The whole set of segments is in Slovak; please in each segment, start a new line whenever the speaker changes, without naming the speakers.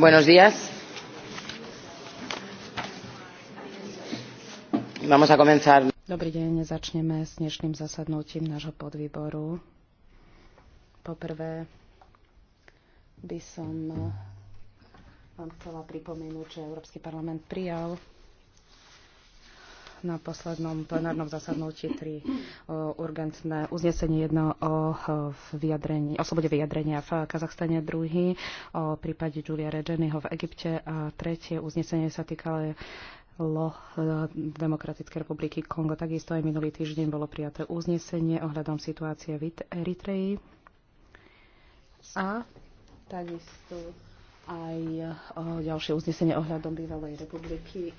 Buenos días.
Vamos a comenzar.
Dobrý deň, začneme s dnešným zasadnutím nášho podvýboru. Poprvé by som vám chcela pripomenúť, že Európsky parlament prijal na poslednom plenárnom zasadnutí tri urgentné uznesenie. Jedno o, vyjadrení, o slobode vyjadrenia v Kazachstane, druhý o prípade Julia Regeniho v Egypte a tretie uznesenie sa týkalo lo e, Demokratickej republiky Kongo. Takisto aj minulý týždeň bolo prijaté uznesenie ohľadom situácie v Eritreji. A takisto aj e, ďalšie uznesenie ohľadom bývalej republiky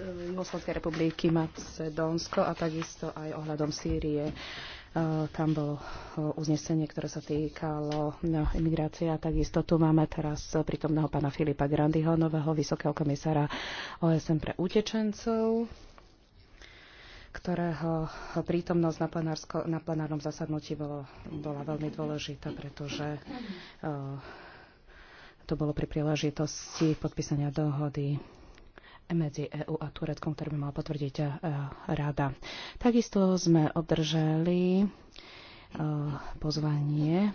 Juhoslovskej e, republiky Macedónsko a takisto aj ohľadom Sýrie. E, tam bolo e, uznesenie, ktoré sa týkalo no, imigrácie a takisto tu máme teraz prítomného pána Filipa Grandyho, nového vysokého komisára OSN pre utečencov ktorého prítomnosť na, na plenárnom zasadnutí bolo, bola veľmi dôležitá, pretože uh, to bolo pri príležitosti podpísania dohody medzi EÚ a Tureckom, ktorý by mal potvrdiť e, rada. Takisto sme obdržali e, pozvanie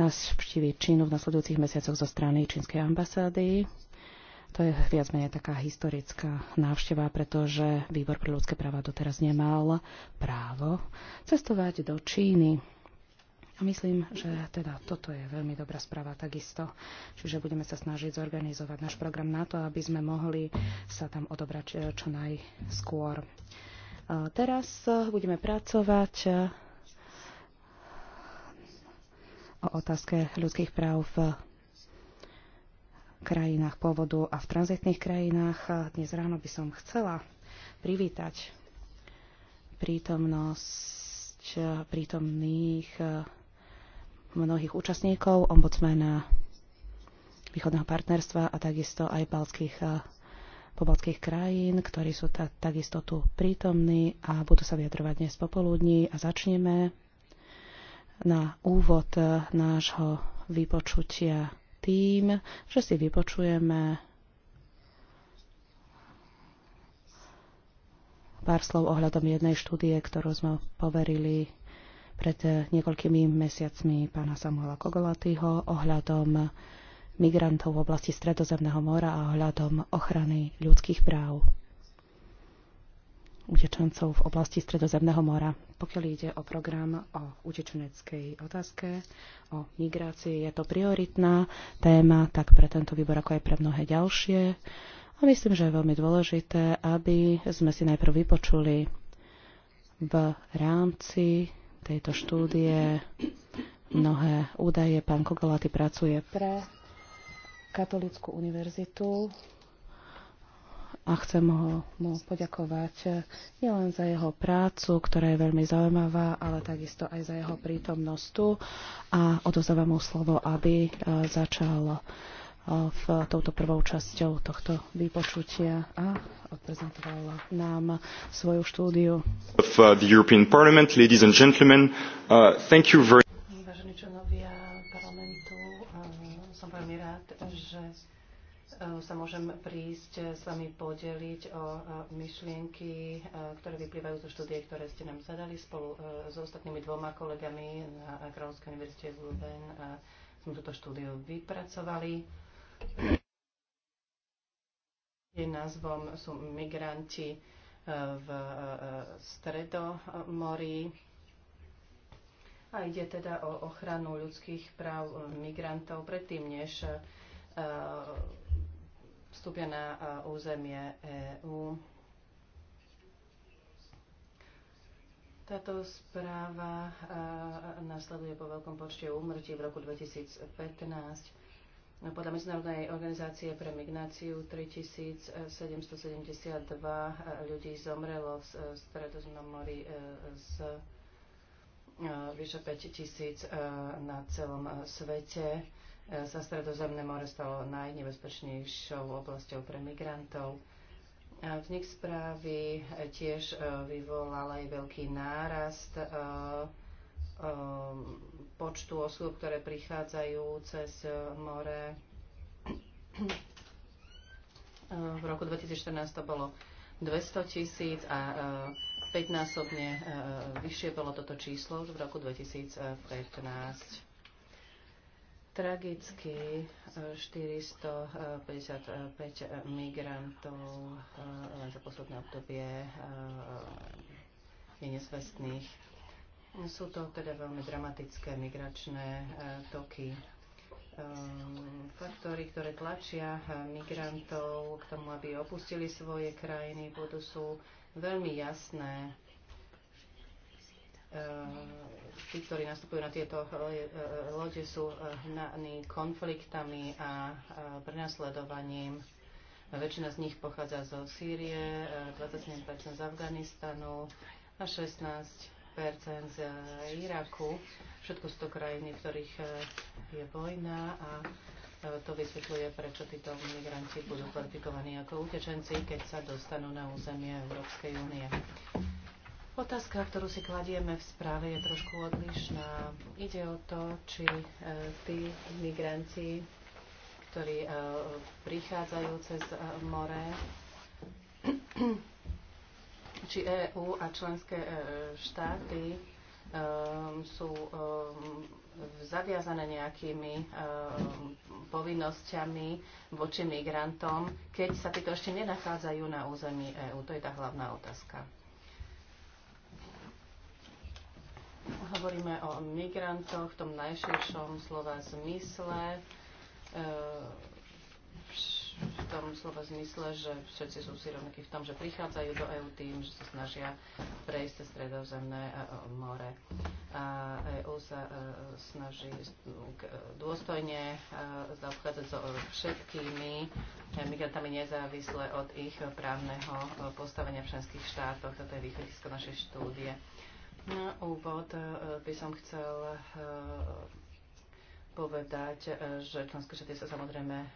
navštíviť Čínu v nasledujúcich mesiacoch zo strany čínskej ambasády. To je viac menej taká historická návšteva, pretože Výbor pre ľudské práva doteraz nemal právo cestovať do Číny. A myslím, že teda toto je veľmi dobrá správa takisto. Čiže budeme sa snažiť zorganizovať náš program na to, aby sme mohli sa tam odobrať eh, čo najskôr. Teraz eh, budeme pracovať eh, o otázke ľudských práv v krajinách pôvodu a v tranzitných krajinách. Dnes ráno by som chcela privítať prítomnosť prítomných mnohých účastníkov, ombudsmana východného partnerstva a takisto aj balských eh, pobalských krajín, ktorí sú ta, takisto tu prítomní a budú sa vyjadrovať dnes popoludní a začneme na úvod eh, nášho vypočutia tým, že si vypočujeme pár slov ohľadom jednej štúdie, ktorú sme poverili pred eh, niekoľkými mesiacmi pána Samuela Kogolatyho ohľadom migrantov v oblasti Stredozemného mora a ohľadom ochrany ľudských práv utečencov v oblasti Stredozemného mora. Pokiaľ ide o program o utečeneckej otázke, o migrácii, je to prioritná téma, tak pre tento výbor, ako aj pre mnohé ďalšie. A myslím, že je veľmi dôležité, aby sme si najprv vypočuli v rámci tejto štúdie. Mnohé údaje. Pán Kogalaty pracuje pre Katolickú univerzitu a chcem ho, mu poďakovať eh, nielen za jeho prácu, ktorá je veľmi zaujímavá, ale takisto aj za jeho prítomnosť tu a odozávam mu slovo, aby eh, začal v touto prvou časťou tohto vypočutia a odprezentoval nám svoju štúdiu.
Of uh, the European Parliament, ladies and gentlemen, uh, thank you very Vážení členovia
parlamentu, uh, som veľmi rád, že uh, sa môžem prísť uh, s vami podeliť o uh, myšlienky, uh, ktoré vyplývajú zo štúdie, ktoré ste nám zadali spolu s ostatnými dvoma kolegami na Kráľovskej univerzite v Luben. Sme túto štúdiu vypracovali. Jej názvom sú migranti eh, v eh, Stredomorí. A ide teda o ochranu ľudských práv migrantov predtým, než eh, vstúpia na územie EÚ. Táto správa nasleduje po veľkom počte úmrtí v roku 2015 podľa Medzinárodnej organizácie pre migráciu 3772 ľudí zomrelo v Stredozemnom mori e, z e, vyše 5000 e, na celom svete. Sa Stredozemné more stalo najnebezpečnejšou oblasťou pre migrantov. Vznik správy tiež vyvolal aj veľký nárast Um, počtu osôb, ktoré prichádzajú cez uh, more. Uh, v roku 2014 to bolo 200 tisíc a 5-násobne uh, vyššie bolo toto číslo už v roku 2015. Tragicky 455 migrantov len za posledné obdobie je nesvestných. Sú to teda veľmi dramatické migračné e, toky e, faktory, ktoré tlačia e, migrantov k tomu, aby opustili svoje krajiny, budú sú veľmi jasné. Tí, ktorí nastupujú na tieto lode, sú hnaní konfliktami a prenasledovaním. Väčšina z nich pochádza zo Sýrie, 27% z Afganistanu a 16 z eh, Iraku. Všetko sú to krajiny, v ktorých eh, je vojna a eh, to vysvetľuje, prečo títo migranti budú kvalifikovaní ako utečenci, keď sa dostanú na územie Európskej únie. Otázka, ktorú si kladieme v správe, je trošku odlišná. Ide o to, či tí migranti, ktorí prichádzajú cez more, či EÚ a členské e, štáty e, sú e, zaviazané nejakými povinnosťami voči migrantom, keď sa títo ešte nenachádzajú na území EÚ? To je tá hlavná otázka. Hovoríme o migrantoch v tom najširšom slova zmysle tom slova zmysle, že všetci sú si rovnakí v tom, že prichádzajú do EÚ tým, že sa snažia prejsť cez stredozemné more. A EÚ sa e, snaží e, dôstojne e, zaobchádzať so všetkými migrantami nezávisle od ich právneho postavenia v členských štátoch. Toto je východisko našej štúdie. Na úvod by som chcel povedať, e, že členské štáty sa samozrejme e, e,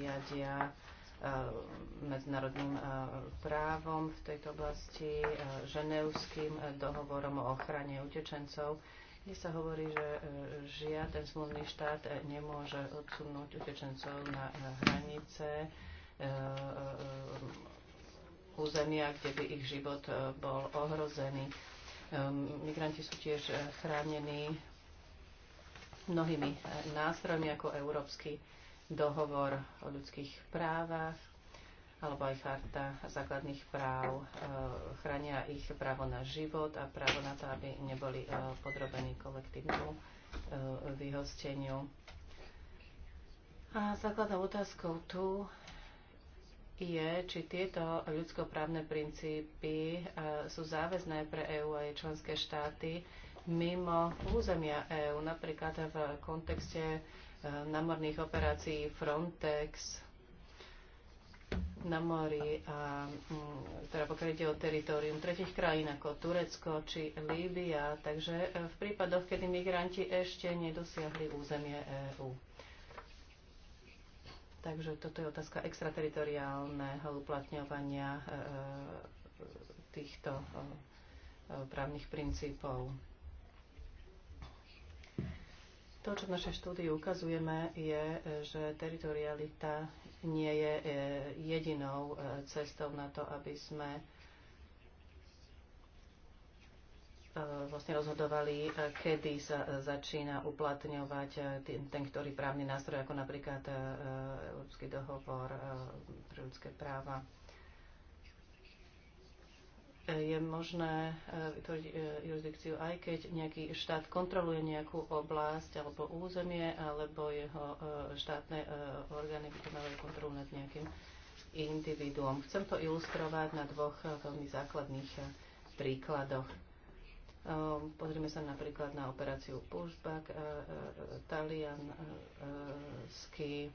riadia medzinárodným právom v tejto oblasti, ženevským dohovorom o ochrane utečencov, kde sa hovorí, že žiaden zmluvný štát nemôže odsunúť utečencov na hranice územia, kde by ich život bol ohrozený. Migranti sú tiež chránení mnohými nástrojmi ako Európsky dohovor o ľudských právach alebo aj charta základných práv. E, Chránia ich právo na život a právo na to, aby neboli e, podrobení kolektívnemu e, vyhosteniu. A základnou otázkou tu je, či tieto ľudskoprávne princípy sú záväzné pre EÚ a jej členské štáty mimo územia EÚ, napríklad v kontexte e, námorných operácií Frontex na mori a mm, teda pokiaľ ide o teritorium tretich krajín ako Turecko či Líbia, takže e, v prípadoch, kedy migranti ešte nedosiahli územie EÚ. Takže toto je otázka extrateritoriálneho uplatňovania e, týchto právnych princípov. To, čo v našej štúdii ukazujeme, je, že teritorialita nie je e, jedinou e, cestou na to, aby sme e, vlastne rozhodovali, kedy sa začína uplatňovať ten, ktorý právny nástroj, ako napríklad Európsky dohovor pre ľudské práva je možné e, vytvoriť e, jurisdikciu, aj keď nejaký štát kontroluje nejakú oblasť alebo územie, alebo jeho e, štátne orgány vykonávajú kontrolu nad nejakým individuom. Chcem to ilustrovať na dvoch veľmi základných príkladoch. Pozrime sa napríklad na operáciu Pushback, talianský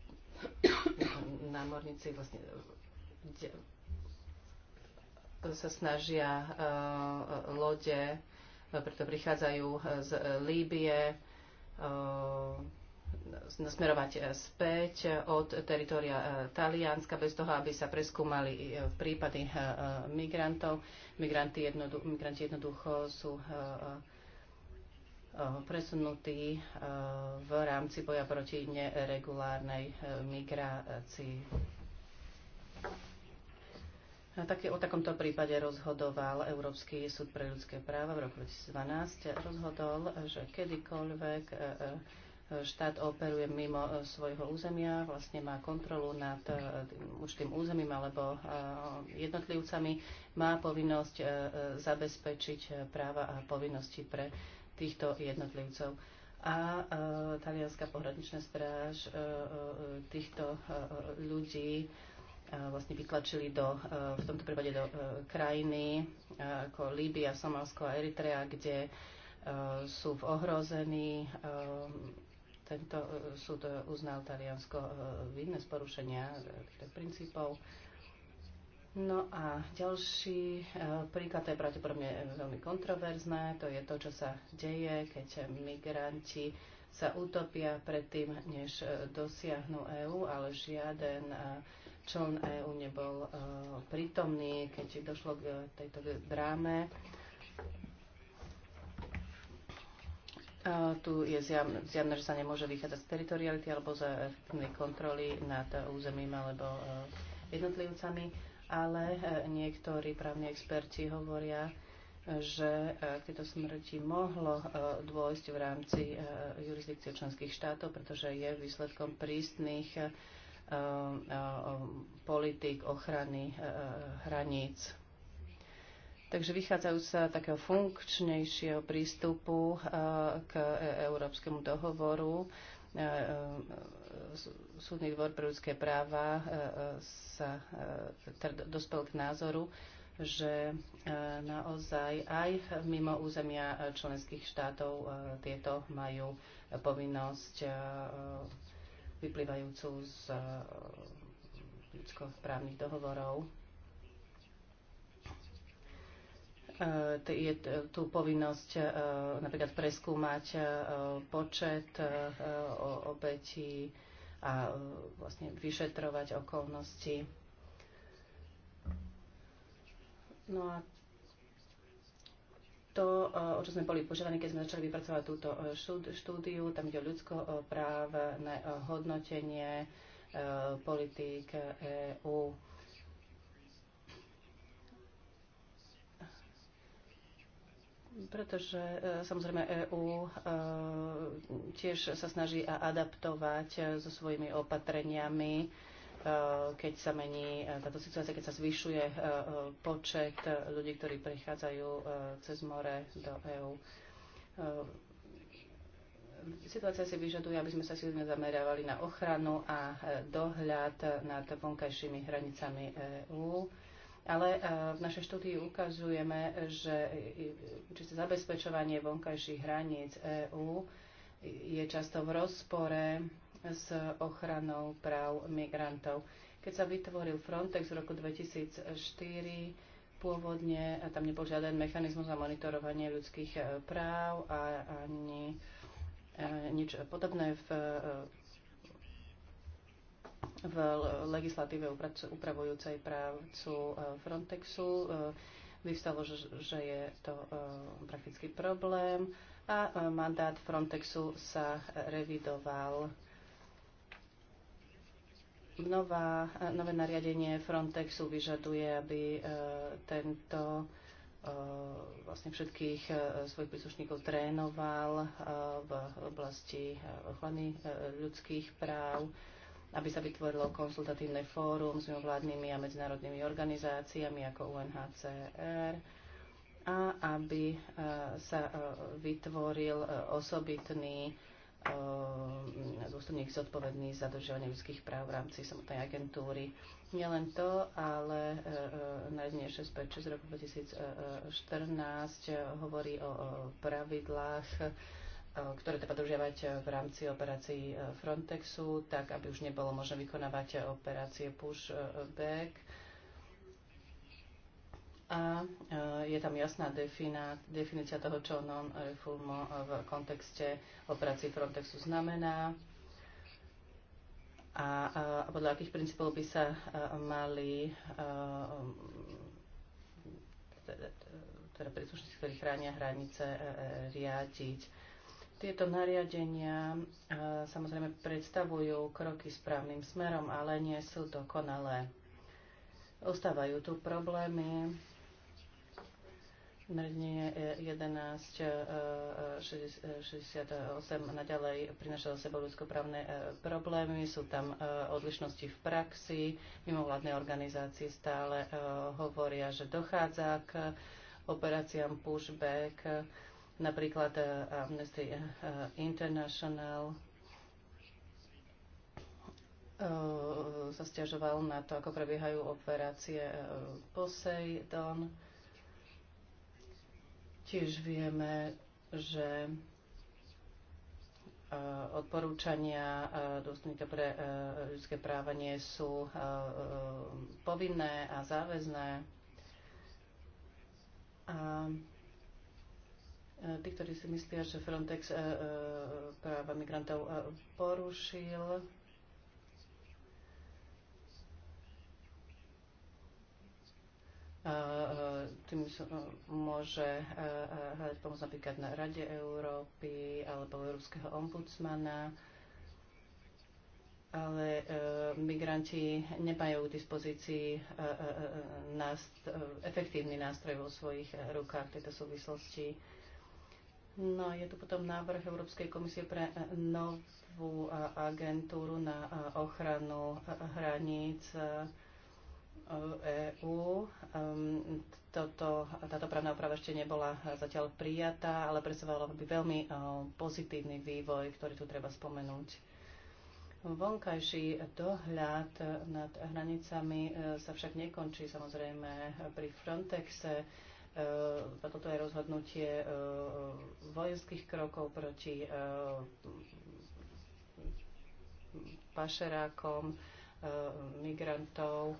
námorníci vlastne sa snažia e, e, lode, e, preto prichádzajú z Líbie, nasmerovať späť od teritoria Talianska bez toho, aby sa preskúmali prípady migrantov. Migranti, jednodu, migranti jednoducho sú presunutí v rámci boja proti neregulárnej migrácii. No, Také, o takomto prípade rozhodoval Európsky súd pre ľudské práva v roku 2012. Rozhodol, že kedykoľvek e, e, štát operuje mimo e, svojho územia, vlastne má kontrolu nad určitým územím alebo jednotlivcami, má povinnosť zabezpečiť práva a povinnosti pre týchto jednotlivcov a talianská pohraničná stráž týchto ľudí vlastne vytlačili do, e, v tomto prípade do e, krajiny e, ako Líbia, Somálsko a Eritrea, kde sú v ohrození. Tento súd uznal Taliansko vinné z porušenia týchto princípov. No a ďalší príklad, to je pravdepodobne veľmi kontroverzné, to je to, čo sa deje, keď migranti sa utopia predtým, než dosiahnu EÚ, ale žiaden uh, člen EÚ nebol e, prítomný, keď došlo k tejto dráme. E, tu je zjavné, že sa nemôže vychádzať z teritoriality alebo z efektívnej kontroly nad územím alebo e, jednotlivcami, ale niektorí právni experti hovoria, že k tejto smrti mohlo dôjsť v rámci jurisdikcie členských štátov, pretože je výsledkom prísnych Eh, eh, politik ochrany eh, hraníc. Takže vychádzajú sa takého funkčnejšieho prístupu k Európskemu dohovoru. Súdny dvor pre ľudské práva sa teda dospel k názoru, že naozaj aj mimo územia členských štátov tieto majú povinnosť vyplývajúcu z eh, ľudskoprávnych dohovorov. Eh, je tu povinnosť eh, napríklad preskúmať počet obetí a vlastne vyšetrovať okolnosti. No a to, e, o čo sme boli požiadaní, keď sme začali vypracovať túto e, štúdiu, tam ide o ľudskoprávne e, hodnotenie politík EÚ. Pretože samozrejme EÚ tiež sa snaží adaptovať so svojimi opatreniami Eh, keď sa mení eh, táto situácia, keď sa zvyšuje eh, počet ľudí, ktorí prichádzajú cez more do EÚ. Situácia si vyžaduje, aby sme sa silne zameriavali na ochranu a dohľad nad vonkajšími hranicami EÚ. Ale v našej štúdii ukazujeme, že čisté zabezpečovanie vonkajších hraníc EÚ je často v rozpore s ochranou práv migrantov. Keď sa vytvoril Frontex v roku 2004, pôvodne tam nebol žiaden mechanizmus za monitorovanie ľudských e, práv a ani e, nič podobné v, e, v legislatíve upravujúcej právcu Frontexu. Vyvstalo, že je to praktický problém a mandát Frontexu sa revidoval Nová, nové nariadenie Frontexu vyžaduje, aby e, tento e, vlastne všetkých e, svojich príslušníkov trénoval v oblasti ochrany ľudských práv, aby sa vytvorilo konzultatívne fórum s mimovládnymi a medzinárodnými organizáciami ako UNHCR a aby sa vytvoril osobitný dôstojných eh, zodpovedných za dodržiavanie ľudských práv v rámci samotnej agentúry. len to, ale nariadenie 656 z roku 2014 eh, hovorí o pravidlách, eh, ktoré treba dodržiavať v rámci operácií Frontexu, tak aby už nebolo možné vykonávať operácie pushback a e, je tam jasná definícia toho, čo non-refoulement e, v kontexte operácií Frontexu znamená a, a podľa akých princípov by sa e, mali teda príslušníci, ktorí chránia hranice, riadiť. Tieto nariadenia samozrejme predstavujú kroky správnym smerom, ale nie sú dokonalé. Ostávajú tu problémy, Nariadenie 1168 naďalej prinašalo sebou ľudskoprávne e, problémy, sú tam e, odlišnosti v praxi, mimovládne organizácie stále e, hovoria, že dochádza k operáciám pushback, napríklad Amnesty International sa stiažoval na to, ako prebiehajú operácie Poseidon. Tiež vieme, že e, odporúčania e, dôstojníka pre e, ľudské práva nie sú povinné a záväzné. A tí, ktorí si myslia, že Frontex práva migrantov porušil, tým môže hľadať pomoc napríklad na Rade Európy alebo Európskeho ombudsmana. Ale e, migranti nemajú k dispozícii e, e, efektívny nástroj vo svojich rukách v tejto súvislosti. No, je tu potom návrh Európskej komisie pre novú agentúru na ochranu hraníc. EÚ. E um, táto právna úprava ešte nebola zatiaľ prijatá, ale predstavovala by veľmi e, pozitívny vývoj, ktorý tu treba spomenúť. Vonkajší dohľad nad hranicami e, sa však nekončí samozrejme pri Frontexe. Toto je rozhodnutie vojenských krokov proti pašerákom, migrantov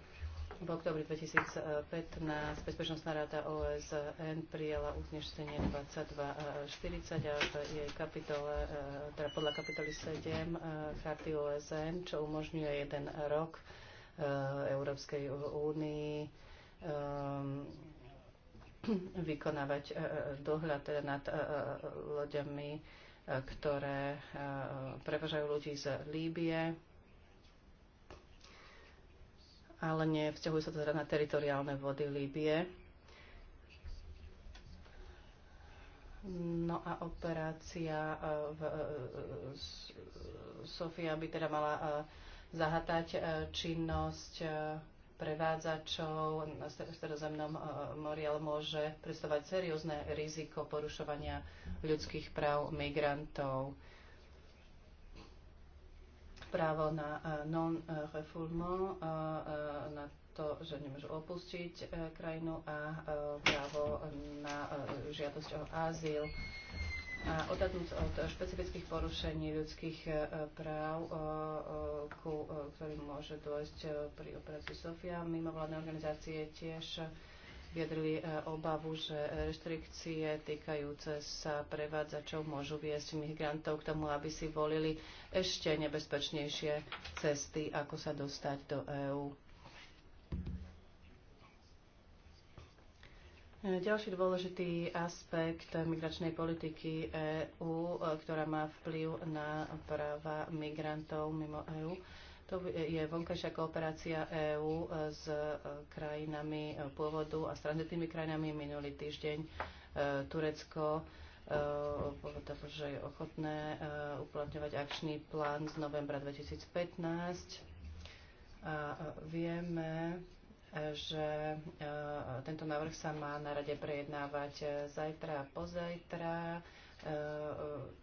v oktobri 2015 Bezpečnostná rada OSN prijala uznesenie 2240 a v jej kapitole, e, teda podľa kapitoly 7 e, charty OSN, čo umožňuje jeden rok e, Európskej únii vykonávať dohľad teda nad loďami, ktoré prevažajú ľudí z Líbie ale nevzťahujú sa teda na teritoriálne vody Líbie. No a operácia e, v e, e, Sofia by teda mala zahatať činnosť prevádzačov na stredozemnom mori, ale môže predstavovať seriózne riziko porušovania ľudských práv migrantov právo na eh, non-refoulement, eh, eh, na to, že nemôžu opustiť krajinu a právo na žiadosť o azyl a odhadnúť od špecifických porušení ľudských práv, ku ktorým môže dôjsť pri operácii Sofia. Mimovládne organizácie tiež vyjadrili e, obavu, že e, reštrikcie týkajúce sa prevádzačov môžu viesť migrantov k tomu, aby si volili ešte nebezpečnejšie cesty, ako sa dostať do EÚ. E, ďalší dôležitý aspekt migračnej politiky EÚ, ktorá má vplyv na práva migrantov mimo EÚ, to je vonkajšia kooperácia EÚ e, s e, krajinami e, pôvodu a s tranzitnými krajinami minulý týždeň Turecko povedal, že je ochotné uplatňovať akčný plán z novembra 2015 a vieme, že tento návrh sa má na rade prejednávať zajtra a pozajtra. E, e,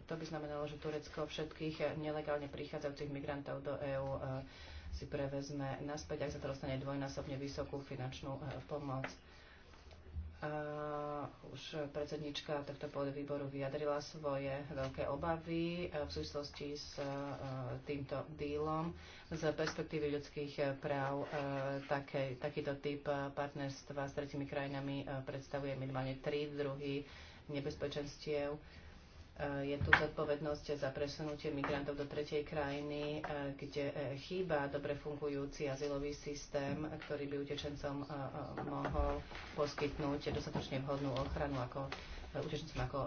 to by znamenalo, že Turecko všetkých nelegálne prichádzajúcich migrantov do EÚ e, si prevezme naspäť, ak sa to dostane dvojnásobne vysokú finančnú pomoc. A už predsednička tohto výboru vyjadrila svoje veľké obavy v súvislosti s týmto dílom. Z perspektívy ľudských práv také, takýto typ partnerstva s tretimi krajinami predstavuje minimálne tri druhy nebezpečenstiev Eh, je tu zodpovednosť za presunutie migrantov do tretej krajiny, eh, kde eh, chýba dobre fungujúci azylový systém, ktorý by utečencom mohol poskytnúť dostatočne vhodnú ochranu ako utečencom ako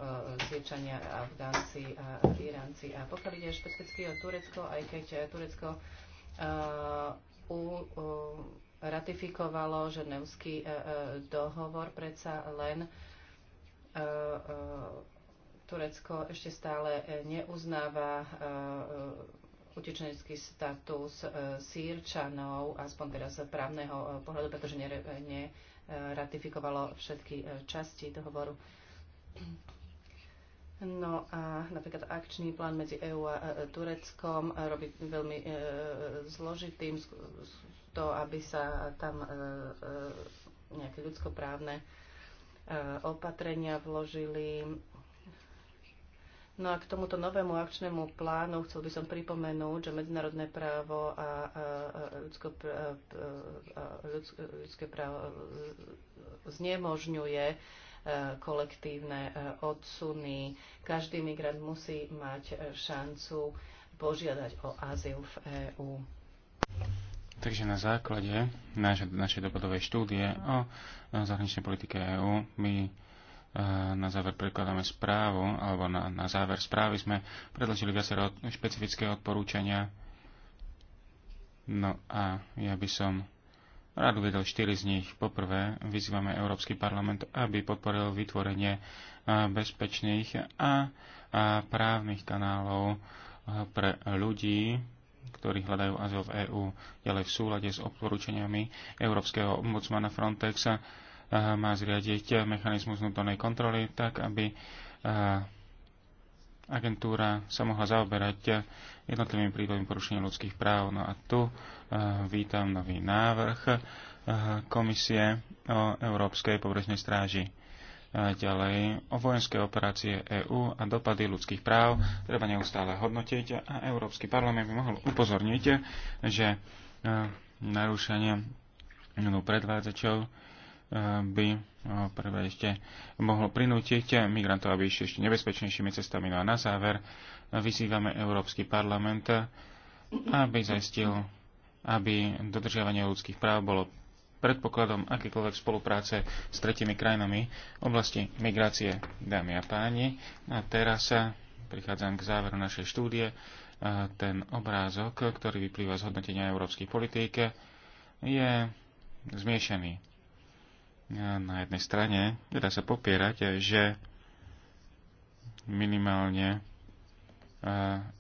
Sýrčania, Afgánci a Iránci. A pokiaľ ide špecificky o Turecko, aj keď Turecko ratifikovalo ženevský dohovor, predsa len Turecko ešte stále e, neuznáva e, e, utečenecký status sírčanov, aspoň teraz z právneho pohľadu, pretože neratifikovalo všetky časti dohovoru. No a napríklad akčný plán medzi EÚ a Tureckom robí veľmi zložitým to, aby sa tam nejaké ľudskoprávne opatrenia vložili No a k tomuto novému akčnému plánu chcel by som pripomenúť, že medzinárodné právo a, ľudské právo znemožňuje e, kolektívne e, odsuny. Každý migrant musí mať e, šancu požiadať o azyl v EÚ.
Takže na základe našej, našej dopadovej štúdie o zahraničnej politike EÚ my na záver prekladáme správu, alebo na, na záver správy sme predložili viacero špecifické odporúčania. No a ja by som rád uvedel štyri z nich. Poprvé, vyzývame Európsky parlament, aby podporil vytvorenie bezpečných a, a právnych kanálov pre ľudí, ktorí hľadajú azyl v EÚ, ďalej v súlade s odporúčaniami Európskeho ombudsmana Frontexa má zriadiť mechanizmus vnútornej kontroly, tak aby agentúra sa mohla zaoberať jednotlivými prípadmi porušenia ľudských práv. No a tu vítam nový návrh komisie o Európskej pobrežnej stráži. Ďalej, o vojenské operácie EÚ a dopady ľudských práv treba neustále hodnotiť a Európsky parlament by mohol upozorniť, že narúšanie predvádzačov by eh, prvé ešte mohlo prinútiť migrantov, aby išli ešte nebezpečnejšími cestami. No a na záver eh, vyzývame Európsky parlament, eh, aby zaistil, aby dodržiavanie ľudských práv bolo predpokladom akékoľvek spolupráce s tretimi krajinami v oblasti migrácie, dámy a páni. A teraz sa prichádzam k záveru našej štúdie. Ten obrázok, ktorý vyplýva z hodnotenia európskej politiky, je zmiešaný na jednej strane nedá teda sa popierať, že minimálne e,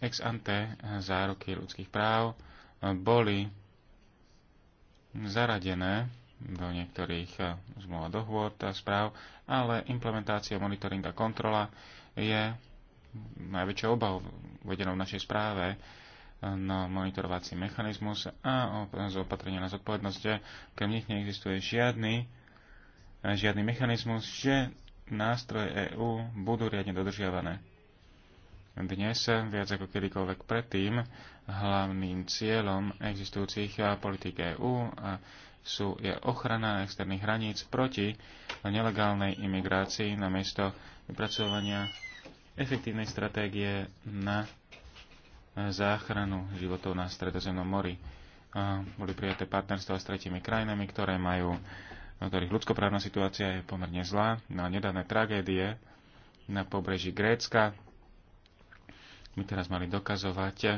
ex ante záruky ľudských práv boli zaradené do niektorých e, zmluv a dohôd a správ, ale implementácia, monitoring a kontrola je najväčšou obavou vedenou v našej správe na monitorovací mechanizmus a opatrenia na zodpovednosť, e, krem nich neexistuje žiadny žiadny mechanizmus, že nástroje EÚ budú riadne dodržiavané. Dnes, viac ako kedykoľvek predtým, hlavným cieľom existujúcich politik EÚ a sú, je ochrana externých hraníc proti nelegálnej imigrácii namiesto vypracovania efektívnej stratégie na záchranu životov na Stredozemnom mori. Boli prijaté partnerstva s tretimi krajinami, ktoré majú na ktorých ľudskoprávna situácia je pomerne zlá, na no nedávne tragédie na pobreží Grécka. My teraz mali dokazovať eh,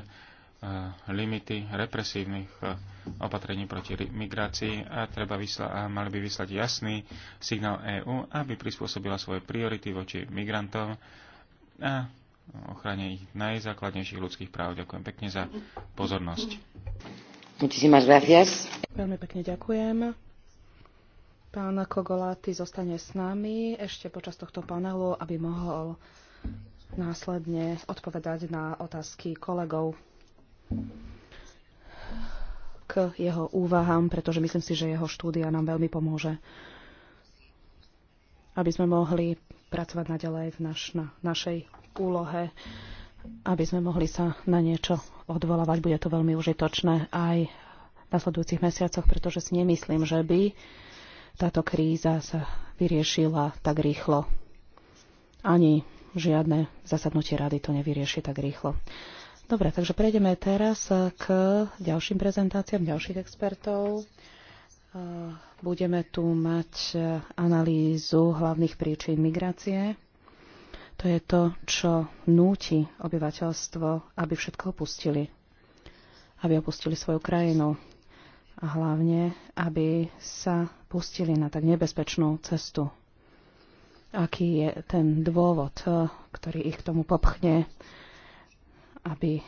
limity represívnych eh, opatrení proti migrácii a, treba vysla- a mali by vyslať jasný signál EÚ, aby prispôsobila svoje priority voči migrantom a ochrane ich najzákladnejších ľudských práv. Ďakujem pekne za pozornosť.
Veľmi pekne ďakujem. Pán Kogoláty zostane s nami ešte počas tohto panelu, aby mohol následne odpovedať na otázky kolegov k jeho úvahám, pretože myslím si, že jeho štúdia nám veľmi pomôže, aby sme mohli pracovať naďalej v naš, na našej úlohe, aby sme mohli sa na niečo odvolávať. Bude to veľmi užitočné aj v nasledujúcich mesiacoch, pretože si nemyslím, že by táto kríza sa vyriešila tak rýchlo. Ani žiadne zasadnutie rady to nevyrieši tak rýchlo. Dobre, takže prejdeme teraz k ďalším prezentáciám ďalších expertov. Budeme tu mať analýzu hlavných príčin migrácie. To je to, čo núti obyvateľstvo, aby všetko opustili. Aby opustili svoju krajinu a hlavne, aby sa pustili na tak nebezpečnú cestu. Aký je ten dôvod, eh, ktorý ich k tomu popchne, aby eh,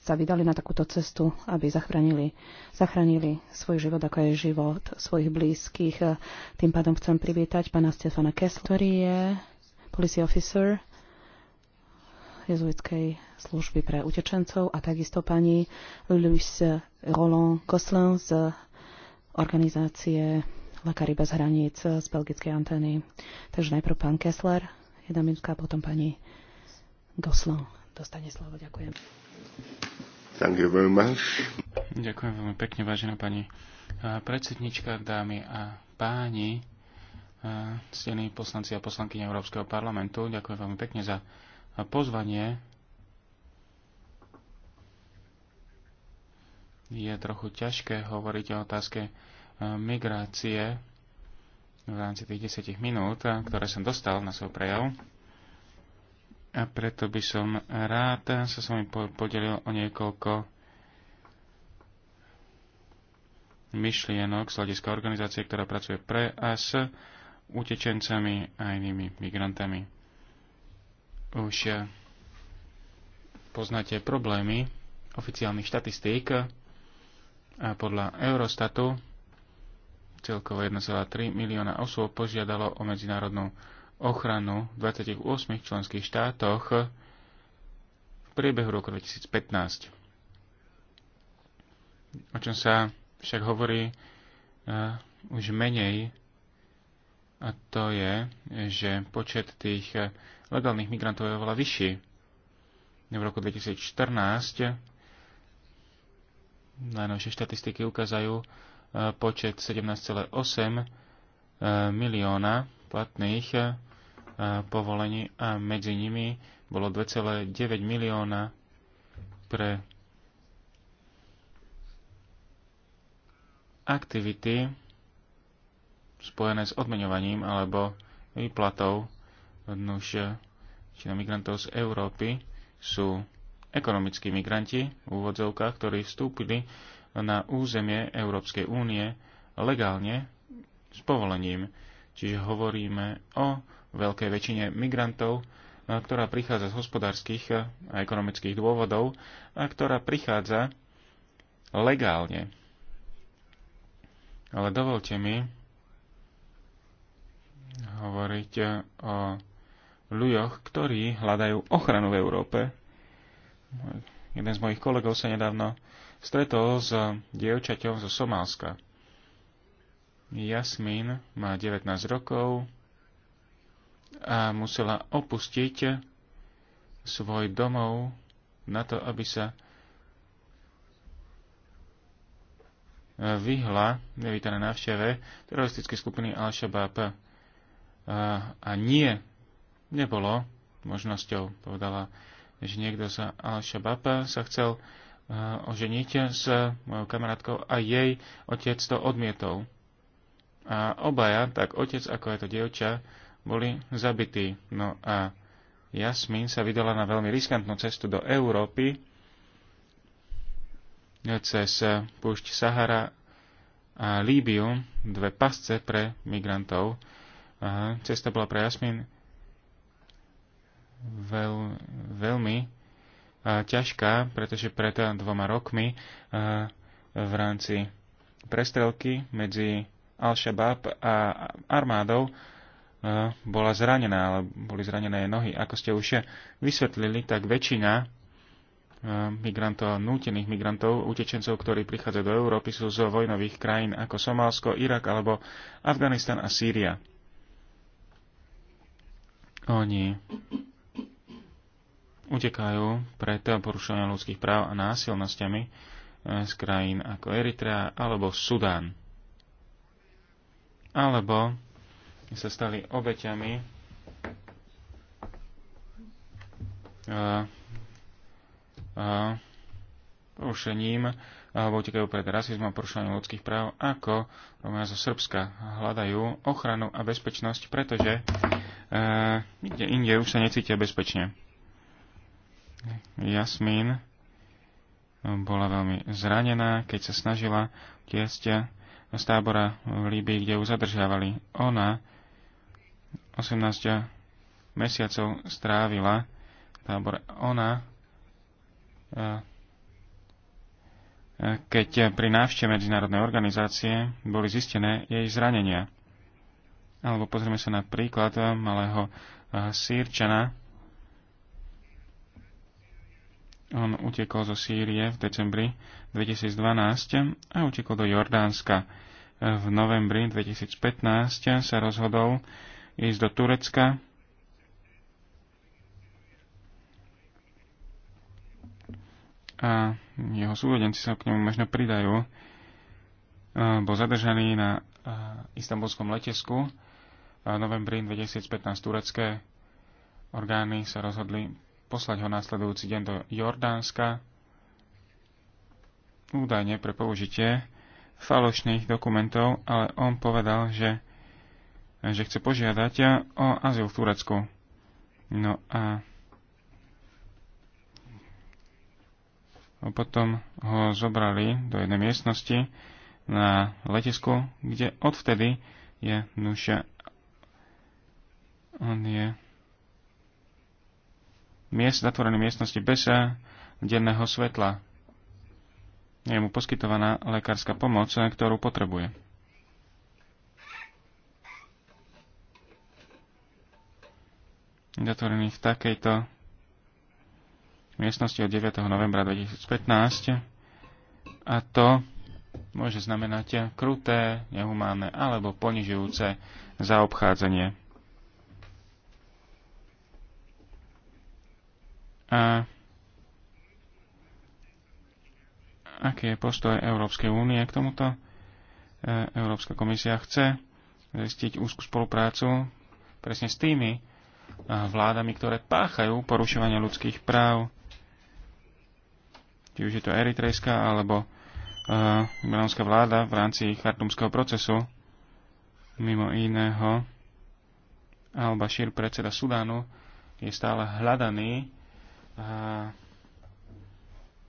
sa vydali na takúto cestu, aby zachránili, zachránili svoj život, ako je život svojich blízkych. Eh, tým pádom chcem privítať pána Stefana Kessler, ktorý je policy officer jezuitskej služby pre utečencov a takisto pani Louis Roland Koslan z organizácie Lekári bez hraníc z belgickej antény. Takže najprv pán Kessler, jedna minútka, a potom pani Goslan dostane slovo. Ďakujem.
Thank you very much.
Ďakujem veľmi pekne, vážená pani predsednička, dámy a páni, ctení poslanci a poslanky Európskeho parlamentu. Ďakujem veľmi pekne za pozvanie je trochu ťažké hovoriť o otázke e, migrácie v rámci tých 10 minút, e, ktoré som dostal na svoj prejav. A preto by som rád sa s vami podelil o niekoľko myšlienok z hľadiska organizácie, ktorá pracuje pre a s utečencami a inými migrantami už eh, poznáte problémy oficiálnych štatistík eh, podľa Eurostatu celkovo 1,3 milióna osôb požiadalo o medzinárodnú ochranu v 28 členských štátoch v priebehu roku 2015. O čom sa však hovorí uh, už menej a to je, že počet tých eh, legálnych migrantov je oveľa vyšší. V roku 2014 najnovšie štatistiky ukazajú eh, počet 17,8 eh, milióna platných povolení a medzi nimi bolo 2,9 milióna pre aktivity spojené s odmeňovaním alebo výplatou nuž, či migrantov z Európy sú ekonomickí migranti v úvodzovkách, ktorí vstúpili na územie Európskej únie legálne s povolením. Čiže hovoríme o veľkej väčšine migrantov, ktorá prichádza z hospodárskych a ekonomických dôvodov a ktorá prichádza legálne. Ale dovolte mi hovoriť o ľuďoch, ktorí hľadajú ochranu v Európe. Jeden z mojich kolegov sa nedávno stretol s dievčaťom zo Somálska. Jasmín má 19 rokov a musela opustiť svoj domov na to, aby sa vyhla nevítané návšteve teroristickej skupiny Al-Shabaab a, a nie nebolo možnosťou. Povedala, že niekto sa Al-Shabaab sa chcel oženiť s mojou kamarátkou a jej otec to odmietol. A obaja, tak otec ako aj to dievča, boli zabití. No a Jasmin sa vydala na veľmi riskantnú cestu do Európy cez púšť Sahara a Líbiu, dve pasce pre migrantov, Aha, cesta bola pre Jasmin veľ, veľmi a, ťažká, pretože pred dvoma rokmi a, v rámci prestrelky medzi Al-Shabaab a armádou a, bola zranená, ale boli zranené jej nohy. Ako ste už vysvetlili, tak väčšina migrantov, nútených migrantov, utečencov, ktorí prichádzajú do Európy, sú z vojnových krajín ako Somálsko, Irak alebo Afganistan a Sýria. Oni utekajú pred porušovaním ľudských práv a násilnosťami eh, z krajín ako Eritrea alebo Sudán. Alebo sa stali obeťami a, eh, a, eh, porušením alebo utekajú pred rasizmom a porušovaním ľudských práv, ako Romania zo Srbska hľadajú ochranu a bezpečnosť, pretože kde e, inde už sa necítia bezpečne. Jasmín bola veľmi zranená, keď sa snažila tiesť z tábora v Líbii, kde ju zadržiavali. Ona 18 mesiacov strávila tábor. tábore. Ona e, e, keď pri návšteve medzinárodnej organizácie boli zistené jej zranenia alebo pozrieme sa na príklad eh, malého eh, sírčana. On utekol zo Sýrie v decembri 2012 a utekol do Jordánska. Eh, v novembri 2015 sa rozhodol ísť do Turecka, a jeho súvodenci sa k nemu možno pridajú. Bol zadržaný na istambulskom letisku novembri 2015 turecké orgány sa rozhodli poslať ho následujúci deň do Jordánska údajne pre použitie falošných dokumentov, ale on povedal, že, že chce požiadať o azyl v Turecku. No a potom ho zobrali do jednej miestnosti na letisku, kde odvtedy je nuša on je miest, zatvorený miestnosti bez eh, denného svetla. Je mu poskytovaná lekárska pomoc, eh, ktorú potrebuje. Zatvorený v takejto miestnosti od 9. novembra 2015 a to môže znamenať eh, kruté, nehumánne alebo ponižujúce zaobchádzanie. a aký je postoj Európskej únie k tomuto. E, Európska komisia chce zistiť úzku spoluprácu presne s tými e, vládami, ktoré páchajú porušovanie ľudských práv, či už je to eritrejská alebo libanonská e, vláda v rámci chartumského procesu. Mimo iného, Al-Bashir, predseda Sudánu, je stále hľadaný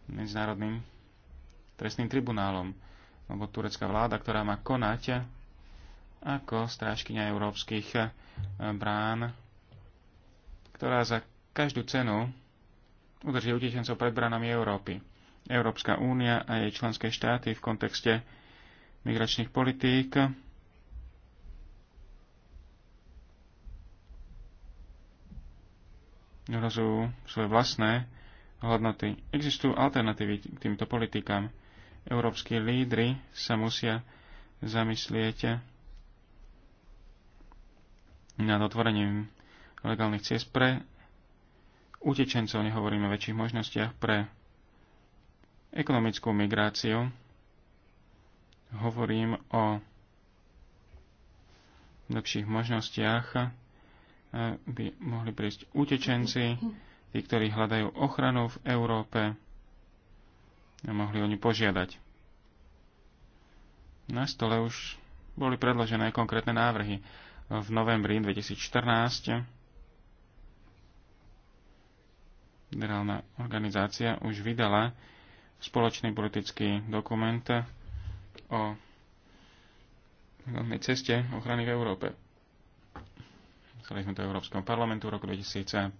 medzinárodným trestným tribunálom, alebo turecká vláda, ktorá má konať ako strážkynia európskych e, brán, ktorá za každú cenu udrží utečencov pred bránami Európy. Európska únia a jej členské štáty v kontexte migračných politík rozvojú svoje vlastné hodnoty. Existujú alternatívy k týmto politikám. Európsky lídry sa musia zamyslieť nad otvorením legálnych ciest pre utečencov, nehovoríme o väčších možnostiach pre ekonomickú migráciu. Hovorím o lepších možnostiach by mohli prísť utečenci, tí, ktorí hľadajú ochranu v Európe, a mohli oni požiadať. Na stole už boli predložené konkrétne návrhy. V novembri 2014 generálna organizácia už vydala spoločný politický dokument o ceste ochrany v Európe Chceli sme to Európskom parlamentu v roku 2015.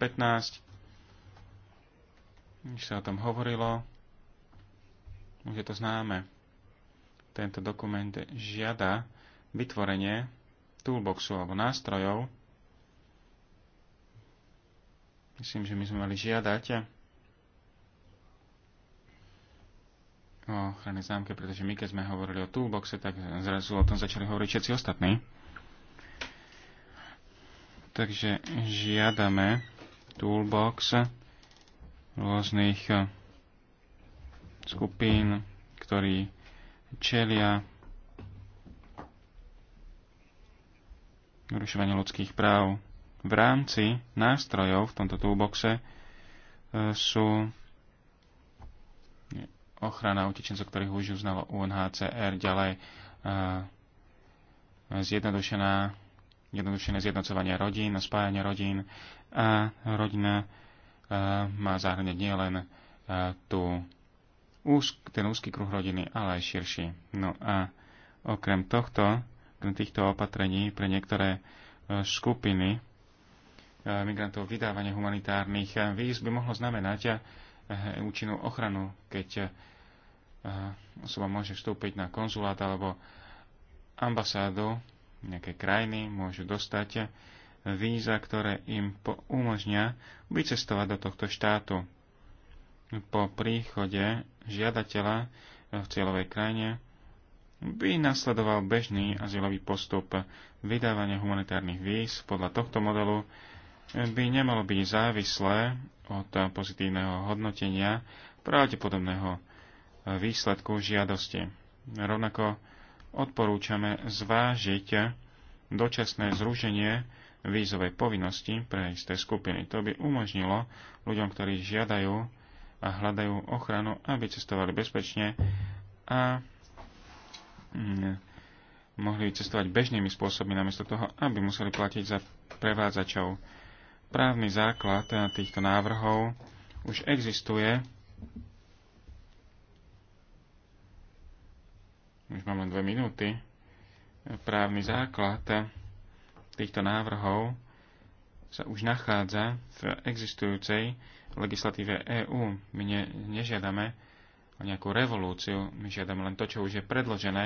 Už sa o tom hovorilo. Už je to známe. Tento dokument žiada vytvorenie toolboxu alebo nástrojov. Myslím, že my sme mali žiadať o ochrany známke, pretože my keď sme hovorili o toolboxe, tak zrazu o tom začali hovoriť všetci ostatní. Takže žiadame toolbox rôznych eh, skupín, ktorí čelia narušovanie ľudských práv. V rámci nástrojov v tomto toolboxe eh, sú ochrana utečencov, ktorých už uznalo UNHCR, ďalej eh, zjednodušená jednodušené zjednocovanie rodín, spájanie rodín a rodina e, má zahrňať nielen e, tú ten úzky kruh rodiny, ale aj širší. No a okrem tohto, okrem týchto opatrení pre niektoré e, skupiny migrantov vydávanie humanitárnych víz by mohlo znamenať účinnú ochranu, keď osoba môže vstúpiť na konzulát alebo ambasádu nejaké krajiny môžu dostať víza, ktoré im umožňa vycestovať do tohto štátu. Po príchode žiadateľa v cieľovej krajine by nasledoval bežný azylový postup vydávania humanitárnych víz. Podľa tohto modelu by nemalo byť závislé od pozitívneho hodnotenia pravdepodobného výsledku žiadosti. Rovnako odporúčame zvážiť dočasné zrušenie vízovej povinnosti pre isté skupiny. To by umožnilo ľuďom, ktorí žiadajú a hľadajú ochranu, aby cestovali bezpečne a mm, mohli cestovať bežnými spôsobmi, namiesto toho, aby museli platiť za prevádzačov. Právny základ týchto návrhov už existuje už máme dve minúty, právny základ týchto návrhov sa už nachádza v existujúcej legislatíve EÚ. My ne, nežiadame o nejakú revolúciu, my žiadame len to, čo už je predložené,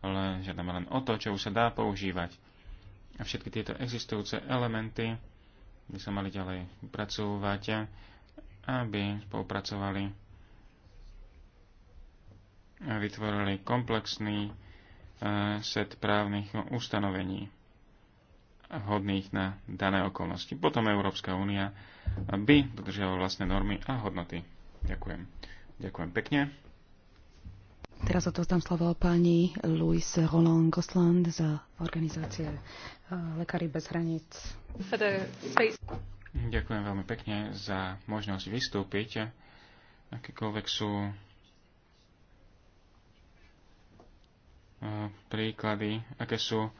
ale žiadame len o to, čo už sa dá používať. A všetky tieto existujúce elementy by sa mali ďalej pracovať, aby spolupracovali vytvorili komplexný e, set právnych ustanovení hodných na dané okolnosti. Potom Európska únia by dodržiavala vlastné normy a hodnoty. Ďakujem. Ďakujem pekne.
Teraz zdám slovo pani Louis Roland Gosland za organizácie e, Lekári bez hraníc.
Ďakujem veľmi pekne za možnosť vystúpiť. Akékoľvek sú E, príklady, aké sú e,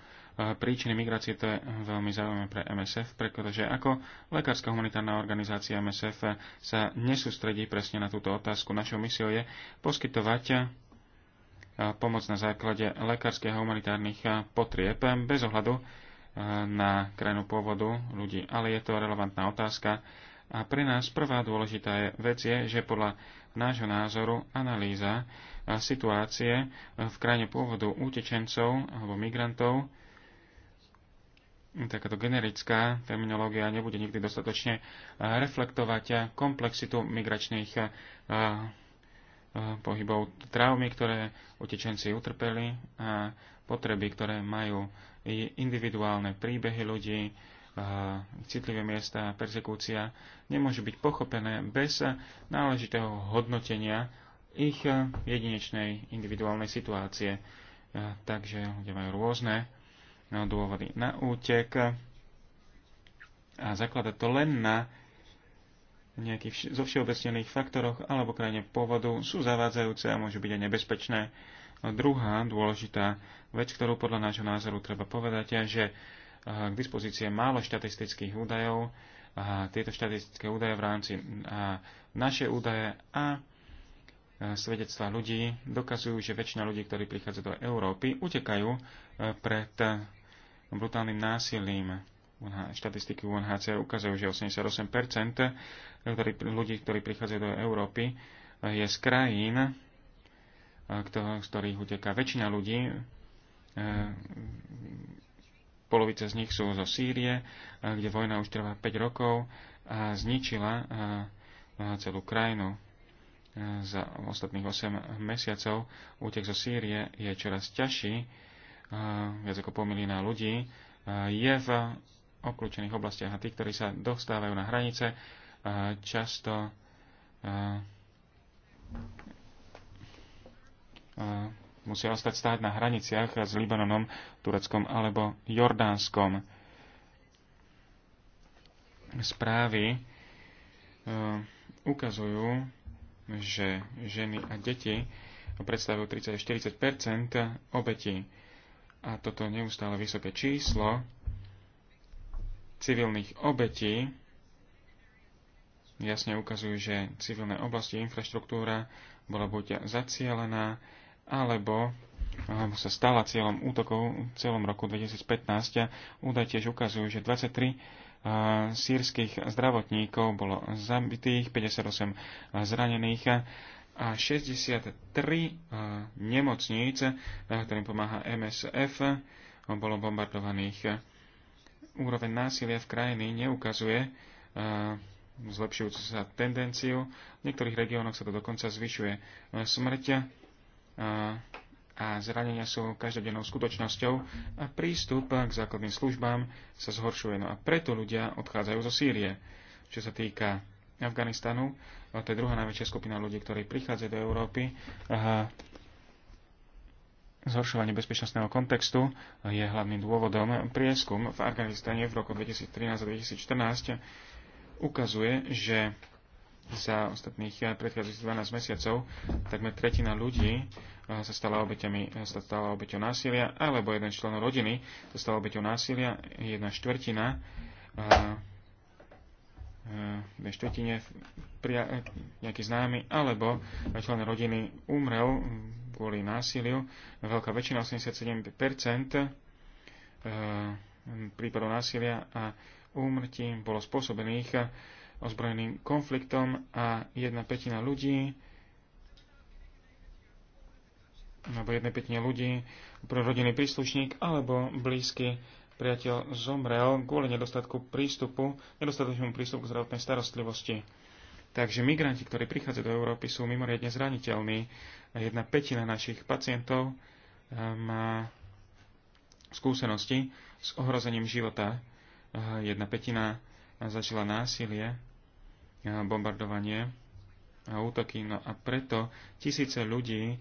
príčiny migrácie, to je veľmi zaujímavé pre MSF, pretože ako lekárska humanitárna organizácia MSF sa nesústredí presne na túto otázku. Našou misiou je poskytovať e, pomoc na základe lekárskych a humanitárnych potrieb bez ohľadu na krajinu pôvodu ľudí. Ale je to relevantná otázka. A pre nás prvá dôležitá vec je, že podľa nášho názoru analýza e, situácie e, v krajine pôvodu utečencov alebo migrantov. Takáto generická terminológia nebude nikdy dostatočne e, reflektovať komplexitu migračných pohybov, traumy, ktoré utečenci utrpeli a potreby, ktoré majú individuálne príbehy ľudí, citlivé miesta a persekúcia nemôže byť pochopené bez náležitého hodnotenia ich jedinečnej individuálnej situácie. Takže ľudia majú rôzne no, dôvody na útek a zakladať to len na nejakých zo všeobecnených faktoroch alebo krajine pôvodu sú zavádzajúce a môžu byť aj nebezpečné. A druhá dôležitá vec, ktorú podľa nášho názoru treba povedať, je, že k dispozície málo štatistických údajov, tieto štatistické údaje v rámci naše údaje a svedectva ľudí dokazujú, že väčšina ľudí, ktorí prichádzajú do Európy, utekajú pred brutálnym násilím. Štatistiky UNHCR ukazujú, že 88% e, ľudí, ktorí prichádzajú do Európy, e, je z krajín, e, z ktorých uteká väčšina ľudí, polovica z nich sú zo Sýrie, kde vojna už trvá 5 rokov a zničila celú krajinu. Za ostatných 8 mesiacov útek zo Sýrie je čoraz ťažší, viac ako pomilina ľudí je v obklúčených oblastiach a tí, ktorí sa dostávajú na hranice, často musia ostať stáť na hraniciach s Libanonom, Tureckom alebo Jordánskom. Správy e, ukazujú, že ženy a deti predstavujú 30-40 obetí. A toto neustále vysoké číslo civilných obetí jasne ukazujú, že civilné oblasti infraštruktúra bola buď zacielená alebo sa stala cieľom útokov v celom roku 2015. Údaj tiež ukazujú, že 23 sírskych zdravotníkov bolo zabitých, 58 zranených a 63 nemocníc, ktorým pomáha MSF, bolo bombardovaných. Úroveň násilia v krajiny neukazuje zlepšujúcu sa tendenciu. V niektorých regiónoch sa to dokonca zvyšuje. Smrť a zranenia sú každodennou skutočnosťou a prístup k základným službám sa zhoršuje. No a preto ľudia odchádzajú zo Sýrie. Čo sa týka Afganistanu, to je druhá najväčšia skupina ľudí, ktorí prichádzajú do Európy. Aha. Zhoršovanie bezpečnostného kontextu je hlavným dôvodom. Prieskum v Afganistane v roku 2013 a 2014 ukazuje, že za ostatných eh, predchádzajúcich 12 mesiacov takmer tretina ľudí eh, sa stala obeťami, eh, sa stala obeťou násilia, alebo jeden člen rodiny sa stala obeťou násilia, jedna štvrtina jednej štvrtine pria, nejaký známy, alebo člen rodiny umrel kvôli násiliu. Veľká väčšina, 87% prípadov násilia a úmrtí bolo spôsobených ozbrojeným konfliktom a jedna petina ľudí alebo jedna petina ľudí, pre rodinný príslušník alebo blízky priateľ zomrel kvôli nedostatku prístupu, nedostatočnému prístupu k zdravotnej starostlivosti. Takže migranti, ktorí prichádzajú do Európy, sú mimoriadne zraniteľní. Jedna petina našich pacientov eh, má skúsenosti s ohrozením života. Eh, jedna petina eh, začala násilie bombardovanie a útoky. No a preto tisíce ľudí eh,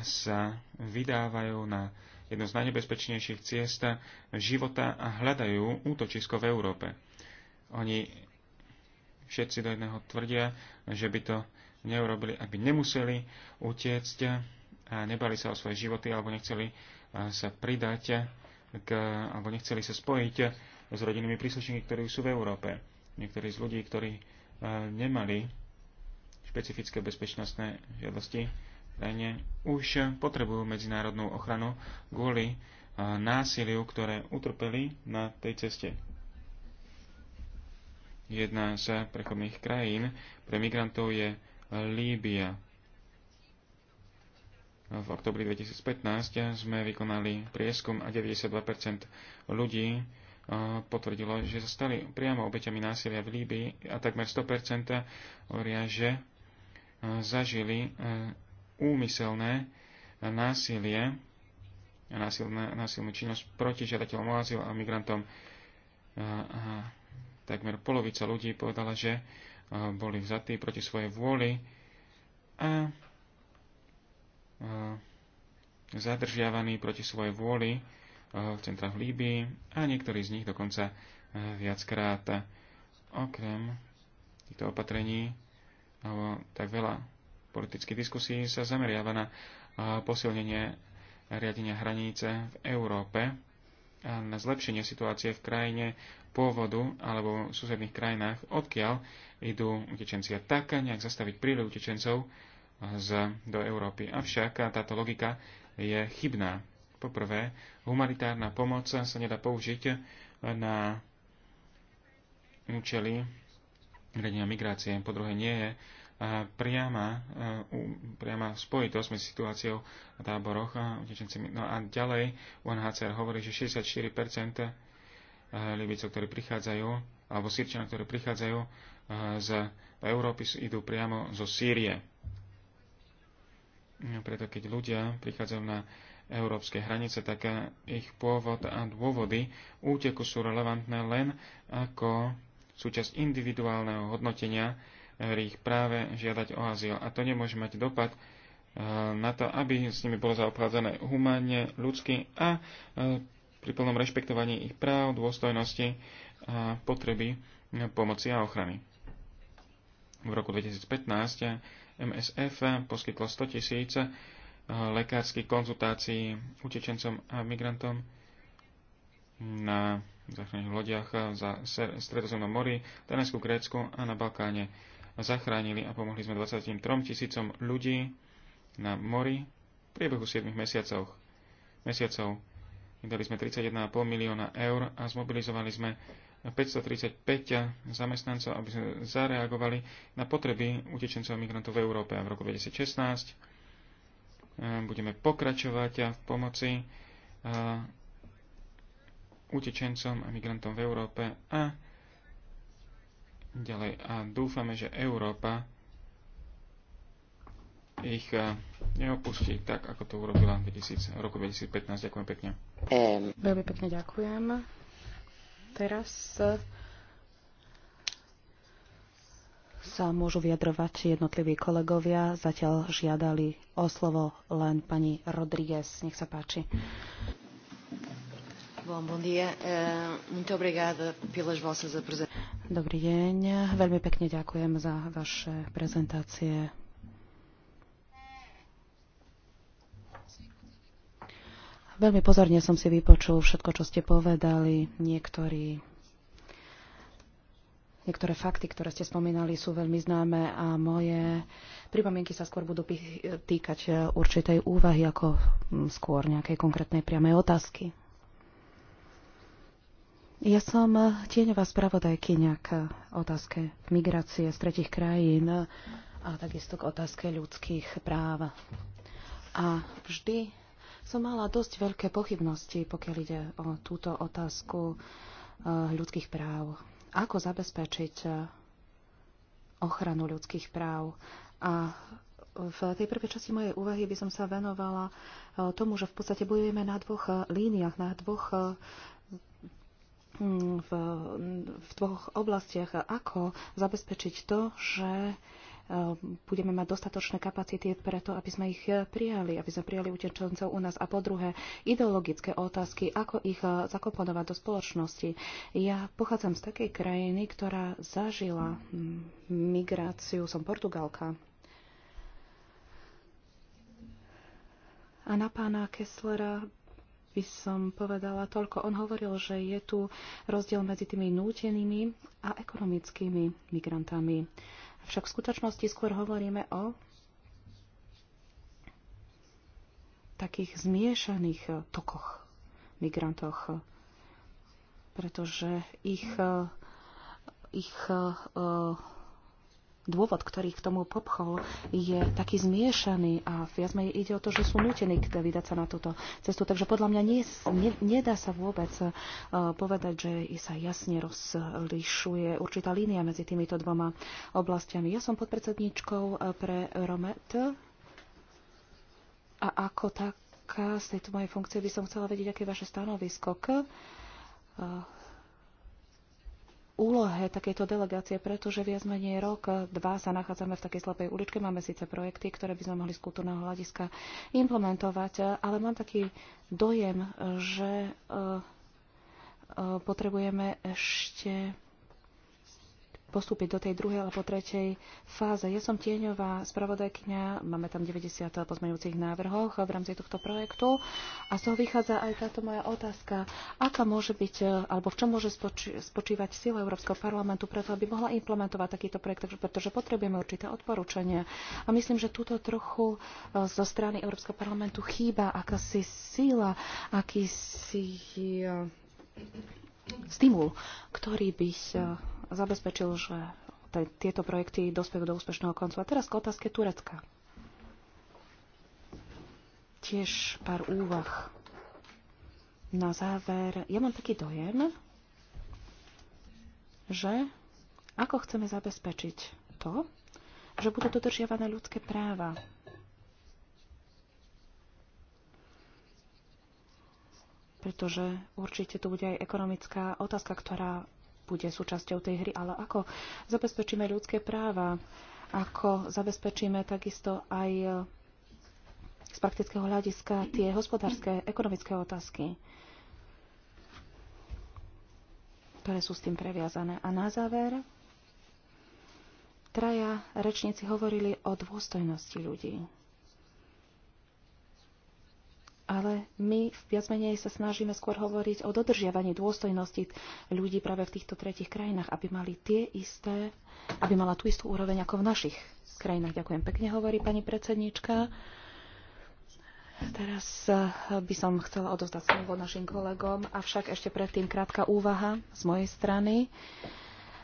sa vydávajú na jedno z najnebezpečnejších ciest života a hľadajú útočisko v Európe. Oni všetci do jedného tvrdia, že by to neurobili, aby nemuseli utiecť a nebali sa o svoje životy alebo nechceli eh, sa pridať k, alebo nechceli sa spojiť s rodinnými príslušníkmi, ktorí sú v Európe. Niektorí z ľudí, ktorí nemali špecifické bezpečnostné žiadosti krajine, už potrebujú medzinárodnú ochranu kvôli násiliu, ktoré utrpeli na tej ceste. Jedna z prechodných krajín pre migrantov je Líbia. V oktobri 2015 sme vykonali prieskum a 92% ľudí potvrdilo, že sa stali priamo obeťami násilia v Líbii a takmer 100% hovoria, že e, zažili e, úmyselné násilie a násilné, násilnú činnosť proti žiadateľom o azyl a migrantom. E, a takmer polovica ľudí povedala, že boli vzatí proti svojej vôli a zadržiavaní proti svojej vôli v centrách v Líbii a niektorí z nich dokonca eh, viackrát. Okrem týchto opatrení alebo tak veľa politických diskusí sa zameriava na eh, posilnenie riadenia hranice v Európe a na zlepšenie situácie v krajine pôvodu alebo v susedných krajinách, odkiaľ idú utečenci a tak nejak zastaviť príliv utečencov z, do Európy. Avšak táto logika je chybná. Poprvé, humanitárna pomoc sa nedá použiť na účely riadenia migrácie. Po druhé, nie je priama, priama spojitosť medzi situáciou v táboroch a utečencami. No a ďalej UNHCR hovorí, že 64% Libicov, ktorí prichádzajú, alebo Sýrčanov, ktorí prichádzajú z Európy, idú priamo zo Sýrie. No, preto keď ľudia prichádzajú na európske hranice, tak ich pôvod a dôvody úteku sú relevantné len ako súčasť individuálneho hodnotenia ich práve žiadať o azyl. A to nemôže mať dopad e, na to, aby s nimi bolo zaobchádzané humánne, ľudsky a e, pri plnom rešpektovaní ich práv, dôstojnosti a potreby pomoci a ochrany. V roku 2015 MSF poskytlo 100 tisíc lekárskych konzultácií utečencom a migrantom na záchranných lodiach za Stredozemnom mori, Tanesku, Grécku a na Balkáne. Zachránili a pomohli sme 23 tisícom ľudí na mori v priebehu 7 mesiacov. mesiacov. Dali sme 31,5 milióna eur a zmobilizovali sme 535 zamestnancov, aby sme zareagovali na potreby utečencov a migrantov v Európe. A v roku 2016 budeme pokračovať v pomoci utečencom a migrantom v Európe a ďalej. A dúfame, že Európa ich neopustí tak, ako to urobila v 2000, roku 2015. Ďakujem pekne.
Veľmi pekne ďakujem. Teraz sa môžu vyjadrovať jednotliví kolegovia. Zatiaľ žiadali o slovo len pani Rodriguez. Nech sa páči. Eh, Dobrý deň. Veľmi pekne ďakujem za vaše prezentácie. Veľmi pozorne som si vypočul všetko, čo ste povedali. Niektorí Niektoré fakty, ktoré ste spomínali, sú veľmi známe a moje pripomienky sa skôr budú týkať e, určitej úvahy ako mm, skôr nejakej konkrétnej priamej otázky. Ja som e, tieňová spravodajkyňa k otázke migrácie z tretich krajín e, a takisto k otázke ľudských práv. A vždy som mala dosť veľké pochybnosti, pokiaľ ide o túto otázku ľudských práv ako zabezpečiť eh, ochranu ľudských práv. A v tej prvej časti mojej úvahy by som sa venovala eh, tomu, že v podstate bojujeme na dvoch eh, líniách, na dvoch mm, v, v dvoch oblastiach, ako zabezpečiť to, že Eh, budeme mať dostatočné kapacity preto, aby sme ich eh, prijali, aby sme prijali utečencov u nás. A po druhé, ideologické otázky, ako ich eh, zakomponovať do spoločnosti. Ja pochádzam z takej krajiny, ktorá zažila hm, migráciu, som Portugalka. A na pána Kesslera by som povedala toľko. On hovoril, že je tu rozdiel medzi tými nútenými a ekonomickými migrantami. Avšak v skutočnosti skôr hovoríme o takých zmiešaných eh, tokoch migrantoch, pretože ich, eh, ich eh, dôvod, ktorý k tomu popchol, je taký zmiešaný a viac menej ide o to, že sú nutení teda vydať sa na túto cestu. Takže podľa mňa nie, nie, nedá sa vôbec uh, povedať, že sa jasne rozlišuje určitá línia medzi týmito dvoma oblastiami. Ja som podpredsedničkou e, pre Romet a ako taká z tejto mojej funkcie by som chcela vedieť, aké je vaše stanovisko k uh, úlohe takéto delegácie, pretože viac menej rok, dva sa nachádzame v takej slepej uličke. Máme síce projekty, ktoré by sme mohli z kultúrneho hľadiska implementovať, ale mám taký dojem, že eh, eh, potrebujeme ešte postúpiť do tej druhej alebo tretej fáze. Ja som tieňová spravodajkňa, máme tam 90 pozmeňujúcich návrhoch v rámci tohto projektu a z toho vychádza aj táto moja otázka, aká môže byť, alebo v čom môže spoči- spočívať sila Európskeho parlamentu preto, aby mohla implementovať takýto projekt, pretože potrebujeme určité odporúčania. A myslím, že túto trochu e, zo strany Európskeho parlamentu chýba akási sila, akýsi e, stimul, ktorý by zabezpečil, že tieto projekty dospejú do úspešného koncu. A teraz k otázke Turecka. Tiež pár úvah. Na záver, ja mám taký dojem, že ako chceme zabezpečiť to, že budú dodržiavané ľudské práva pretože určite tu bude aj ekonomická otázka, ktorá bude súčasťou tej hry, ale ako zabezpečíme ľudské práva, ako zabezpečíme takisto aj e, z praktického hľadiska tie hospodárske, ekonomické otázky, ktoré sú s tým previazané. A na záver, traja rečníci hovorili o dôstojnosti ľudí ale my viac menej sa snažíme skôr hovoriť o dodržiavaní dôstojnosti ľudí práve v týchto tretich krajinách, aby mali tie isté, aby mala tú istú úroveň ako v našich krajinách. Ďakujem pekne, hovorí pani predsednička. Teraz eh, by som chcela odovzdať slovo našim kolegom, avšak ešte predtým krátka úvaha z mojej strany.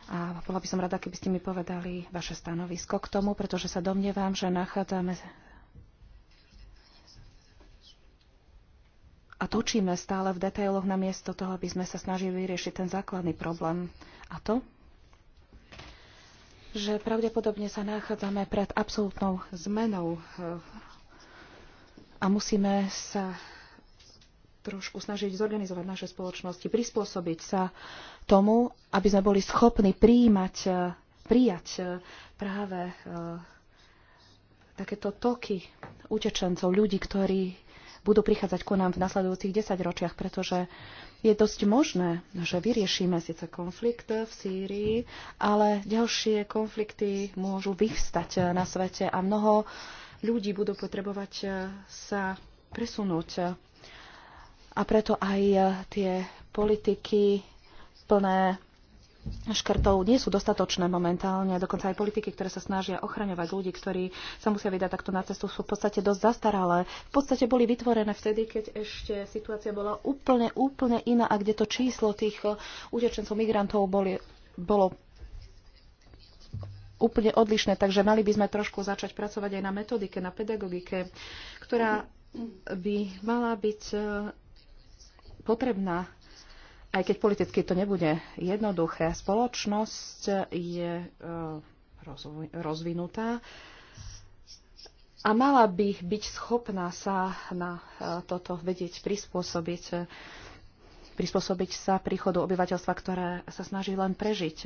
A bola by som rada, keby ste mi povedali vaše stanovisko k tomu, pretože sa domnievam, že nachádzame a točíme stále v detailoch na miesto toho, aby sme sa snažili vyriešiť ten základný problém. A to, že pravdepodobne sa nachádzame pred absolútnou zmenou eh, a musíme sa trošku snažiť zorganizovať naše spoločnosti, prispôsobiť sa tomu, aby sme boli schopní prijímať, eh, prijať eh, práve takéto toky utečencov, ľudí, ktorí budú prichádzať ku nám v nasledujúcich desaťročiach, pretože je dosť možné, že vyriešime síce konflikt v Sýrii, ale ďalšie konflikty môžu vyvstať na svete a mnoho ľudí budú potrebovať sa presunúť. A preto aj tie politiky plné škrtov nie sú dostatočné momentálne. Dokonca aj politiky, ktoré sa snažia ochraňovať ľudí, ktorí sa musia vydať takto na cestu, sú v podstate dosť zastaralé. V podstate boli vytvorené vtedy, keď ešte situácia bola úplne, úplne iná a kde to číslo tých eh, utečencov, migrantov boli, bolo úplne odlišné, takže mali by sme trošku začať pracovať aj na metodike, na pedagogike, ktorá by mala byť eh, potrebná aj keď politicky to nebude jednoduché. Spoločnosť je e, rozvinutá a mala by byť schopná sa na e, toto vedieť prispôsobiť, e, prispôsobiť sa príchodu obyvateľstva, ktoré sa snaží len prežiť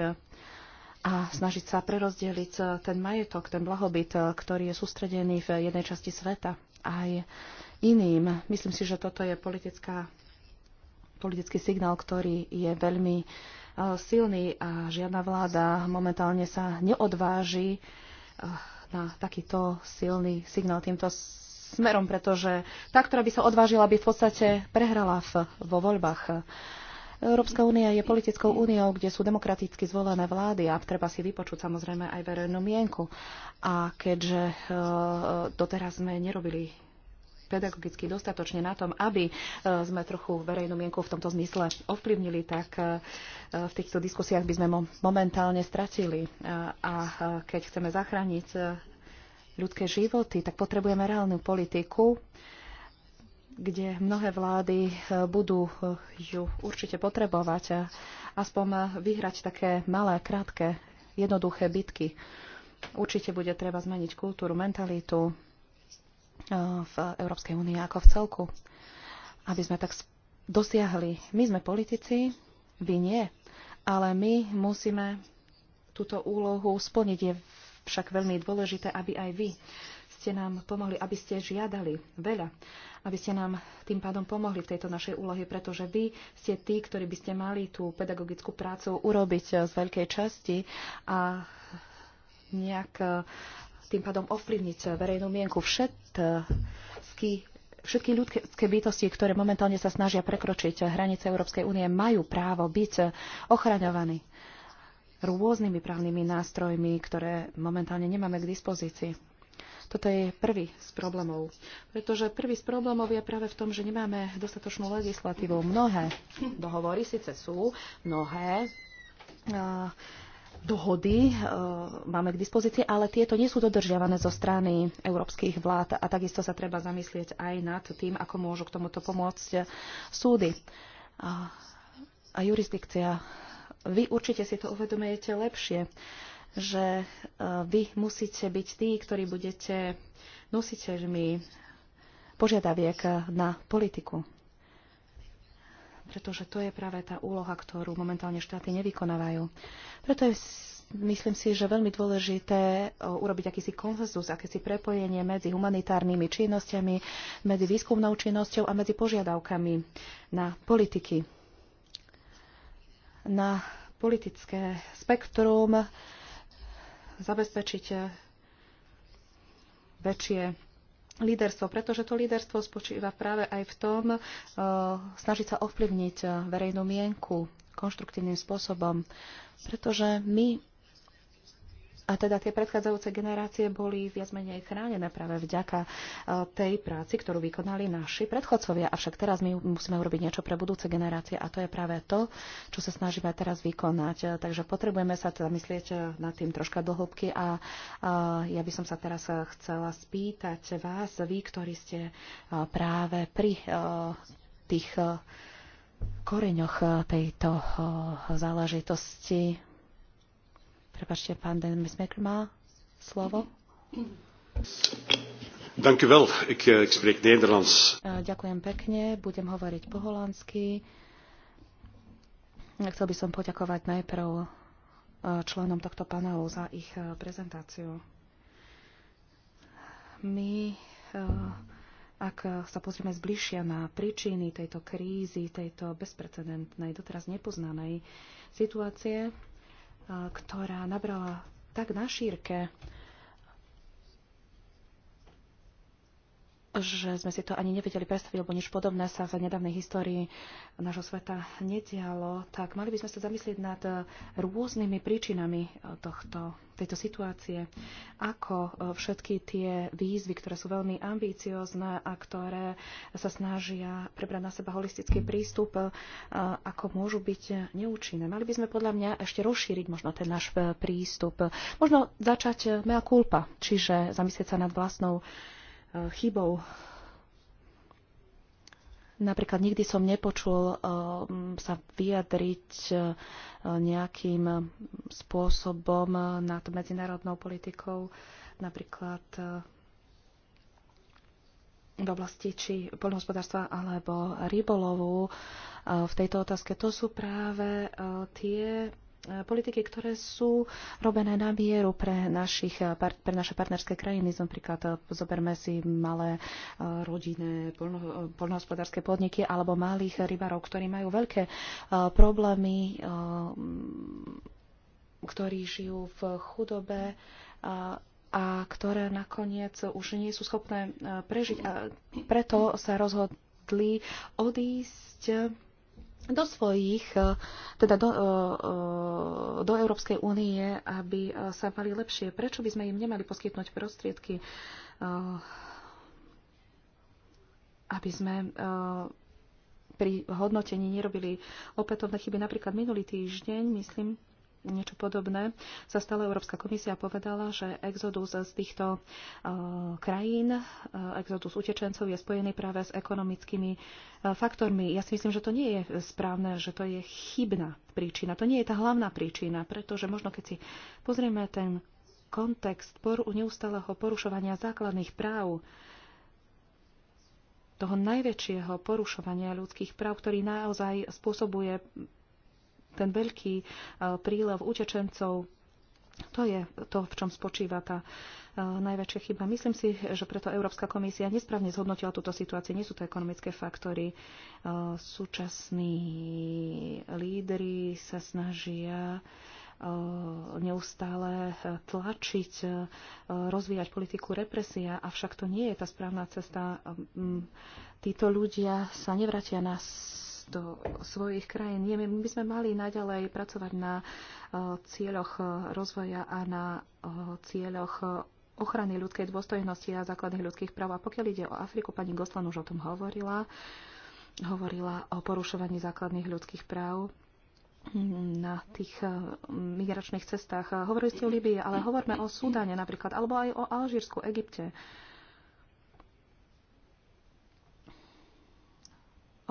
a snažiť sa prerozdeliť ten majetok, ten blahobyt, ktorý je sústredený v jednej časti sveta aj iným. Myslím si, že toto je politická politický signál, ktorý je veľmi e, silný a žiadna vláda momentálne sa neodváži e, na takýto silný signál týmto smerom, pretože tá, ktorá by sa odvážila, by v podstate prehrala v, vo voľbách. Európska únia je politickou úniou, kde sú demokraticky zvolené vlády a treba si vypočuť samozrejme aj verejnú mienku. A keďže e, doteraz sme nerobili pedagogicky dostatočne na tom, aby e, sme trochu verejnú mienku v tomto zmysle ovplyvnili, tak e, v týchto diskusiách by sme momentálne stratili. E, a keď chceme zachrániť ľudské životy, tak potrebujeme reálnu politiku, kde mnohé vlády budú ju určite potrebovať a aspoň vyhrať také malé, krátke, jednoduché bitky. Určite bude treba zmeniť kultúru, mentalitu, E, v Európskej únii ako v celku. Aby sme tak dosiahli. My sme politici, vy nie, ale my musíme túto úlohu splniť. Je však veľmi dôležité, aby aj vy ste nám pomohli, aby ste žiadali veľa, aby ste nám tým pádom pomohli v tejto našej úlohe, pretože vy ste tí, ktorí by ste mali tú pedagogickú prácu urobiť e, z veľkej časti a nejak e, tým pádom ovplyvniť verejnú mienku všetky Všetky ľudské bytosti, ktoré momentálne sa snažia prekročiť hranice Európskej únie, majú právo byť ochraňovaní rôznymi právnymi nástrojmi, ktoré momentálne nemáme k dispozícii. Toto je prvý z problémov. Pretože prvý z problémov je práve v tom, že nemáme dostatočnú legislatívu. Mnohé dohovory síce sú, mnohé dohody eh, máme k dispozícii, ale tieto nie sú dodržiavané zo strany európskych vlád a takisto sa treba zamyslieť aj nad tým, ako môžu k tomuto pomôcť eh, súdy a, a jurisdikcia. Vy určite si to uvedomujete lepšie, že eh, vy musíte byť tí, ktorí budete nositeľmi požiadaviek na politiku pretože to je práve tá úloha, ktorú momentálne štáty nevykonávajú. Preto je, myslím si, že veľmi dôležité e, urobiť akýsi konsenzus, akési prepojenie medzi humanitárnymi činnosťami, medzi výskumnou činnosťou a medzi požiadavkami na politiky, na politické spektrum, zabezpečiť e, väčšie líderstvo, pretože to líderstvo spočíva práve aj v tom e, snažiť sa ovplyvniť verejnú mienku konštruktívnym spôsobom, pretože my a teda tie predchádzajúce generácie boli viac menej chránené práve vďaka e, tej práci, ktorú vykonali naši predchodcovia. Avšak teraz my musíme urobiť niečo pre budúce generácie a to je práve to, čo sa snažíme teraz vykonať. E, takže potrebujeme sa teda myslieť e, nad tým troška dohlbky a ja by som sa teraz chcela spýtať vás, vy, ktorí ste práve pri tých koreňoch tejto záležitosti Prepačte, pán Demesmeker má slovo.
Dank u wel. Ik, eh, ik spreek Nederlands.
Eh, ďakujem pekne, budem hovoriť po holandsky. Chcel by som poďakovať najprv eh, členom tohto panelu za ich prezentáciu. My, ak sa pozrieme zbližšia na príčiny tejto krízy, tejto bezprecedentnej, doteraz nepoznanej situácie, ktorá nabrala tak na šírke, že sme si to ani nevedeli predstaviť, lebo nič podobné sa za nedávnej histórii nášho sveta nedialo, tak mali by sme sa zamyslieť nad rôznymi príčinami tohto, tejto situácie. Ako všetky tie výzvy, ktoré sú veľmi ambiciozne a ktoré sa snažia prebrať na seba holistický prístup, ako môžu byť neúčinné. Mali by sme podľa mňa ešte rozšíriť možno ten náš prístup. Možno začať mea culpa, čiže zamyslieť sa nad vlastnou chybou. Napríklad nikdy som nepočul eh, sa vyjadriť eh, nejakým spôsobom nad medzinárodnou politikou, napríklad eh, v oblasti či poľnohospodárstva alebo rybolovu. V tejto otázke to sú práve tie politiky, ktoré sú robené na mieru pre, našich, pre naše partnerské krajiny. Napríklad e, zoberme si malé e, rodinné e, poľnohospodárske podniky alebo malých rybarov, ktorí majú veľké problémy, ktorí žijú v chudobe a ktoré nakoniec už nie sú schopné prežiť. A preto sa rozhodli odísť do svojich, e, teda do, e, e, do Európskej únie, aby sa mali lepšie. Prečo by sme im nemali poskytnúť prostriedky, aby sme pri hodnotení nerobili opätovné chyby. Napríklad minulý týždeň, myslím, niečo podobné sa stala Európska komisia povedala, že exodus z týchto e, krajín, e, exodus utečencov je spojený práve s ekonomickými e, faktormi. Ja si myslím, že to nie je správne, že to je chybná príčina. To nie je tá hlavná príčina, pretože možno keď si pozrieme ten kontext poru, neustáleho porušovania základných práv, toho najväčšieho porušovania ľudských práv, ktorý naozaj spôsobuje ten veľký e, prílev utečencov, to je to, v čom spočíva tá e, najväčšia chyba. Myslím si, že preto Európska komisia nesprávne zhodnotila túto situáciu. Nie sú to ekonomické faktory. E, súčasní lídry sa snažia neustále tlačiť, rozvíjať politiku represia, avšak to nie je tá správna cesta. Títo ľudia sa nevratia na do svojich krajín. Nie, my by sme mali naďalej pracovať na e, cieľoch e, rozvoja a na e, cieľoch ochrany ľudskej dôstojnosti a základných ľudských práv. A pokiaľ ide o Afriku, pani Goslan už o tom hovorila, hovorila o porušovaní základných ľudských práv na tých migračných cestách. Hovorili ste o Libii, ale hovorme o Súdane napríklad, alebo aj o Alžírsku, Egypte. Uh,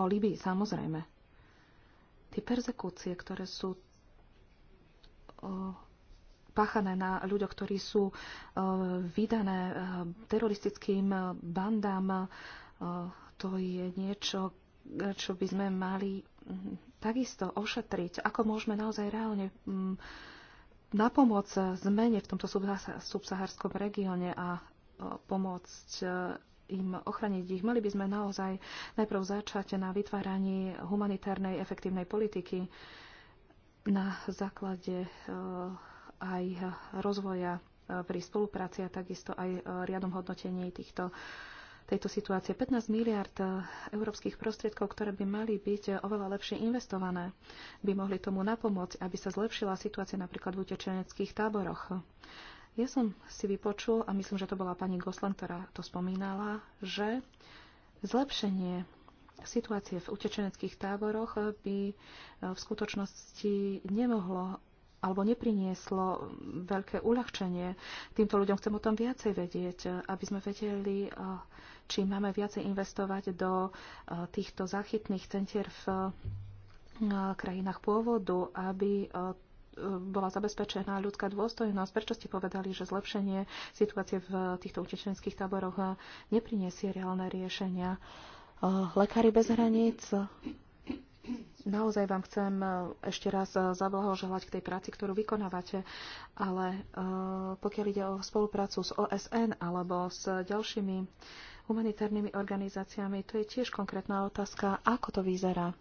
o Libii, samozrejme. Tie persekúcie, ktoré sú páchané na ľuďoch, ktorí sú vydané teroristickým bandám, to je niečo, čo by sme mali takisto ošetriť, ako môžeme naozaj reálne pomoc zmene v tomto subsaharskom regióne a pomôcť im ochraniť ich. Mali by sme naozaj najprv začať na vytváraní humanitárnej efektívnej politiky na základe e, aj rozvoja e, pri spolupráci a takisto aj e, riadom hodnotení týchto tejto situácie. 15 miliard európskych prostriedkov, ktoré by mali byť oveľa lepšie investované, by mohli tomu napomôcť, aby sa zlepšila situácia napríklad v utečeneckých táboroch ja som si vypočul, a myslím, že to bola pani Goslan, ktorá to spomínala, že zlepšenie situácie v utečeneckých táboroch by e, v skutočnosti nemohlo alebo neprinieslo veľké uľahčenie. Týmto ľuďom chcem o tom viacej vedieť, e, aby sme vedeli, e, či máme viacej investovať do týchto záchytných centier v krajinách pôvodu, aby bola zabezpečená ľudská dôstojnosť. Prečo ste povedali, že zlepšenie situácie v týchto utečenských táboroch nepriniesie reálne riešenia? Eh, Lekári bez hraníc, naozaj vám chcem eh, ešte raz eh, zablahoželať k tej práci, ktorú vykonávate, ale pokiaľ ide o spoluprácu s OSN alebo s ďalšími humanitárnymi organizáciami, to je tiež konkrétna otázka, ako to vyzerá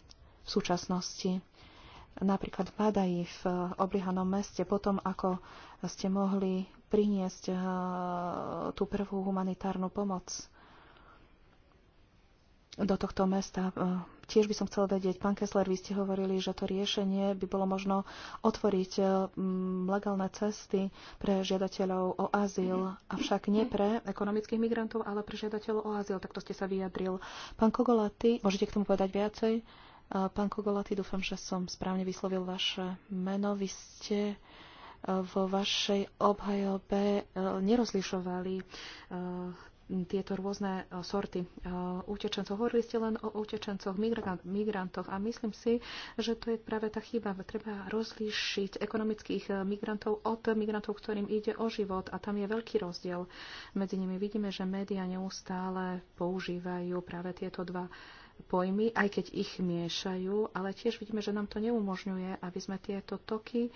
v súčasnosti napríklad v Badaji eh, v oblihanom meste, potom ako ste mohli priniesť eh, tú prvú humanitárnu pomoc do tohto mesta. Eh, tiež by som chcel vedieť, pán Kessler, vy ste hovorili, že to riešenie by bolo možno otvoriť legálne cesty pre žiadateľov o azyl, avšak nie pre ekonomických migrantov, ale pre žiadateľov o azyl. Takto ste sa vyjadril. Pán Kogola, ty môžete k tomu povedať viacej? Pán Kogolaty, dúfam, že som správne vyslovil vaše meno. Vy ste e, vo vašej obhajobe e, nerozlišovali e, tieto rôzne sorty utečencov. Hovorili ste len o utečencoch, migrantoch a myslím si, že to je práve tá chyba. Treba rozlíšiť ekonomických migrantov od migrantov, ktorým ide o život a tam je veľký rozdiel medzi nimi. Vidíme, že médiá neustále používajú práve tieto dva pojmy, aj keď ich miešajú, ale tiež vidíme, že nám to neumožňuje, aby sme tieto toky e,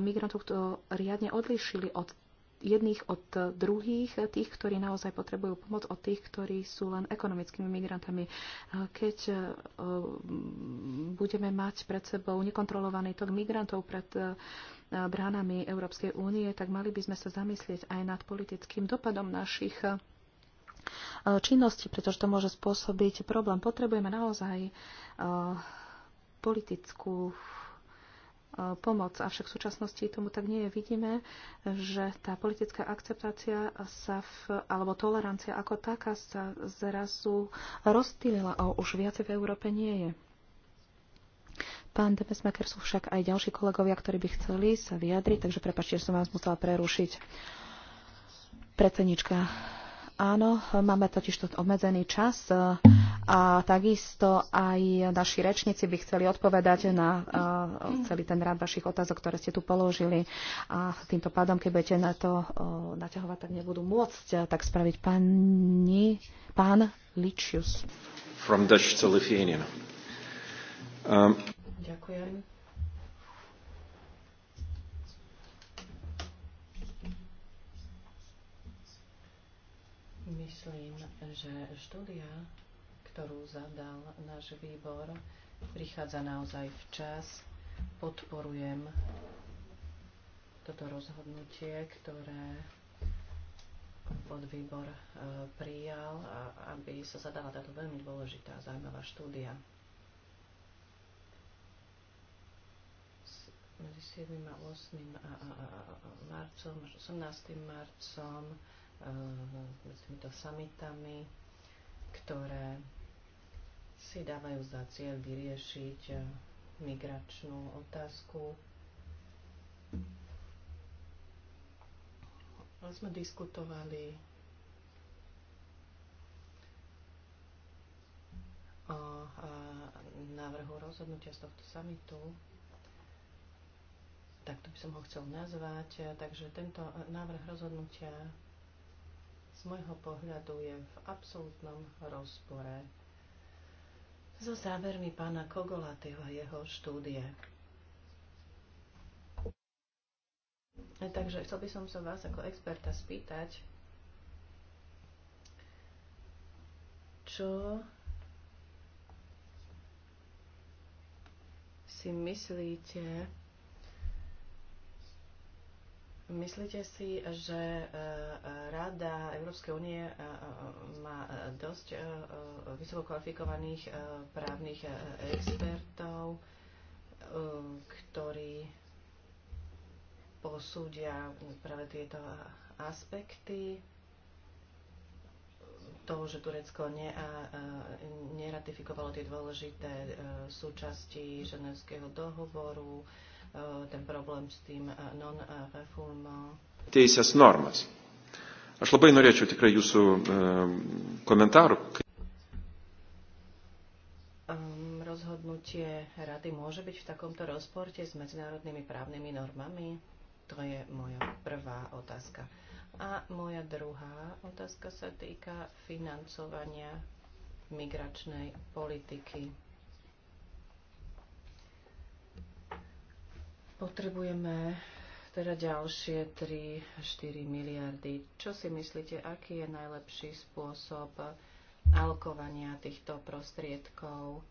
migrantov to riadne odlišili od jedných od druhých, tých, ktorí naozaj potrebujú pomoc, od tých, ktorí sú len ekonomickými migrantami. E, keď e, budeme mať pred sebou nekontrolovaný tok migrantov pred bránami Európskej únie, tak mali by sme sa zamyslieť aj nad politickým dopadom našich Eh, činnosti, pretože to môže spôsobiť problém. Potrebujeme naozaj eh, politickú eh, pomoc. Avšak v súčasnosti tomu tak nie je. Vidíme, že tá politická akceptácia sa v, alebo tolerancia ako taká sa zrazu rozstýlila a už viacej v Európe nie je. Pán Demesmaker sú však aj ďalší kolegovia, ktorí by chceli sa vyjadriť, takže prepačte, že som vás musela prerušiť. Predsednička, Áno, máme totiž obmedzený čas eh, a takisto aj naši rečníci by chceli odpovedať na eh, celý ten rád vašich otázok, ktoré ste tu položili. A týmto pádom, keď budete na to eh, naťahovať, tak nebudú môcť tak spraviť pani, pán Ličius.
From Dutch to Lithuanian. Um...
Ďakujem. Myslím, že štúdia, ktorú zadal náš výbor, prichádza naozaj včas. Podporujem toto rozhodnutie, ktoré podvýbor e, prijal, aby sa zadala táto veľmi dôležitá a zaujímavá štúdia. Medzi 7. a 8. marcom, 18. marcom s týmito samitami, ktoré si dávajú za cieľ vyriešiť eh, migračnú otázku. Sme diskutovali o eh, návrhu rozhodnutia z tohto samitu. Tak to by som ho chcel nazvať. Eh, takže tento návrh rozhodnutia môjho pohľadu je v absolútnom rozpore so závermi pána Kogolatyho a jeho štúdie. Takže chcel by som sa vás ako experta spýtať, čo si myslíte Myslíte si, že eh, Rada Európskej únie eh, eh, má dosť vysoko kvalifikovaných právnych expertov, ktorí posúdia práve tieto aspekty? toho, že Turecko ne, a, neratifikovalo tie dôležité súčasti ženevského dohovoru, Eh, ten problém s tým eh, non reform
Teisės normas. Aš labai norėčiau tikrai jūsų eh, komentarų.
Rozhodnutie rady môže byť v takomto rozporte s medzinárodnými právnymi normami? To je moja prvá otázka. A moja druhá otázka sa týka financovania migračnej politiky. Potrebujeme teda ďalšie 3-4 miliardy. Čo si myslíte, aký je najlepší spôsob alkovania týchto prostriedkov?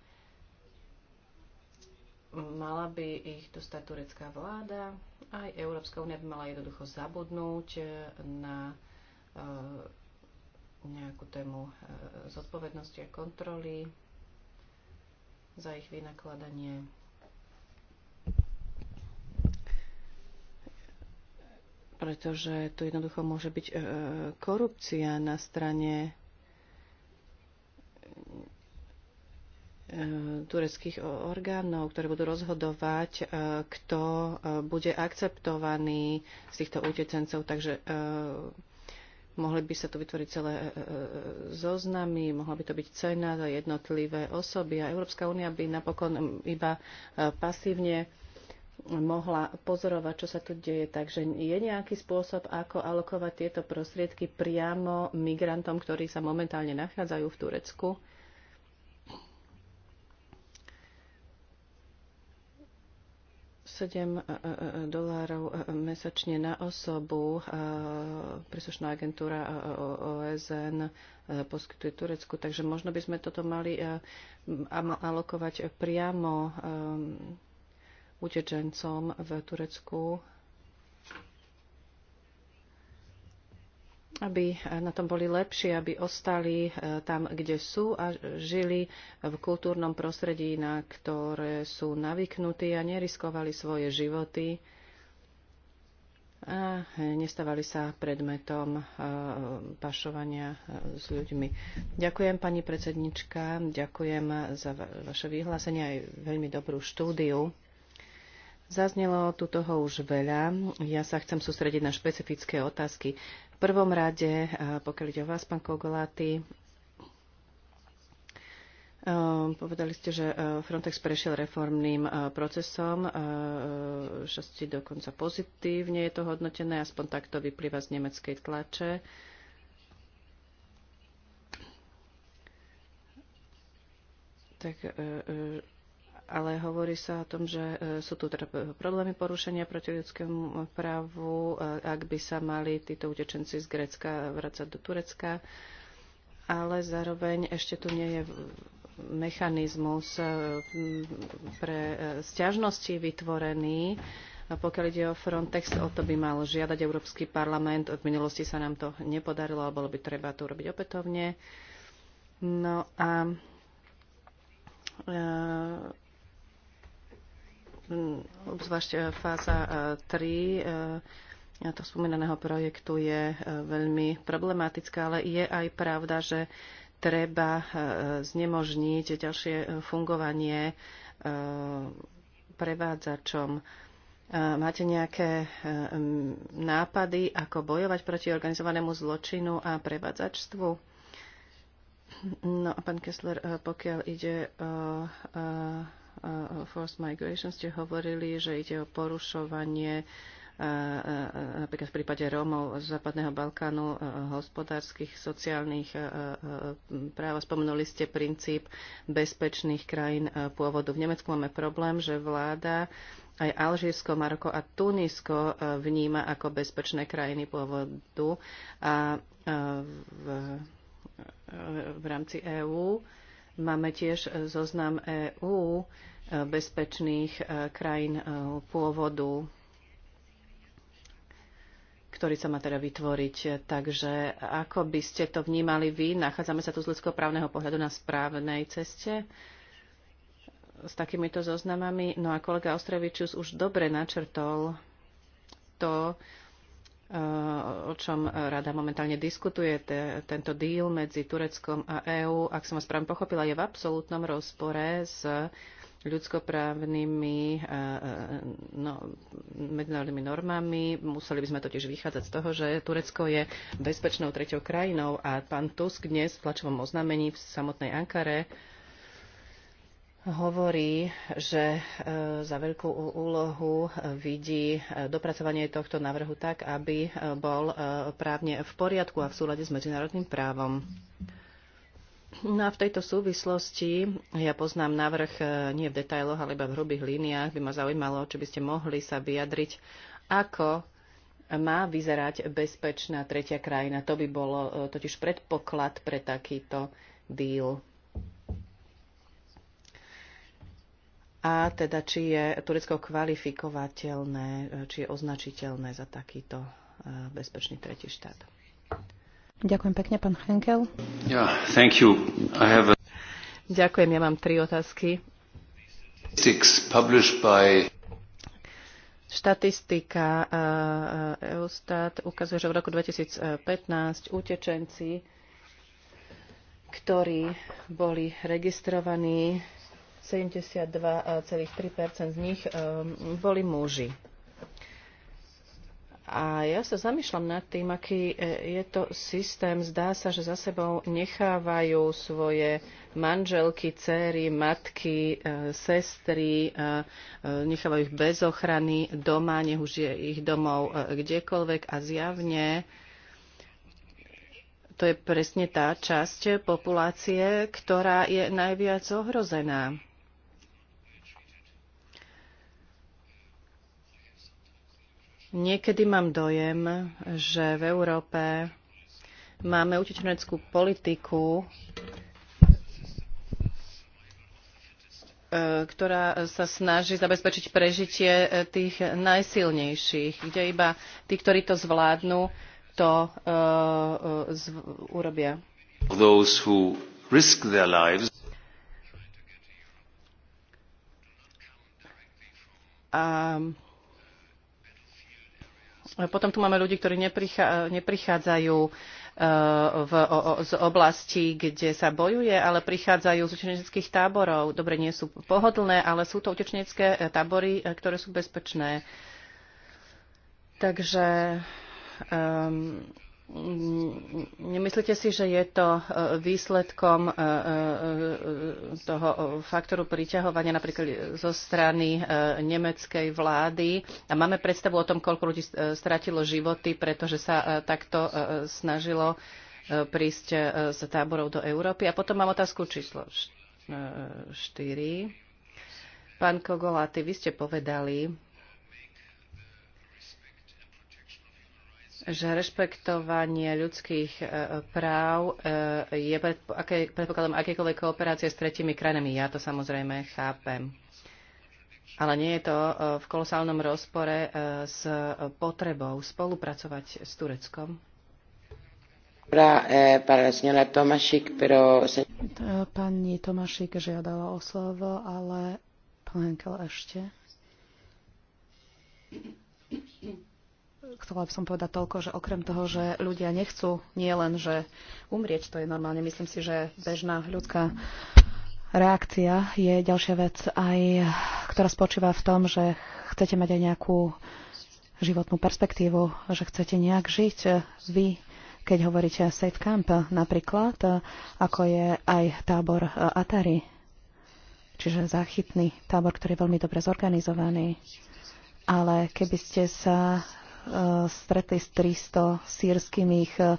Mala by ich dostať turecká vláda, aj Európska únia by mala jednoducho zabudnúť eh, na eh, nejakú tému eh, zodpovednosti a kontroly za ich vynakladanie. pretože tu jednoducho môže byť e, e, korupcia na strane e, tureckých orgánov, ktoré budú rozhodovať, kto bude akceptovaný z týchto utečencov. Takže mohli by sa tu vytvoriť celé zoznamy, mohla by to byť cena za jednotlivé osoby a Európska únia by napokon iba pasívne mohla pozorovať, čo sa tu deje. Takže je nejaký spôsob, ako alokovať tieto prostriedky priamo migrantom, ktorí sa momentálne nachádzajú v Turecku? sedem e, e, e, dolárov mesačne na osobu. Príslušná agentúra OSN poskytuje Turecku, takže možno by sme toto mali alokovať priamo utečencom v Turecku, aby na tom boli lepšie, aby ostali eh, tam, kde sú a žili v kultúrnom prostredí, na ktoré sú navyknutí a neriskovali svoje životy a nestávali sa predmetom eh, pašovania eh, s ľuďmi. Ďakujem, pani predsednička, ďakujem za vaše vyhlásenie aj veľmi dobrú štúdiu. Zaznelo tu toho už veľa. Ja sa chcem sústrediť na špecifické otázky. V prvom rade, eh, pokiaľ ide o vás, pán Kogoláty, eh, Povedali ste, že eh, Frontex prešiel reformným procesom, ste dokonca pozitívne je to hodnotené, aspoň takto vyplýva z nemeckej tlače. Tak ale hovorí sa o tom, že e, sú tu teda problémy porušenia proti ľudskému právu, e, ak by sa mali títo utečenci z Grécka vrácať do Turecka, ale zároveň ešte tu nie je mechanizmus e, pre sťažnosti vytvorený. Pokiaľ ide o Frontex, o to by mal žiadať Európsky parlament. Od minulosti sa nám to nepodarilo, bolo by treba to urobiť opätovne. No a Mm, obzvlášť e, fáza 3 e, e, to spomínaného projektu je veľmi problematická, ale je aj pravda, že treba znemožniť ďalšie fungovanie prevádzačom. Máte nejaké nápady, ako bojovať proti organizovanému zločinu a prevádzačstvu? No a pán Kessler, pokiaľ ide o forced migration ste hovorili, že ide o porušovanie napríklad v prípade Rómov z Západného Balkánu hospodárskych, sociálnych práv. Spomenuli ste princíp bezpečných krajín pôvodu. V Nemecku máme problém, že vláda aj Alžírsko, Maroko a Tunisko vníma ako bezpečné krajiny pôvodu a v, v rámci EÚ Máme tiež e, zoznam EÚ e, bezpečných e, krajín pôvodu, ktorý sa má teda vytvoriť. Takže ako by ste to vnímali vy? Nachádzame sa tu z ľudskoprávneho pohľadu na správnej ceste s takýmito zoznamami. No a kolega Ostrevičius už dobre načrtol to, o čom rada momentálne diskutuje, te, tento díl medzi Tureckom a EÚ, ak som vás správne pochopila, je v absolútnom rozpore s ľudskoprávnymi e, e, no, medzinárodnými normami. Museli by sme totiž vychádzať z toho, že Turecko je bezpečnou treťou krajinou a pán Tusk dnes v tlačovom oznámení v samotnej Ankare hovorí, že e, za veľkú úlohu e, vidí e, dopracovanie tohto návrhu tak, aby bol právne v poriadku a v súlade s medzinárodným právom. No a v tejto súvislosti ja poznám návrh nie v detailoch, ale iba v hrubých líniách. By ma zaujímalo, či by ste mohli sa vyjadriť, ako má vyzerať bezpečná tretia krajina. To by bolo totiž predpoklad pre takýto deal. a teda či je Turecko kvalifikovateľné, e, či je označiteľné za takýto e,
bezpečný tretí štát. Ďakujem pekne, pán Henkel.
Yeah, thank you. I have a...
Ďakujem, ja mám tri otázky.
By...
Štatistika e, Eustat ukazuje, že v roku 2015 utečenci, ktorí boli registrovaní 72,3 z nich ehm, boli muži. A ja sa zamýšľam nad tým, aký e, je to systém. Zdá sa, že za sebou nechávajú svoje manželky, céry, matky, e, sestry, e, nechávajú ich bez ochrany doma, nech už je ich domov kdekoľvek a zjavne to je presne tá časť populácie, ktorá je najviac ohrozená. Niekedy mám dojem, že v Európe máme utečeneckú politiku, e, ktorá sa snaží zabezpečiť prežitie e, tých najsilnejších, kde iba tí, ktorí to zvládnu, to uh, zv urobia.
Those who
risk their lives.
A potom tu máme ľudí, ktorí neprichá, neprichádzajú e, v, o, o, z oblasti, kde sa bojuje, ale prichádzajú z utečeneckých táborov. Dobre, nie sú pohodlné, ale sú to utečenecké e, tábory, e, ktoré sú bezpečné. Takže um, Mm, nemyslíte si, že je to e, výsledkom e, e, toho faktoru priťahovania napríklad zo strany nemeckej vlády? A máme predstavu o tom, koľko ľudí stratilo životy, pretože sa takto snažilo prísť z táborov do Európy. A potom mám otázku číslo 4. Pán Kogolaty, vy ste povedali, že rešpektovanie ľudských e, práv e, je predpokladom akékoľvek kooperácie s tretimi krajinami. Ja to samozrejme chápem. Ale nie je to e, v kolosálnom rozpore s potrebou spolupracovať
s Tureckom? Pani Tomašik žiadala o slovo, ale pán Henkel ešte chcela by som povedať toľko, že okrem toho, že ľudia nechcú nie len, že umrieť, to je normálne, myslím si, že bežná ľudská reakcia je ďalšia vec, aj, ktorá spočíva v tom, že chcete mať aj nejakú životnú perspektívu, že chcete nejak žiť vy, keď hovoríte Safe Camp napríklad, ako je aj tábor Atari, čiže záchytný tábor, ktorý je veľmi dobre zorganizovaný. Ale keby ste sa Eh, stretli s 300 sírskými eh,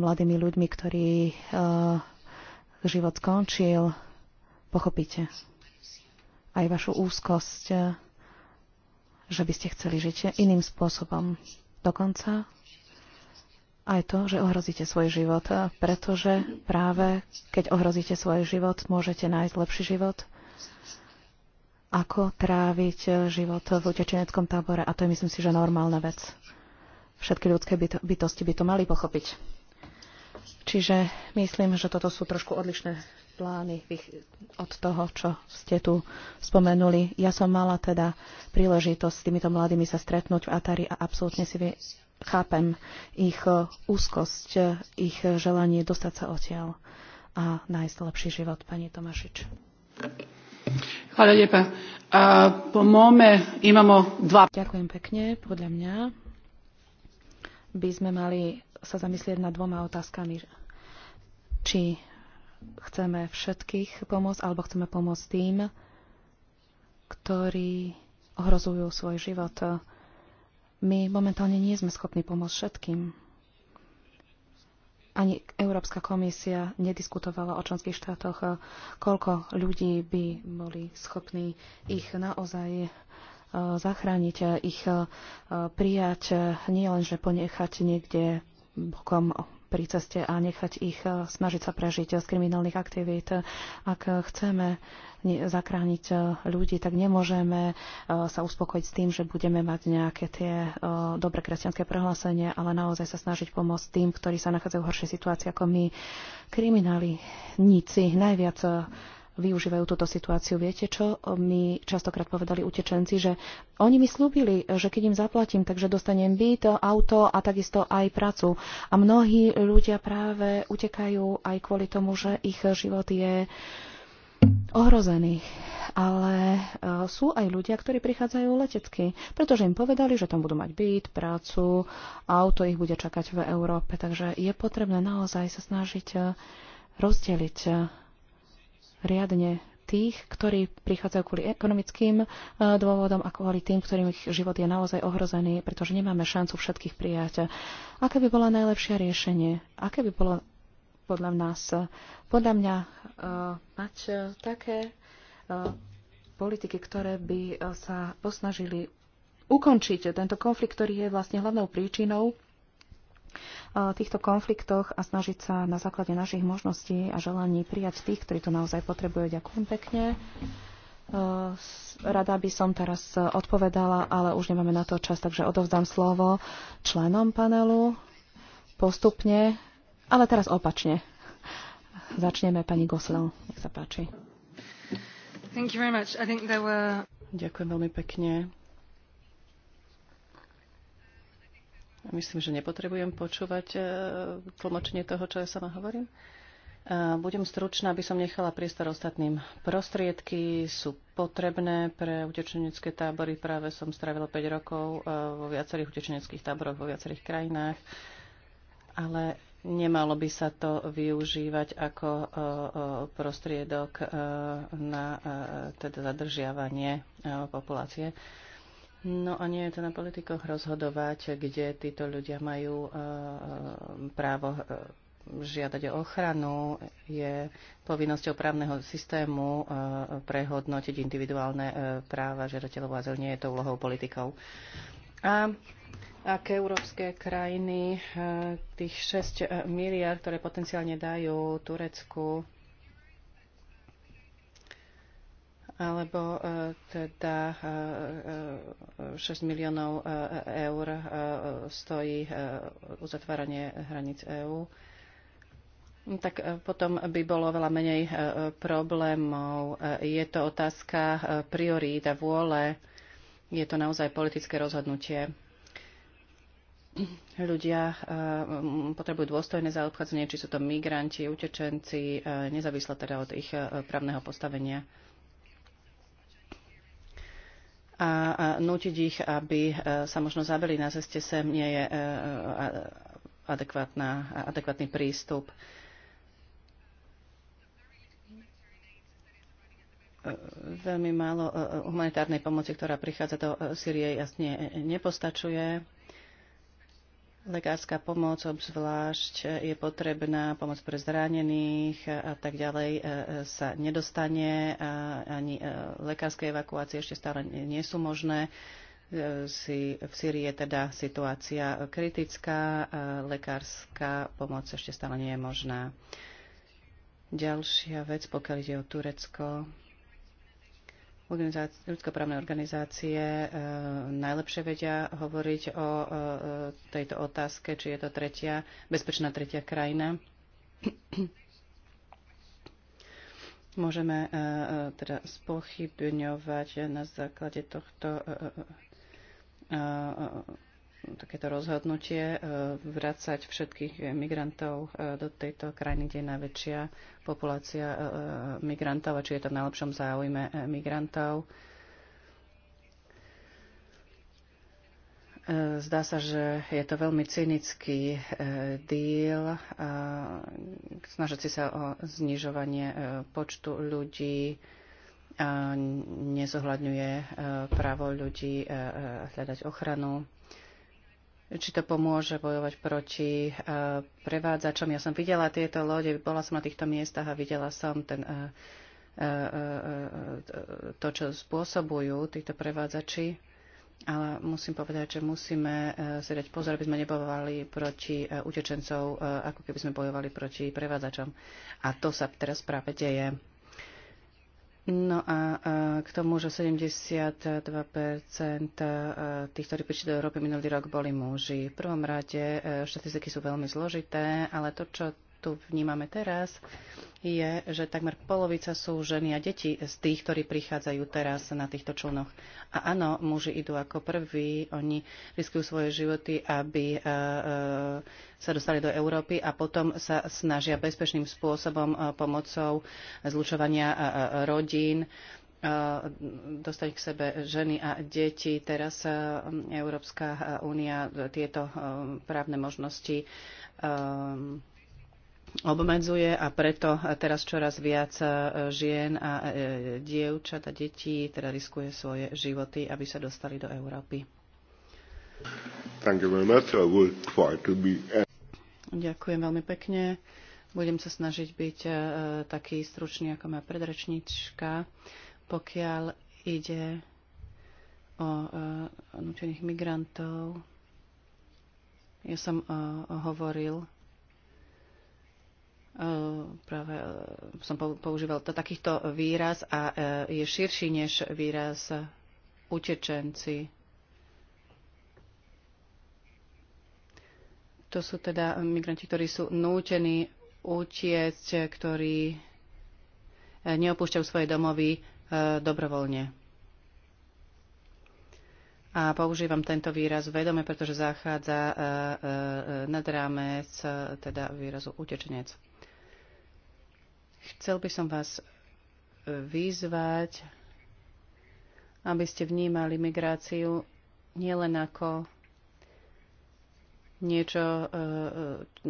mladými ľuďmi, ktorí eh, život skončil, pochopíte aj vašu úzkosť, že by ste chceli žiť iným spôsobom. Dokonca aj to, že ohrozíte svoj život, pretože práve keď ohrozíte svoj život, môžete nájsť lepší život ako tráviť eh, život v utečeneckom tábore a to je myslím si, že normálna vec. Všetky ľudské bytosti by to mali pochopiť. Čiže myslím, že toto sú trošku odlišné plány od toho, čo ste tu spomenuli. Ja som mala teda príležitosť s týmito mladými sa stretnúť v Atari a absolútne si chápem ich eh, úzkosť, eh, ich želanie dostať sa odtiaľ a nájsť lepší život, pani Tomašič. Ďakujem pekne. Podľa mňa by sme mali sa zamyslieť nad dvoma otázkami. Či chceme všetkých pomôcť, alebo chceme pomôcť tým, ktorí ohrozujú svoj život. My momentálne nie sme schopní pomôcť všetkým ani Európska komisia nediskutovala o členských štátoch, eh, koľko ľudí by boli schopní ich naozaj eh, zachrániť, eh, ich prijať, nielenže ponechať niekde bokom pri ceste a nechať ich eh, snažiť sa prežiť z kriminálnych aktivít. Ak chceme zachrániť eh, ľudí, tak nemôžeme eh, sa uspokojiť s tým, že budeme mať nejaké tie dobre kresťanské prehlásenie, ale naozaj sa snažiť pomôcť tým, ktorí sa nachádzajú v horšej situácii ako my. Kriminálníci najviac využívajú túto situáciu. Viete, čo mi častokrát povedali utečenci, že oni mi slúbili, že keď im zaplatím, takže dostanem byt, auto a takisto aj prácu. A mnohí ľudia práve utekajú aj kvôli tomu, že ich život je ohrozený. Ale e, sú aj ľudia, ktorí prichádzajú letecky, pretože im povedali, že tam budú mať byt, prácu, auto ich bude čakať v Európe. Takže je potrebné naozaj sa snažiť e, rozdeliť e, riadne tých, ktorí prichádzajú kvôli ekonomickým e, dôvodom a kvôli tým, ktorým ich život je naozaj ohrozený, pretože nemáme šancu všetkých prijať. Aké by bolo najlepšie riešenie? Aké by bolo podľa nás, podľa mňa uh, mať uh, také uh, politiky, ktoré by uh, sa posnažili ukončiť tento konflikt, ktorý je vlastne hlavnou príčinou týchto konfliktoch a snažiť sa na základe našich možností a želaní prijať tých, ktorí to naozaj potrebujú. Ďakujem pekne. E, rada by som teraz odpovedala, ale už nemáme na to čas, takže odovzdám slovo členom panelu postupne, ale teraz opačne. Začneme pani Goslo, nech sa páči.
Were...
Ďakujem veľmi pekne. Myslím, že nepotrebujem počúvať e, tlmočenie toho, čo ja sama hovorím. E, budem stručná, aby som nechala priestor ostatným. Prostriedky sú potrebné pre utečenecké tábory. Práve som strávila 5 rokov e, vo viacerých utečeneckých táboroch vo viacerých krajinách, ale nemalo by sa to využívať ako prostriedok na teda zadržiavanie populácie. No a nie je to na politikoch rozhodovať, kde títo ľudia majú e, e, právo e, žiadať o ochranu. Je povinnosťou právneho systému prehodnotiť individuálne práva žiadateľov azyl. Nie je to úlohou politikov. A aké európske krajiny tých 6 miliard, ktoré potenciálne dajú Turecku, alebo e, teda 6 e, e, miliónov eur stojí uzatváranie hraníc EÚ, tak potom by bolo veľa menej problémov. Je to otázka priorít a vôle. Je to naozaj politické rozhodnutie ľudia potrebujú dôstojné zaobchádzanie, či sú to migranti, utečenci, nezávisle teda od ich právneho postavenia a, nútiť nutiť ich, aby e, sa možno zabili na ceste sem, nie je e, e, adekvátna, adekvátny prístup. Veľmi málo humanitárnej pomoci, ktorá prichádza do Syrie, jasne nepostačuje Lekárska pomoc obzvlášť eh, je potrebná, pomoc pre zranených eh, a tak ďalej eh, sa nedostane. Ani lekárske evakuácie ešte stále nie sú možné. V Syrii je teda situácia kritická, lekárska pomoc ešte stále nie je možná. Ďalšia vec, pokiaľ ide o Turecko, organizácie, ľudskoprávne organizácie e, najlepšie vedia hovoriť o e, e, tejto otázke, či je to tretia, bezpečná tretia krajina. Môžeme e, e, teda spochybňovať na základe tohto e, e, e takéto rozhodnutie e, vracať všetkých e, migrantov e, do tejto krajiny, kde je najväčšia populácia migrantov a či je to v najlepšom záujme migrantov. Zdá sa, že je to veľmi cynický díl, snažiť si sa o znižovanie počtu ľudí, a nezohľadňuje právo ľudí hľadať ochranu či to pomôže bojovať proti eh, prevádzačom. Ja som videla tieto lode, bola som na týchto miestach a videla som ten, eh, eh, to, čo spôsobujú títo prevádzači. Ale musím povedať, že musíme si dať pozor, aby sme nebojovali proti utečencov, ako keby sme bojovali proti prevádzačom. A to sa teraz práve deje. No a k tomu, že 72% e, tých, ktorí prišli do Európy minulý rok, boli muži. V prvom rade e, štatistiky sú veľmi zložité, ale to, čo tu vnímame teraz, je, že takmer polovica sú ženy a deti z tých, ktorí prichádzajú teraz na týchto člnoch. A áno, muži idú ako prví, oni riskujú svoje životy, aby e, e, sa dostali do Európy a potom sa snažia bezpečným spôsobom e, pomocou zlučovania rodín dostať k sebe ženy a deti. Teraz Európska únia tieto právne možnosti obmedzuje a preto teraz čoraz viac e, žien a e, dievčat a detí teda riskuje svoje životy, aby sa dostali do Európy. Ďakujem veľmi pekne. Budem sa snažiť byť e, taký stručný, ako má predrečnička. Pokiaľ ide o nutených migrantov, ja som hovoril Eh, práve eh, som používal takýchto výraz a eh, je širší než výraz utečenci. To sú teda migranti, ktorí sú nútení utiecť, ktorí neopúšťajú svoje domovy dobrovoľne. A používam tento výraz vedome, pretože zachádza nad rámec teda výrazu utečenec. Chcel by som vás e, vyzvať, aby ste vnímali migráciu nielen ako niečo, e,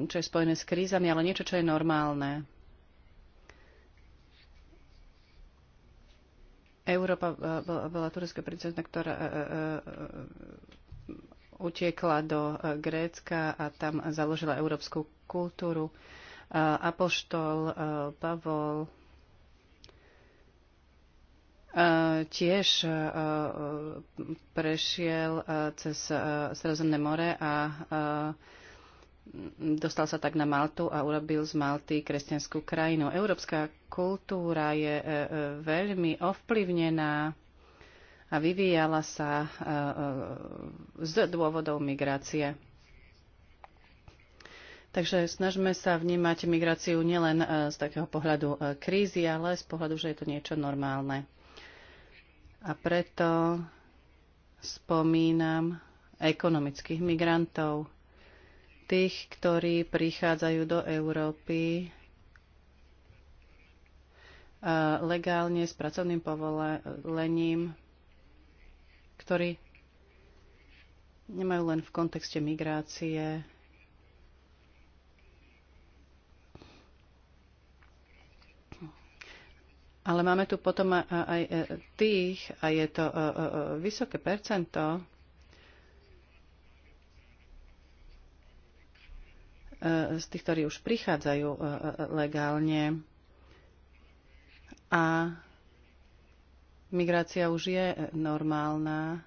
e, čo je spojené s krízami, ale niečo, čo je normálne. Európa bola turecká princezna, ktorá utiekla do Grécka a tam založila európsku kultúru. Eh, apoštol eh, Pavol eh, tiež prešiel cez Sredozemné more a dostal sa tak na Maltu a urobil z Malty kresťanskú krajinu. Európska kultúra je veľmi ovplyvnená a vyvíjala sa z dôvodov migrácie. Takže snažme sa vnímať migráciu nielen e, z takého pohľadu e, krízy, ale z pohľadu, že je to niečo normálne. A preto spomínam ekonomických migrantov, tých, ktorí prichádzajú do Európy e, legálne s pracovným povolením, ktorí nemajú len v kontexte migrácie Ale máme tu potom aj e, tých, a je to e, e, vysoké percento, z tých, ktorí už prichádzajú legálne. A migrácia už je normálna.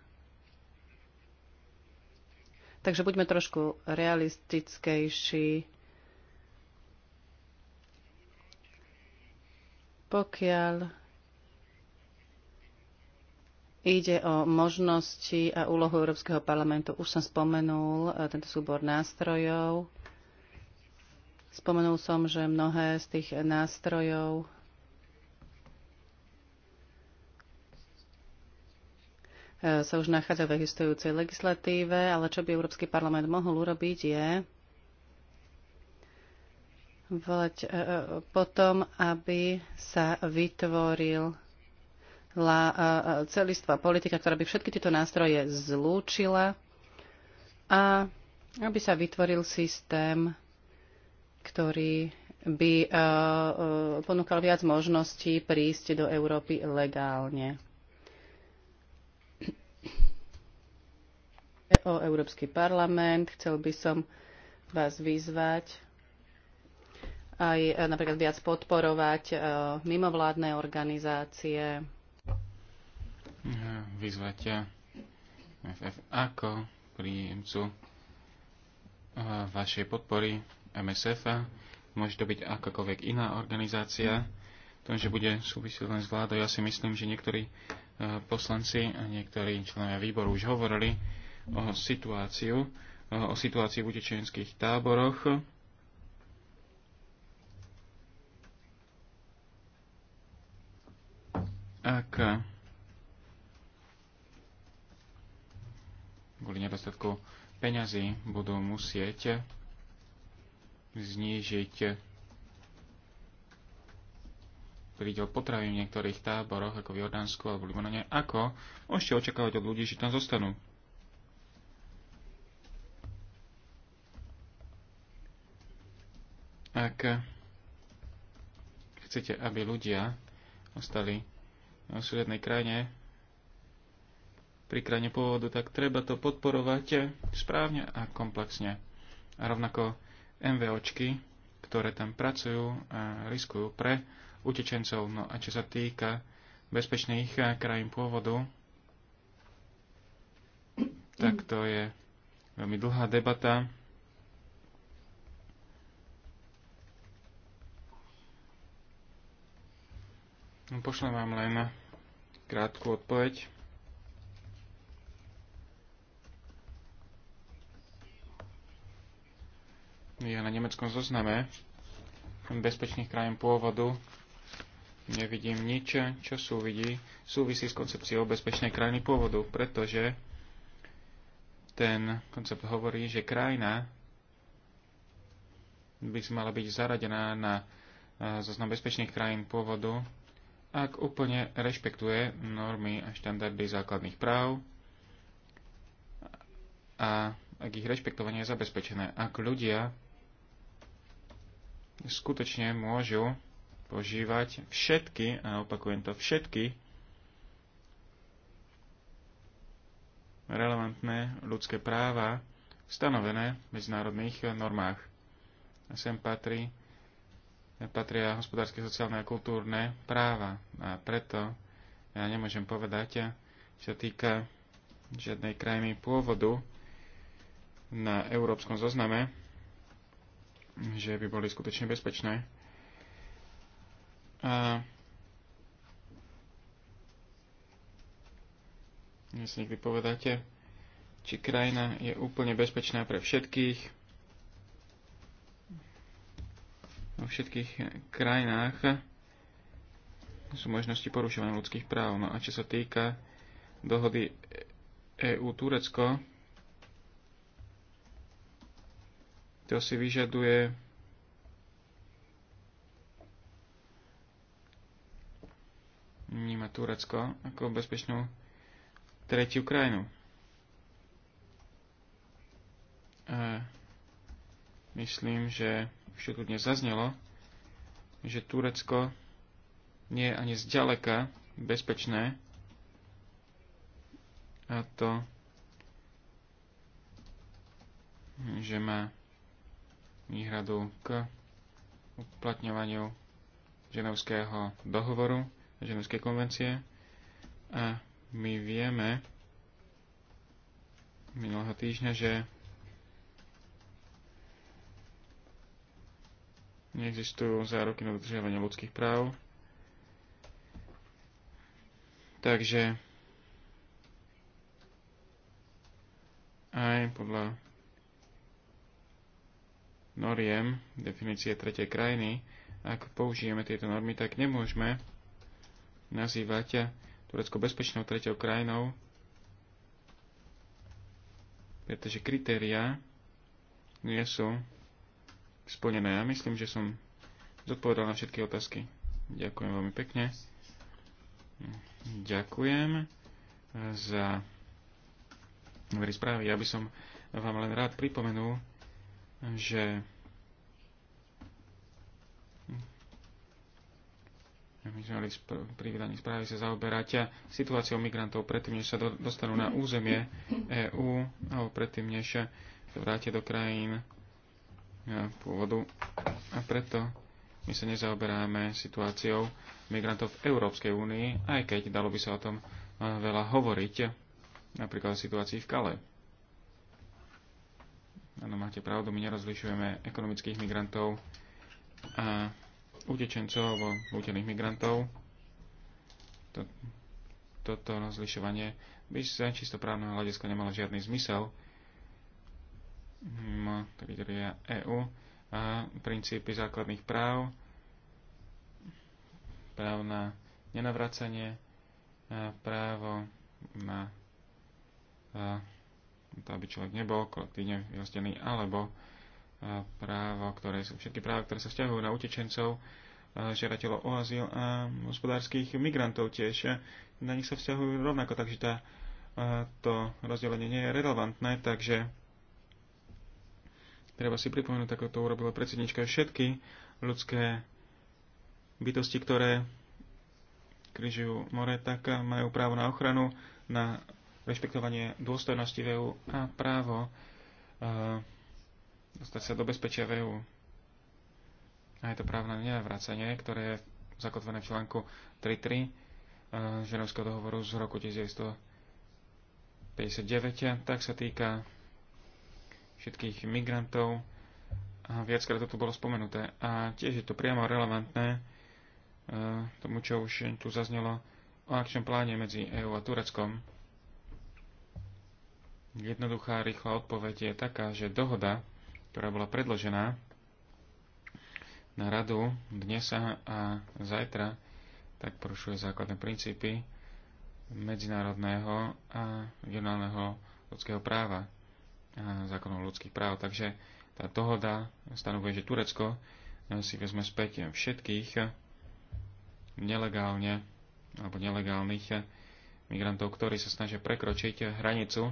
Takže buďme trošku realistickejší Pokiaľ ide o možnosti a úlohu Európskeho parlamentu, už som spomenul eh, tento súbor nástrojov. Spomenul som, že mnohé z tých nástrojov eh, sa už nachádza v existujúcej legislatíve, ale čo by Európsky parlament mohol urobiť je, volať e, e, potom, aby sa vytvoril e, celistvá politika, ktorá by všetky tieto nástroje zlúčila a aby sa vytvoril systém, ktorý by ponúkal viac možností prísť do Európy legálne. O Európsky parlament chcel by som vás vyzvať, aj eh, napríklad viac podporovať eh, mimovládne organizácie.
Vyzvať FF ako príjemcu eh, vašej podpory MSF. -a. Môže to byť akákoľvek iná organizácia. To, že bude súvisieť len s vládou, ja si myslím, že niektorí poslanci a niektorí členovia výboru už hovorili o situáciu, o situácii v utečenských táboroch ak kvôli nedostatku peňazí budú musieť znížiť prídel potravy v niektorých táboroch, ako v Jordánsku alebo v Libanone, ako môžete očakávať od ľudí, že tam zostanú. Ak chcete, aby ľudia ostali na susednej krajine, pri krajine pôvodu, tak treba to podporovať správne a komplexne. A rovnako MVOčky, ktoré tam pracujú a riskujú pre utečencov. No a čo sa týka bezpečných krajín pôvodu, tak to je veľmi dlhá debata. No, pošlem vám len krátku odpoveď. Je na nemeckom zozname bezpečných krajín pôvodu. Nevidím nič, čo súvidí, súvisí s koncepciou bezpečnej krajiny pôvodu, pretože ten koncept hovorí, že krajina by mala byť zaradená na zoznam bezpečných krajín pôvodu ak úplne rešpektuje normy a štandardy základných práv a ak ich rešpektovanie je zabezpečené. Ak ľudia skutočne môžu požívať všetky, a opakujem to, všetky relevantné ľudské práva stanovené v medzinárodných normách. A sem patrí patria hospodárske, sociálne a kultúrne práva. A preto ja nemôžem povedať, čo sa týka žiadnej krajiny pôvodu na európskom zozname, že by boli skutočne bezpečné. A ja si nikdy povedáte, či krajina je úplne bezpečná pre všetkých, vo všetkých krajinách sú možnosti porušovania ľudských práv. No a čo sa týka dohody EU-Turecko, to si vyžaduje vníma Turecko ako bezpečnú tretiu krajinu. myslím, že už tu dnes zaznelo, že Turecko nie je ani zďaleka bezpečné a to, že má výhradu k uplatňovaniu ženovského dohovoru, ženovskej konvencie a my vieme minulého týždňa, že neexistujú záruky na dodržiavanie ľudských práv. Takže aj podľa noriem, definície tretej krajiny, ak použijeme tieto normy, tak nemôžeme nazývať Turecko bezpečnou tretou krajinou, pretože kritéria nie sú splnené. Ja myslím, že som zodpovedal na všetky otázky. Ďakujem veľmi pekne. Ďakujem za dobrý správy. Ja by som vám len rád pripomenul, že my sme mali pri vydaní správy sa zaoberať situáciou migrantov predtým, než sa do, dostanú na územie EÚ alebo predtým, než sa vrátia do krajín pôvodu a preto my sa nezaoberáme situáciou migrantov v Európskej únii, aj keď dalo by sa o tom e, veľa hovoriť, napríklad o situácii v Kale. Áno, máte pravdu, my nerozlišujeme ekonomických migrantov a utečencov alebo nutených migrantov. To, toto rozlišovanie by sa čisto právneho hľadiska nemalo žiadny zmysel, kritéria EU, a princípy základných práv, práv na nenavracanie, právo na to, aby človek nebol kolektívne vyhostený, alebo právo, ktoré sú všetky práva, ktoré sa vzťahujú na utečencov, žiadateľov o azyl a hospodárskych migrantov tiež. Na nich sa vzťahujú rovnako, takže tá, to rozdelenie nie je relevantné, takže Treba si pripomenúť, ako to urobila predsednička, všetky ľudské bytosti, ktoré križujú more, tak majú právo na ochranu, na rešpektovanie dôstojnosti VU e a právo uh, dostať sa do bezpečia VU. E a je to právo na nevracanie, ktoré je zakotvené v článku 3.3 uh, Ženevského dohovoru z roku 1959, tak sa týka všetkých migrantov. A viackrát toto bolo spomenuté. A tiež je to priamo relevantné e, tomu, čo už tu zaznelo o akčnom pláne medzi EÚ a Tureckom. Jednoduchá, rýchla odpoveď je taká, že dohoda, ktorá bola predložená na radu dnes a zajtra, tak porušuje základné princípy medzinárodného a regionálneho ľudského práva zákonov ľudských práv. Takže tá dohoda stanovuje, že Turecko e, si vezme späť všetkých nelegálne alebo nelegálnych migrantov, ktorí sa snažia prekročiť hranicu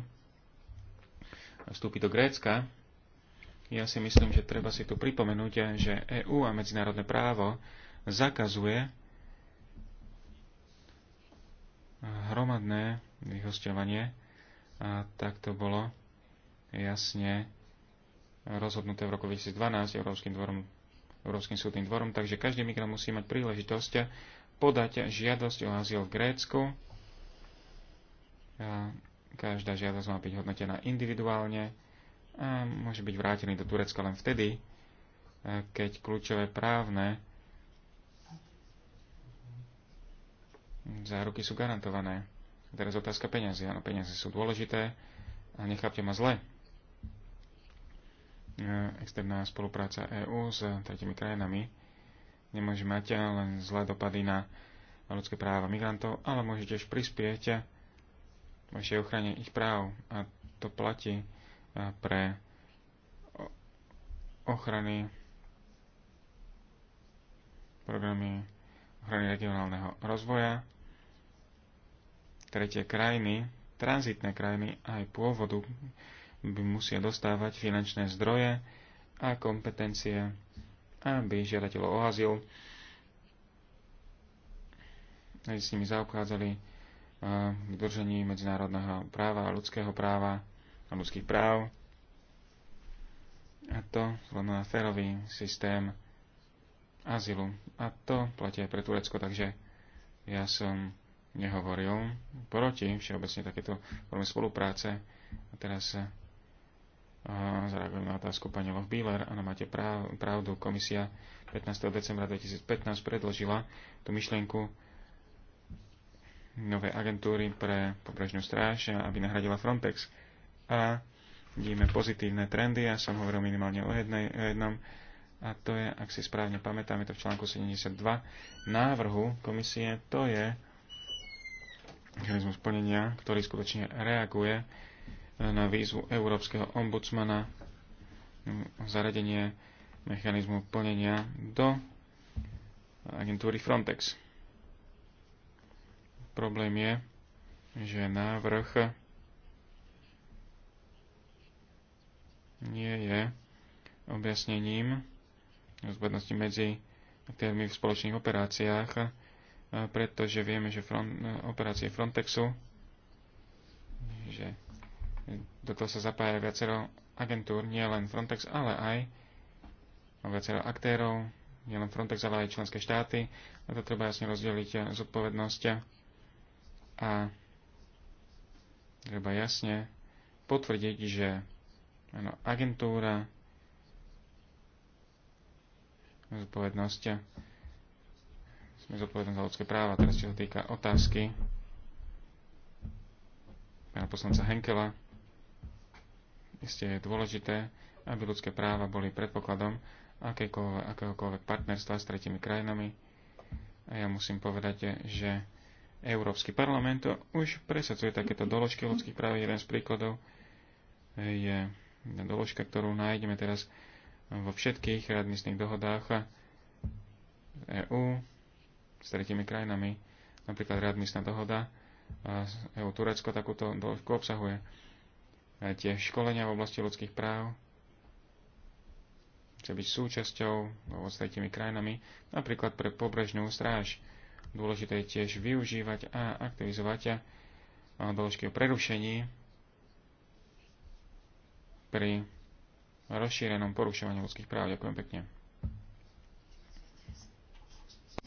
a vstúpiť do Grécka. Ja si myslím, že treba si tu pripomenúť, že EÚ a medzinárodné právo zakazuje hromadné vyhostovanie a tak to bolo jasne rozhodnuté v roku 2012 Európskym, dvorom, Európskym súdnym dvorom, takže každý migrant musí mať príležitosť podať žiadosť o azyl v Grécku. Každá žiadosť má byť hodnotená individuálne a môže byť vrátený do Turecka len vtedy, keď kľúčové právne záruky sú garantované. Teraz otázka peniazy. Áno, peniaze sú dôležité a nechápte ma zle E, externá spolupráca EÚ s tretimi krajinami nemôže mať len zlé dopady na ľudské práva migrantov, ale môže tiež prispieť vašej ochrane ich práv. A to platí e, pre ochrany programy ochrany regionálneho rozvoja, tretie krajiny, tranzitné krajiny aj pôvodu, musia dostávať finančné zdroje a kompetencie, aby žiadateľov o azyl aby s nimi zaobchádzali v držení medzinárodného práva a ľudského práva a ľudských práv. A to vzhľadom na férový systém azylu. A to platí aj pre Turecko, takže ja som nehovoril proti všeobecne takéto formy spolupráce. A teraz zareagujem na otázku pani Lochbíler. Áno, máte pravdu. Komisia 15. decembra 2015 predložila tú myšlienku novej agentúry pre pobrežnú stráž, aby nahradila Frontex. A vidíme pozitívne trendy, ja som hovoril minimálne o, jednej, o jednom, a to je, ak si správne pamätám, je to v článku 72 návrhu komisie, to je mechanizmus plnenia, ktorý skutočne reaguje na výzvu Európskeho ombudsmana mm, zaradenie mechanizmu plnenia do agentúry Frontex. Problém je, že návrh nie je objasnením zbadnosti medzi aktérmi v spoločných operáciách, pretože vieme, že front, operácie Frontexu, že do toho sa zapája viacero agentúr, nie len Frontex, ale aj viacero aktérov, len Frontex, ale aj členské štáty. A to treba jasne rozdeliť zodpovednosť a treba jasne potvrdiť, že ano, agentúra zodpovednosť sme zodpovední za ľudské práva. Teraz čo sa týka otázky pána poslanca Henkela, Isté je dôležité, aby ľudské práva boli predpokladom akéhokoľvek partnerstva s tretimi krajinami. A ja musím povedať, že Európsky parlament už presadzuje takéto doložky ľudských práv. Jeden z príkladov je doložka, ktorú nájdeme teraz vo všetkých readmisných dohodách EÚ s tretimi krajinami. Napríklad readmisná dohoda eú Turecko takúto doložku obsahuje tiež školenia v oblasti ľudských práv, chce byť súčasťou alebo s tretimi krajinami, napríklad pre pobrežnú stráž. Dôležité je tiež využívať a aktivizovať a doložky o prerušení pri rozšírenom porušovaní ľudských práv. Ďakujem pekne.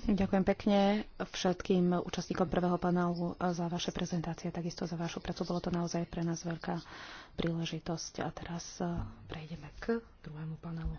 Ďakujem pekne všetkým účastníkom prvého panelu e, za vaše prezentácie, takisto za vašu prácu. Bolo to naozaj pre nás veľká príležitosť. A teraz e, prejdeme k druhému panelu.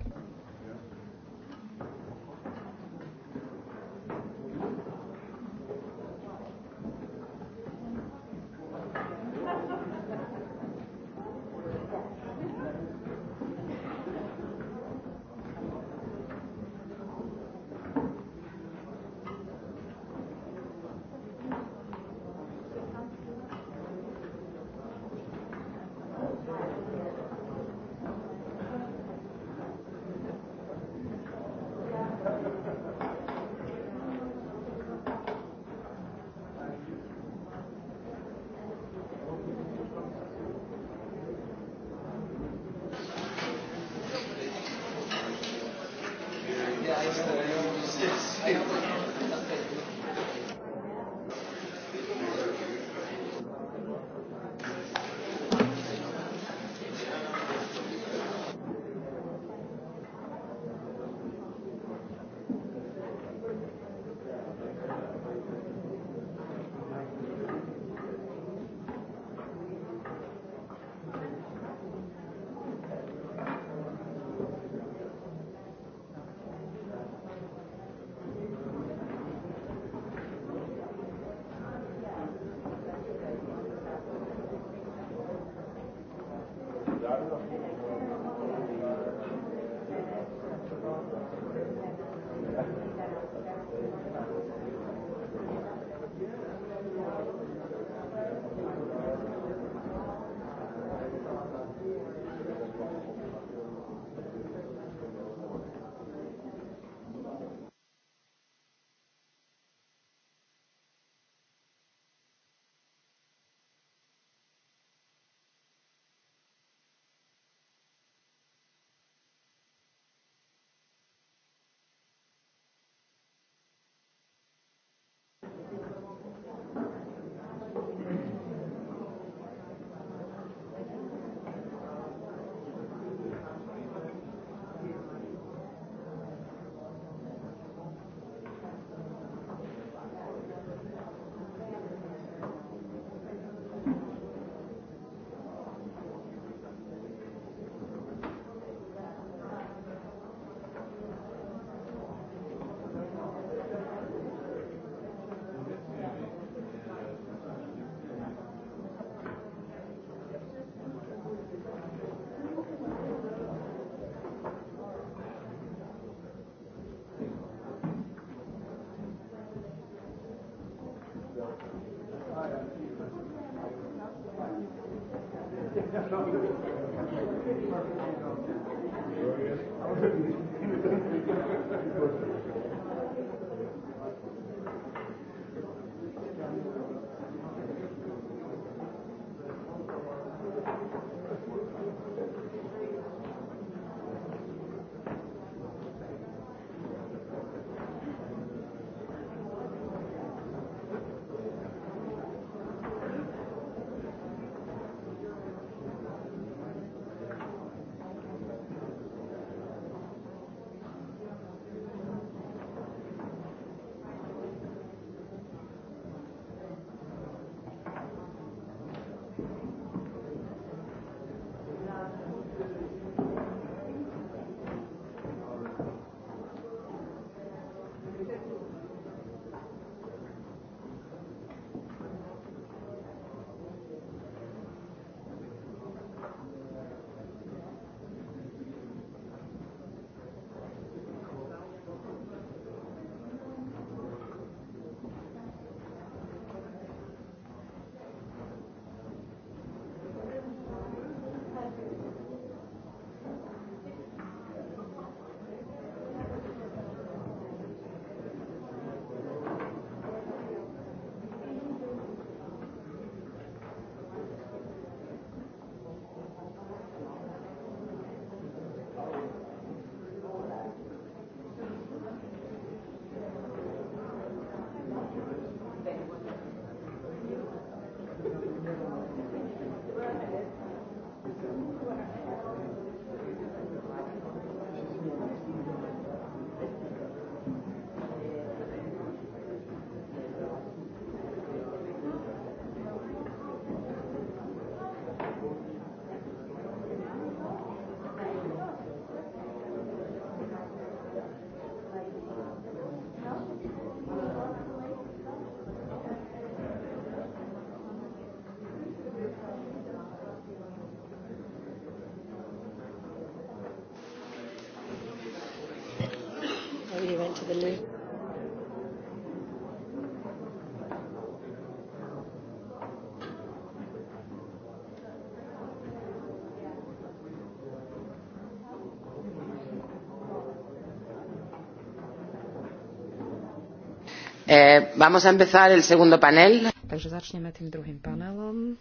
Eh, vamos a empezar el segundo panel. Takže začneme tým druhým panelom.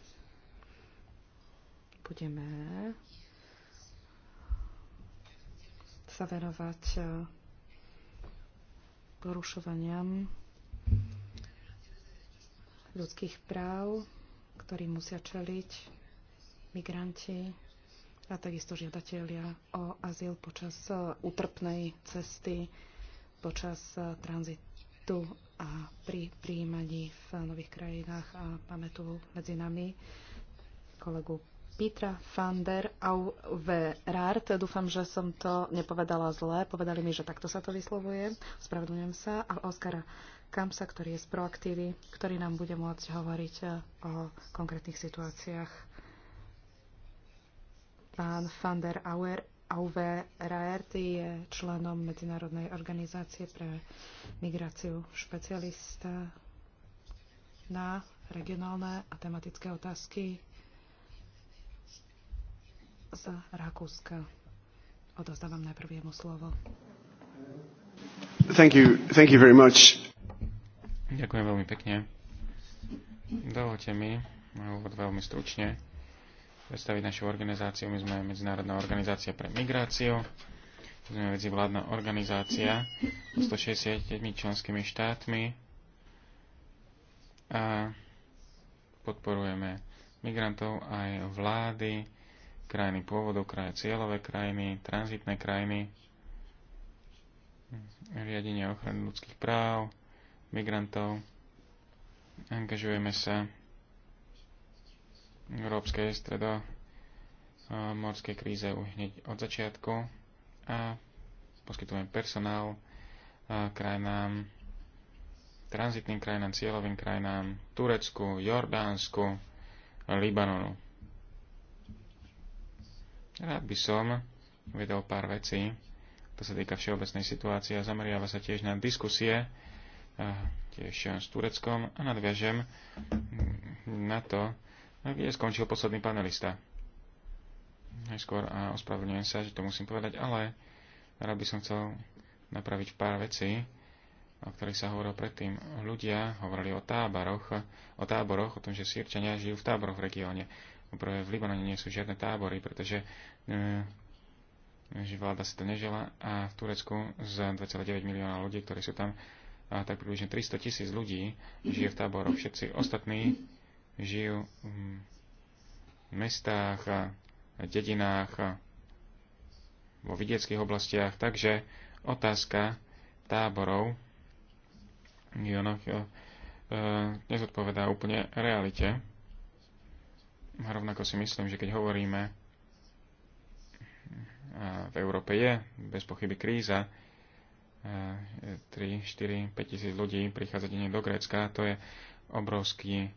Budeme sa venovať eh, porušovaniam ľudských práv, ktorým musia čeliť migranti a takisto žiadatelia o azyl počas eh, útrpnej cesty, počas tranzitu a pri príjmaní v nových krajinách a máme tu medzi nami kolegu Petra van der Auverard. Dúfam, že som to nepovedala zle. Povedali mi, že takto sa to vyslovuje. Spravdujem sa. A Oskara Kamsa, ktorý je z Proaktívy, ktorý nám bude môcť hovoriť e, o konkrétnych situáciách. Pán van der Auer AUVRT je členom Medzinárodnej organizácie pre migráciu špecialista na regionálne a tematické otázky z Rakúska. Odozdávam najprv
jemu slovo. Thank you. Thank you very much. Ďakujem veľmi pekne. Dovolte mi, veľmi stručne predstaviť našu organizáciu. My sme Medzinárodná organizácia pre migráciu. My sme medzivládna organizácia s 160 členskými štátmi a podporujeme migrantov aj vlády, krajiny pôvodu, kraje cieľové krajiny, tranzitné krajiny, riadenie ochrany ľudských práv, migrantov. Angažujeme sa európskej stredomorskej kríze už hneď od začiatku a poskytujeme personál krajinám, tranzitným krajinám, cieľovým krajinám, Turecku, Jordánsku, Libanonu. Rád by som vedel pár vecí, to sa týka všeobecnej situácie a zameriava sa tiež na diskusie, tiež s Tureckom a nadviažem na to, je skončil posledný panelista. Najskôr a ospravedlňujem sa, že to musím povedať, ale rád by som chcel napraviť pár vecí, o ktorých sa hovorilo predtým. Ľudia hovorili o táboroch, o táboroch, o tom, že Sýrčania žijú v táboroch v regióne. Poprvé v Libanone nie sú žiadne tábory, pretože e, že vláda si to nežela a v Turecku z 2,9 milióna ľudí, ktorí sú tam, a tak približne 300 tisíc ľudí žije v táboroch. Všetci ostatní žijú v mestách a dedinách a vo vidieckých oblastiach. Takže otázka táborov e, nezodpovedá úplne realite. A rovnako si myslím, že keď hovoríme a v Európe je bez pochyby kríza, 3, 4, 5 tisíc ľudí prichádza denne do Grécka, to je obrovský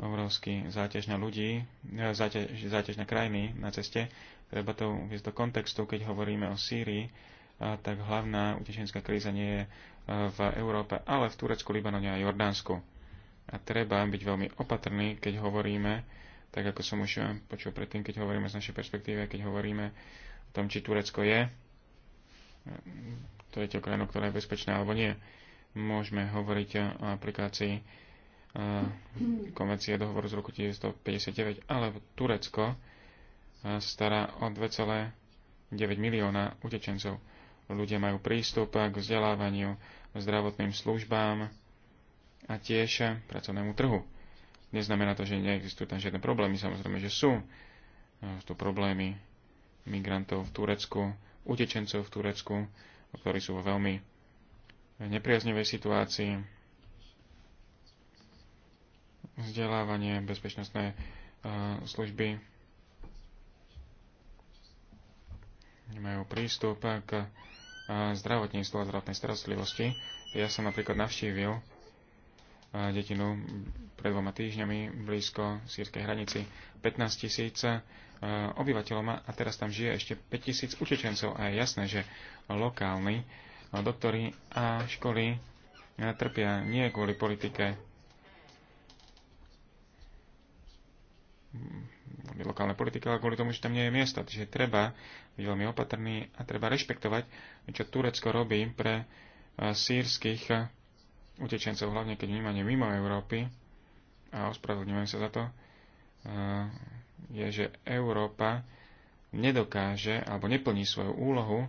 obrovský záťaž na ľudí, e, záťaž, záťaž na krajiny na ceste. Treba to uviezť do kontextu, keď hovoríme o Sýrii, e, tak hlavná utečenská kríza nie je e, v Európe, ale v Turecku, Libanone a Jordánsku. A treba byť veľmi opatrný, keď hovoríme, tak ako som už počul predtým, keď hovoríme z našej perspektíve, keď hovoríme o tom, či Turecko je to tretou krajinou, ktorá je bezpečná alebo nie. Môžeme hovoriť o aplikácii konvencie dohovoru z roku 1959, ale Turecko stará o 2,9 milióna utečencov. Ľudia majú prístup k vzdelávaniu, zdravotným službám a tiež pracovnému trhu. Neznamená to, že neexistujú tam žiadne problémy, samozrejme, že sú. Sú problémy migrantov v Turecku, utečencov v Turecku, ktorí sú vo veľmi nepriaznevej situácii vzdelávanie, bezpečnostné e, služby nemajú prístup k e, zdravotníctvu a zdravotnej starostlivosti. Ja som napríklad navštívil e, detinu pred dvoma týždňami blízko sírskej hranici 15 tisíc obyvateľov má a teraz tam žije ešte 5 tisíc utečencov a je jasné, že lokálni doktory a školy trpia nie kvôli politike Hm, lokálne politika, ale kvôli tomu, že tam nie je miesto. Čiže treba byť veľmi opatrný a treba rešpektovať, čo Turecko robí pre e, sírskych e, utečencov, hlavne keď vnímanie mimo Európy, a ospravedlňujem sa za to, e, je, že Európa nedokáže alebo neplní svoju úlohu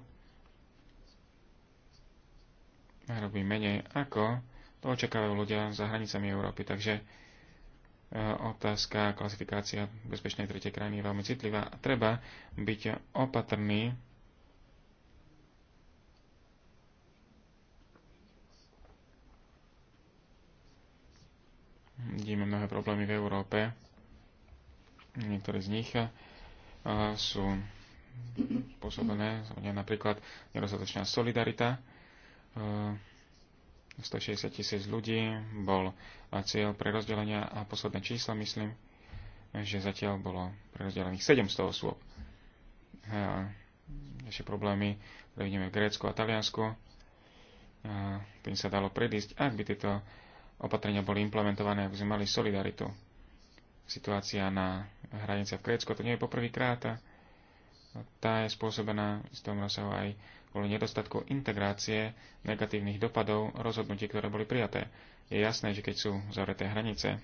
a robí menej ako to očakávajú ľudia za hranicami Európy. Takže Eh, otázka klasifikácia bezpečnej tretej krajiny je veľmi citlivá a treba byť opatrný Vidíme mnohé problémy v Európe. Niektoré z nich eh, sú spôsobené napríklad nedostatočná solidarita, eh, 160 tisíc ľudí bol cieľ pre rozdelenia a posledné číslo, myslím, že zatiaľ bolo prerozdelených 700 osôb. Ďalšie ešte problémy ktoré vidíme v Grécku a Taliansku. tým sa dalo predísť, ak by tieto opatrenia boli implementované, ak by sme mali solidaritu. Situácia na hranice v Grécku, to nie je poprvýkrát, tá je spôsobená z tom rozsahu aj kvôli nedostatku integrácie negatívnych dopadov rozhodnutí, ktoré boli prijaté. Je jasné, že keď sú zavreté hranice,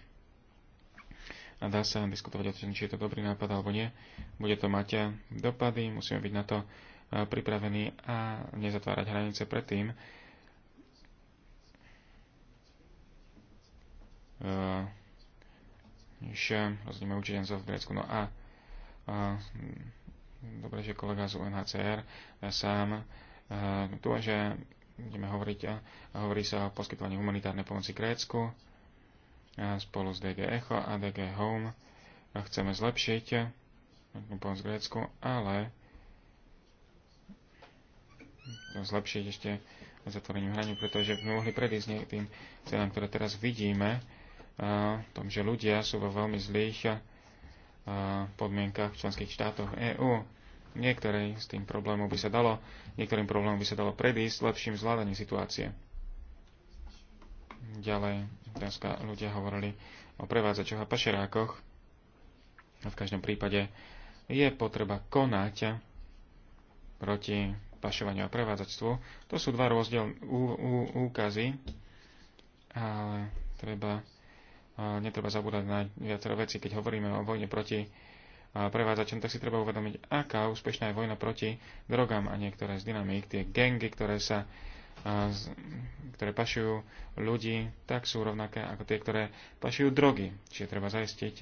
a dá sa diskutovať o tom, či je to dobrý nápad alebo nie. Bude to mať dopady, musíme byť na to pripravení a nezatvárať hranice predtým. než rozhodneme učiteľov v Grécku. No a, a dobre, že kolega z UNHCR sám tu, eh, že budeme hovoriť, a hovorí sa o poskytovaní humanitárnej pomoci Grécku eh, spolu s DG Echo a DG Home. Chceme zlepšiť pomoc Grécku, ale zlepšiť ešte zatvorením hraní, pretože by mohli predísť tým cenám, ktoré teraz vidíme, eh, tom, že ľudia sú vo veľmi zlých podmienkach v členských štátoch EÚ. Niektorým z tým problémov by sa dalo, niektorým problémom by sa dalo predísť lepším zvládaním situácie. Ďalej, dneska ľudia hovorili o prevádzačoch a pašerákoch. A v každom prípade je potreba konať proti pašovaniu a prevádzačstvu. To sú dva rozdiel ú, ú, úkazy, ale treba netreba zabúdať na viacero veci. Keď hovoríme o vojne proti prevádzačom, tak si treba uvedomiť, aká úspešná je vojna proti drogám a niektoré z dynamík, tie gengy, ktoré sa ktoré pašujú ľudí, tak sú rovnaké ako tie, ktoré pašujú drogy. Čiže treba zaistiť,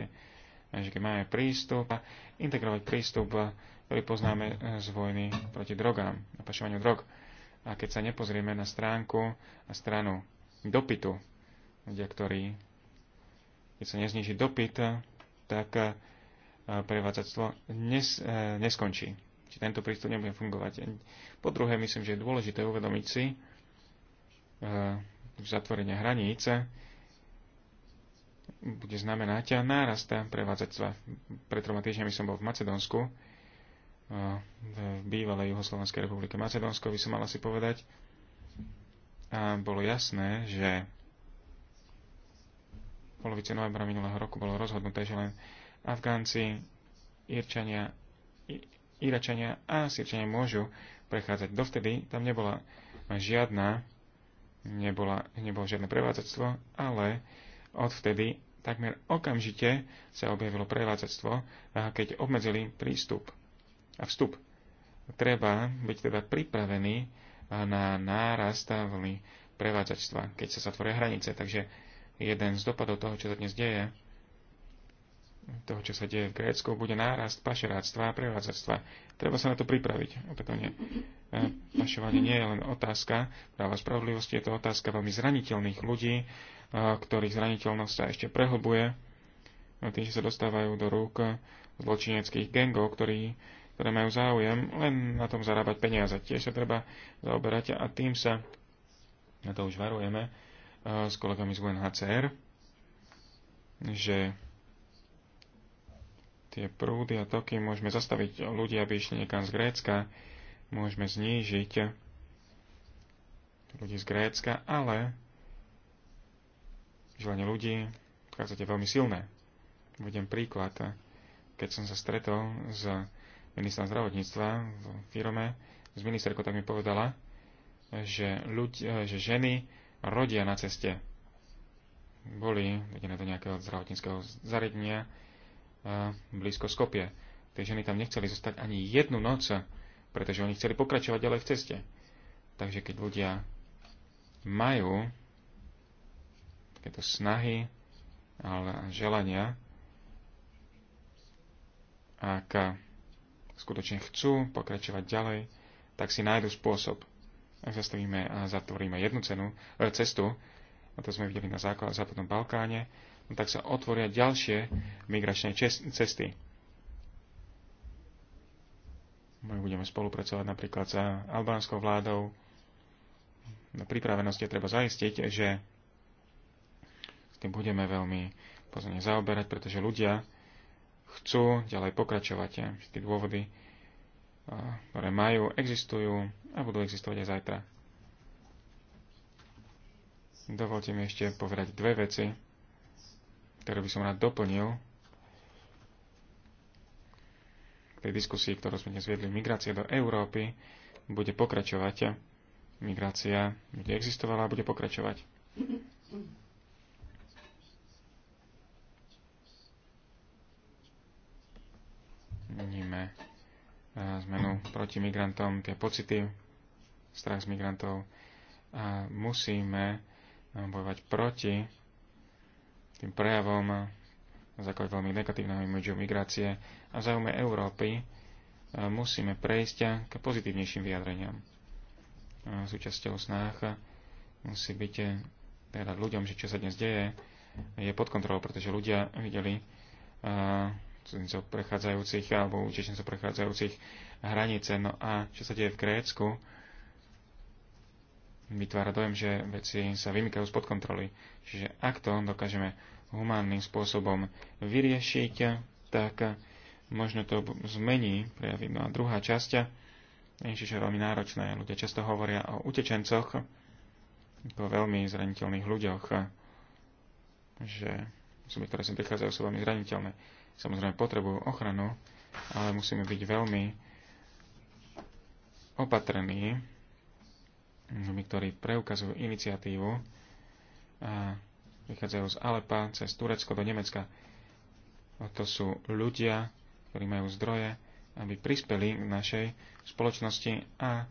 že keď máme prístup, a integrovať prístup, ktorý poznáme e, z vojny proti drogám a pašovaniu drog. A keď sa nepozrieme na stránku a stranu dopytu, ľudia, ktorí keď sa nezniží dopyt, tak eh, prevádzactvo nes, eh, neskončí. Či tento prístup nebude fungovať. Po druhé, myslím, že je dôležité uvedomiť si eh, zatvorenie hranice, bude znamenať nárast prevádzactva. Pred troma týždňami som bol v Macedónsku, v bývalej Juhoslovenskej republike Macedónsko, by som mal asi povedať. A bolo jasné, že polovice novembra minulého roku bolo rozhodnuté, že len Afgánci, Irčania, Iračania a Sirčania môžu prechádzať. Dovtedy tam nebola žiadna, nebola, nebolo žiadne prevádzactvo, ale odvtedy takmer okamžite sa objavilo prevádzactvo, keď obmedzili prístup a vstup. Treba byť teda pripravený na nárast vlny prevádzačstva, keď sa zatvoria hranice. Takže jeden z dopadov toho, čo sa dnes deje, toho, čo sa deje v Grécku, bude nárast pašeráctva a prevádzactva. Treba sa na to pripraviť. Opätovne, e, pašovanie nie je len otázka práva spravodlivosti, je to otázka veľmi zraniteľných ľudí, e, ktorých zraniteľnosť sa ešte prehlbuje, tým, že sa dostávajú do rúk zločineckých gengov, ktorí, ktoré majú záujem len na tom zarábať peniaze. Tiež sa treba zaoberať a tým sa, na to už varujeme, s kolegami z UNHCR, že tie prúdy a toky môžeme zastaviť ľudia, aby išli niekam z Grécka, môžeme znížiť ľudí z Grécka, ale želanie ľudí odchádzate veľmi silné. Budem príklad, keď som sa stretol s ministrom zdravotníctva v firme, s ministerkou, tak mi povedala, že, ľudia, že ženy rodia na ceste. Boli vedené do nejakého zdravotníckého zariadenia blízko Skopie. Tie ženy tam nechceli zostať ani jednu noc, pretože oni chceli pokračovať ďalej v ceste. Takže keď ľudia majú takéto snahy a želania, ak skutočne chcú pokračovať ďalej, tak si nájdu spôsob zastavíme a zatvoríme jednu cenu, e, cestu, a to sme videli na západnom Balkáne, no tak sa otvoria ďalšie migračné cesty. My budeme spolupracovať napríklad s albánskou vládou. Na pripravenosti treba zaistiť, že s tým budeme veľmi pozorne zaoberať, pretože ľudia chcú ďalej pokračovať. Tie dôvody ktoré majú, existujú a budú existovať aj zajtra. Dovolte mi ešte povedať dve veci, ktoré by som rád doplnil k tej diskusii, ktorú sme dnes viedli. Migrácia do Európy bude pokračovať. Migrácia bude existovala a bude pokračovať. Nime zmenu proti migrantom, tie pocity, strach z migrantov a musíme no, bojovať proti tým prejavom za veľmi negatívneho imidžu migrácie a v záujme Európy musíme prejsť k pozitívnejším vyjadreniam. Súčasťou snách musí byť teda ľuďom, že čo sa dnes deje, je pod kontrolou, pretože ľudia videli cudzincov prechádzajúcich alebo utečencov prechádzajúcich hranice. No a čo sa deje v Grécku, vytvára dojem, že veci sa vymykajú spod kontroly. Čiže ak to dokážeme humánnym spôsobom vyriešiť, tak možno to zmení prejavy. No a druhá časť, niečo je veľmi náročné. Ľudia často hovoria o utečencoch, ako o veľmi zraniteľných ľuďoch, že osoby, ktoré sem prichádzajú, sú veľmi zraniteľné samozrejme potrebujú ochranu, ale musíme byť veľmi opatrní, my, ktorí preukazujú iniciatívu a vychádzajú z Alepa cez Turecko do Nemecka. To sú ľudia, ktorí majú zdroje, aby prispeli k našej spoločnosti a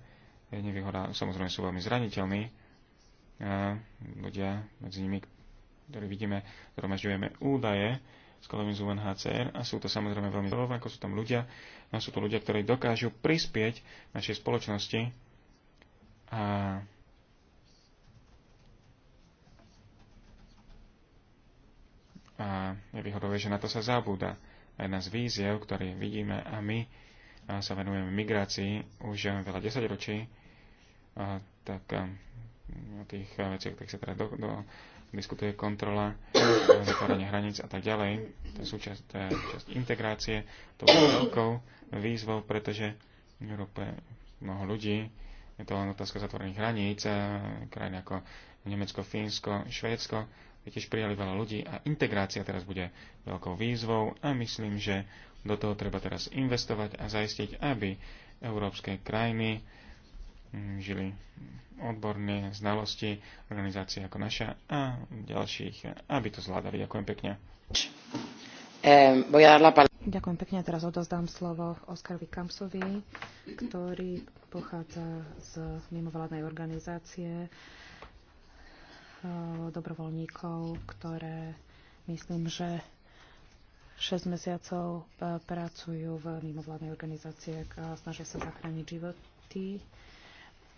nevyhoda, samozrejme sú veľmi zraniteľní. A ľudia medzi nimi, ktorí vidíme, zhromažďujeme údaje s z UNHCR a sú to samozrejme veľmi zaujímavé, ako sú tam ľudia. No sú to ľudia, ktorí dokážu prispieť našej spoločnosti a a je výhodové, že na to sa zabúda. A jedna z víziev, ktoré vidíme a my a sa venujeme migrácii už veľa desaťročí, tak o tých veciach tak sa teda do, do, diskutuje kontrola, zatváranie hraníc a tak ďalej. To je súčasť, to je súčasť integrácie. To je veľkou výzvou, pretože v Európe mnoho ľudí, je to len otázka zatvorených hraníc, krajiny ako Nemecko, Fínsko, Švédsko, tiež prijali veľa ľudí a integrácia teraz bude veľkou výzvou a myslím, že do toho treba teraz investovať a zaistiť, aby európske krajiny žili odborné znalosti organizácie ako naša a ďalších, aby to zvládali. Ďakujem pekne.
Ďakujem pekne. Teraz odozdám slovo Oskarovi Kamsovi, ktorý pochádza z mimovládnej organizácie eh, dobrovoľníkov, ktoré myslím, že 6 mesiacov eh, pracujú v mimovládnej organizácii a snažia sa zachrániť životy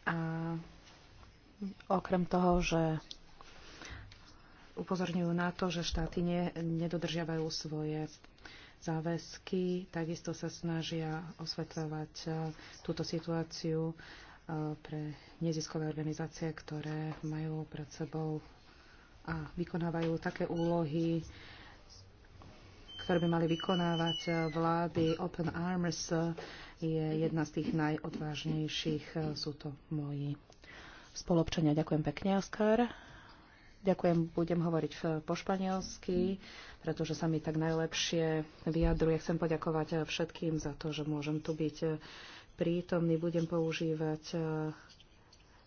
a okrem toho, že upozorňujú na to, že štáty ne, nedodržiavajú svoje záväzky, takisto sa snažia osvetľovať e, túto situáciu e, pre neziskové organizácie, ktoré majú pred sebou a vykonávajú také úlohy, ktoré by mali vykonávať e, vlády Open Arms je jedna z tých najodvážnejších. E, sú to moji spolobčania. Ďakujem pekne, Oskar. Ďakujem, budem hovoriť po španielsky, pretože sa mi tak najlepšie vyjadruje. Chcem poďakovať e, všetkým za to, že môžem tu byť e, prítomný. Budem používať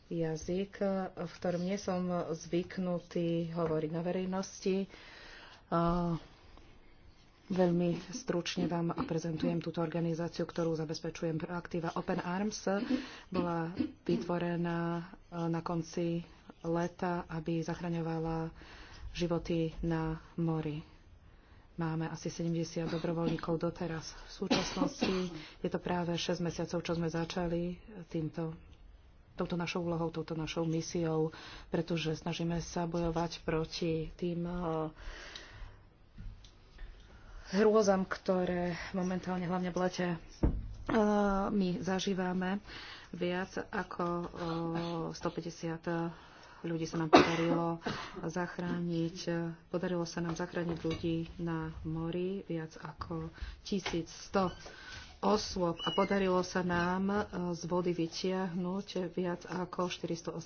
jazyk, v ktorom nie som zvyknutý hovoriť na verejnosti. Veľmi stručne vám prezentujem túto organizáciu, ktorú zabezpečujem. aktíva Open Arms bola vytvorená e, na konci leta, aby zachraňovala životy na mori. Máme asi 70 dobrovoľníkov doteraz. V súčasnosti je to práve 6 mesiacov, čo sme začali týmto touto našou úlohou, touto našou misiou, pretože snažíme sa bojovať proti tým uh, hrôzam, ktoré momentálne hlavne v lete e, my zažívame. Viac ako 150 e, ľudí sa nám podarilo zachrániť. Podarilo sa nám zachrániť ľudí na mori viac ako 1100 osôb a podarilo sa nám e, z vody vytiahnuť viac ako 480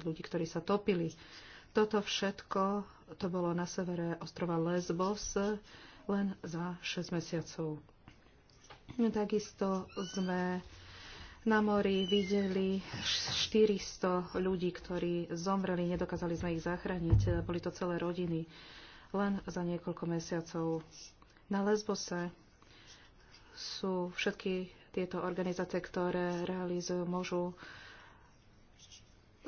ľudí, ktorí sa topili. Toto všetko, to bolo na severe ostrova Lesbos, len za 6 mesiacov. Takisto sme na mori videli 400 ľudí, ktorí zomreli, nedokázali sme ich zachrániť. Boli to celé rodiny len za niekoľko mesiacov. Na Lesbose sú všetky tieto organizácie, ktoré realizujú, môžu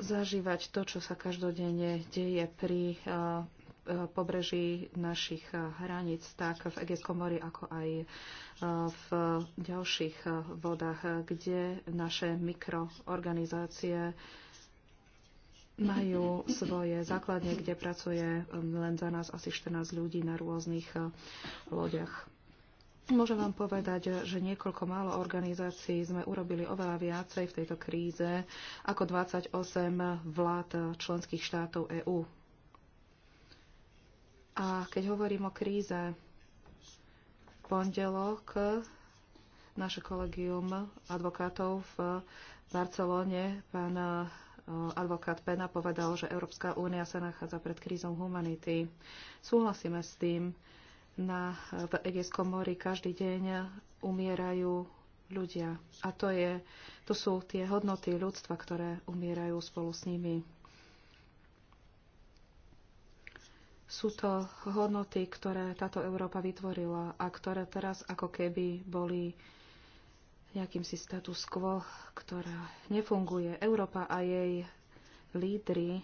zažívať to, čo sa každodenne deje pri eh, pobreží našich hraníc, tak v Egejskom mori, ako aj e, v ďalších e, vodách, kde naše mikroorganizácie majú svoje základne, kde pracuje len za nás asi 14 ľudí na rôznych e, loďach. Môžem vám povedať, že niekoľko málo organizácií sme urobili oveľa viacej v tejto kríze ako 28 vlád členských štátov EÚ a keď hovorím o kríze, v pondelok naše kolegium advokátov v Barcelone, pán e, advokát Pena povedal, že Európska únia sa nachádza pred krízou humanity. Súhlasíme s tým. Na, v Egejskom mori každý deň umierajú ľudia. A to, je, to sú tie hodnoty ľudstva, ktoré umierajú spolu s nimi. Sú to hodnoty, ktoré táto Európa vytvorila a ktoré teraz ako keby boli nejakým si status quo, ktorá nefunguje. Európa a jej lídry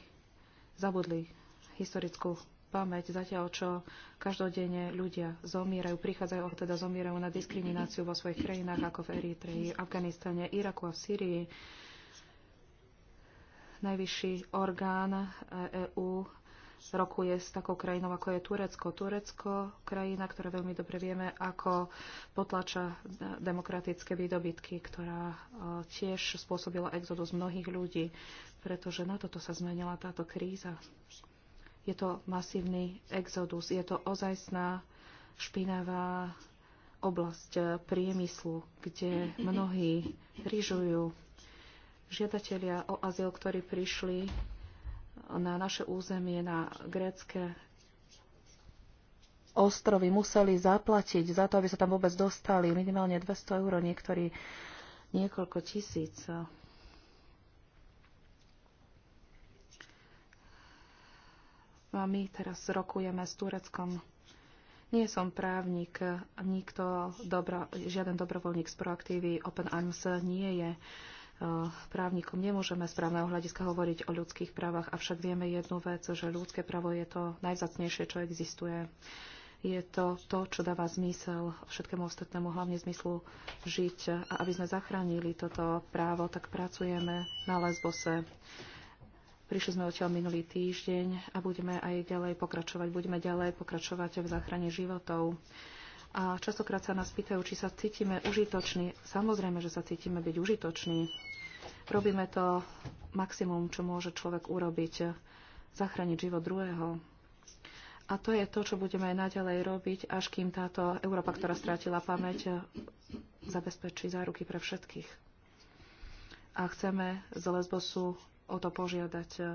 zabudli historickú pamäť, zatiaľ čo každodenne ľudia zomierajú, prichádzajú, teda zomierajú na diskrimináciu vo svojich krajinách, ako v Eritreji, Afganistane, Iraku a v Syrii. Najvyšší orgán EÚ e rokuje s takou krajinou, ako je Turecko. Turecko, krajina, ktorá veľmi dobre vieme, ako potlača demokratické výdobytky, ktorá e, tiež spôsobila exodus mnohých ľudí, pretože na toto sa zmenila táto kríza. Je to masívny exodus, je to ozajstná špinavá oblasť e, priemyslu, kde mnohí ryžujú žiadatelia o azyl, ktorí prišli na naše územie, na grécké ostrovy museli zaplatiť za to, aby sa tam vôbec dostali minimálne 200 eur, niektorí niekoľko tisíc. A my teraz rokujeme s Tureckom. Nie som právnik, nikto, dobro, žiaden dobrovoľník z Proaktívy Open Arms nie je právnikom nemôžeme z právneho hľadiska hovoriť o ľudských právach, avšak vieme jednu vec, že ľudské právo je to najzacnejšie, čo existuje. Je to to, čo dáva zmysel všetkému ostatnému, hlavne zmyslu žiť. A aby sme zachránili toto právo, tak pracujeme na lesbose. Prišli sme odtiaľ minulý týždeň a budeme aj ďalej pokračovať. Budeme ďalej pokračovať v záchrane životov a častokrát sa nás pýtajú, či sa cítime užitoční. Samozrejme, že sa cítime byť užitoční. Robíme to maximum, čo môže človek urobiť. Zachrániť život druhého. A to je to, čo budeme aj naďalej robiť, až kým táto Európa, ktorá strátila pamäť, zabezpečí záruky pre všetkých. A chceme z Lesbosu o to požiadať.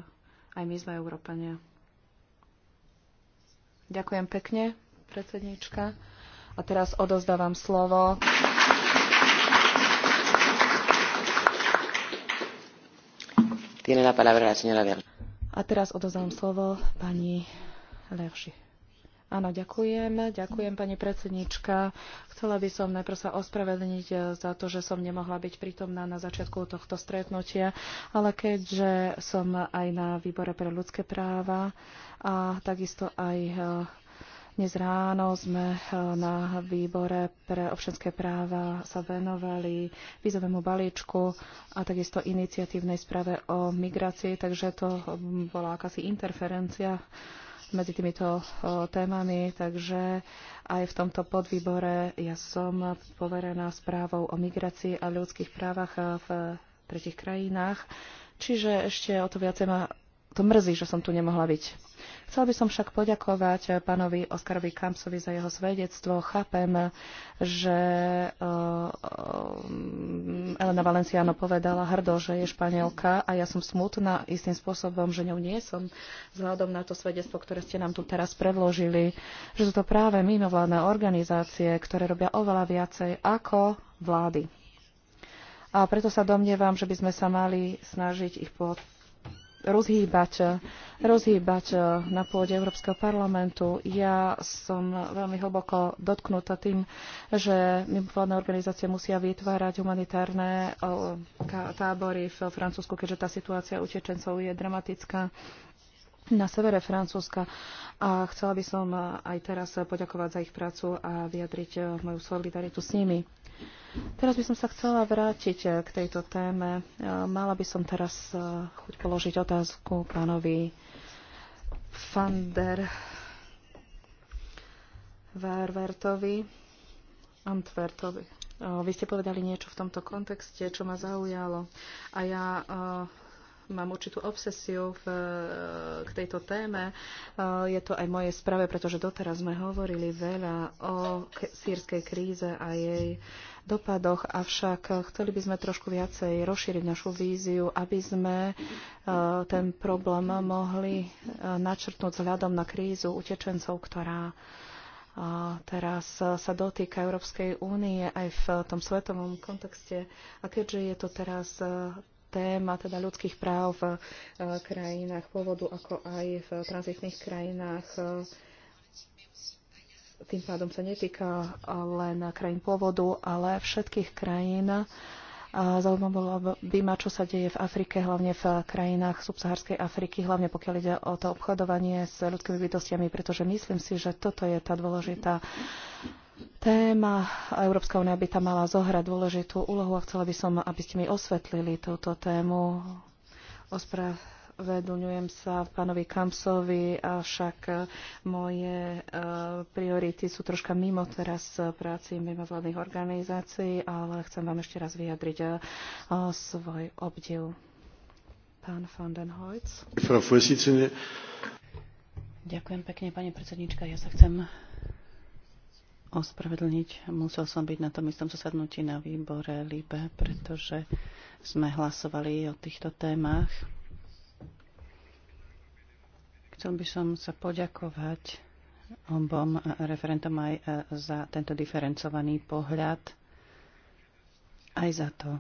Aj my sme Európania. Ďakujem pekne, predsedníčka. A teraz odozdávam slovo.
Tiene la palabra la señora Berger.
A teraz odozdávam slovo pani Lerši. Áno, ďakujem. Ďakujem, pani predsednička. Chcela by som najprv sa ospravedlniť eh, za to, že som nemohla byť prítomná na začiatku tohto stretnutia, ale keďže som aj na výbore pre ľudské práva a takisto aj eh, dnes ráno sme eh, na výbore pre občanské práva sa venovali vízovému balíčku a takisto iniciatívnej správe o migrácii, takže to hm, bola akási interferencia medzi týmito eh, témami, takže aj v tomto podvýbore ja som poverená správou o migrácii a ľudských právach eh, v tretich krajinách. Čiže ešte o to viacej ma to mrzí, že som tu nemohla byť. Chcela by som však poďakovať eh, pánovi Oskarovi Kampsovi za jeho svedectvo. Chápem, že eh, eh, Elena Valenciano povedala hrdo, že je španielka a ja som smutná istým spôsobom, že ňou nie som vzhľadom na to svedectvo, ktoré ste nám tu teraz predložili, že sú to práve mimovládne organizácie, ktoré robia oveľa viacej ako vlády. A preto sa domnievam, že by sme sa mali snažiť ich podporovať rozhýbať, rozhýbať na pôde Európskeho parlamentu. Ja som veľmi hlboko dotknutá tým, že mimovládne organizácie musia vytvárať humanitárne tábory v Francúzsku, keďže tá situácia utečencov je dramatická na severe Francúzska a chcela by som aj teraz poďakovať za ich prácu a vyjadriť moju solidaritu s nimi. Teraz by som sa chcela vrátiť eh, k tejto téme. Eh, mala by som teraz eh, chuť položiť otázku pánovi van der Verwertovi. Antwertovi. Vy ste povedali niečo v tomto kontexte, čo ma zaujalo. A ja mám určitú obsesiu v, eh, k tejto téme. Eh, je to aj moje sprave, pretože doteraz sme hovorili veľa o sírskej kríze a jej dopadoch, avšak eh, chceli by sme trošku viacej rozšíriť našu víziu, aby sme ten problém mohli načrtnúť vzhľadom na krízu utečencov, ktorá teraz sa dotýka Európskej únie aj v tom svetovom kontexte. A keďže je to teraz téma teda ľudských práv v e, krajinách pôvodu, ako aj v tranzitných krajinách. E, tým pádom sa netýka len krajín pôvodu, ale všetkých krajín. E, Zaujímavé by ma, čo sa deje v Afrike, hlavne v krajinách subsaharskej Afriky, hlavne pokiaľ ide o to obchodovanie s ľudskými bytostiami, pretože myslím si, že toto je tá dôležitá téma Európska únia by tam mala zohrať dôležitú úlohu a chcela by som, aby ste mi osvetlili túto tému. Ospravedlňujem sa pánovi Kamsovi, avšak moje e, priority sú troška mimo teraz práci mimovládnych organizácií, ale chcem vám ešte raz vyjadriť e, svoj obdiv. Pán van den Hoyc. Ďakujem
pekne, pani predsednička. Ja sa chcem ospravedlniť. Musel som byť na tom istom zasadnutí na výbore LIBE, pretože sme hlasovali o týchto témach. Chcel by som sa poďakovať obom referentom aj e, za tento diferencovaný pohľad, aj za to,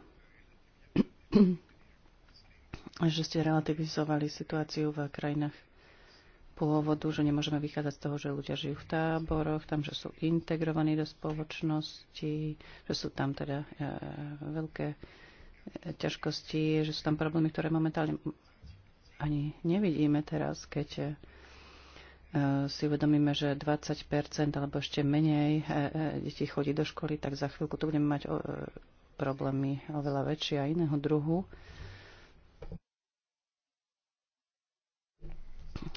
že ste relativizovali situáciu v krajinách pôvodu, že nemôžeme vychádzať z toho, že ľudia žijú v táboroch, tam, že sú integrovaní do spoločnosti, že sú tam teda e, veľké e, ťažkosti, že sú tam problémy, ktoré momentálne ani nevidíme teraz, keď e, si uvedomíme, že 20% alebo ešte menej e, detí chodí do školy, tak za chvíľku tu budeme mať problémy oveľa väčšie a iného druhu.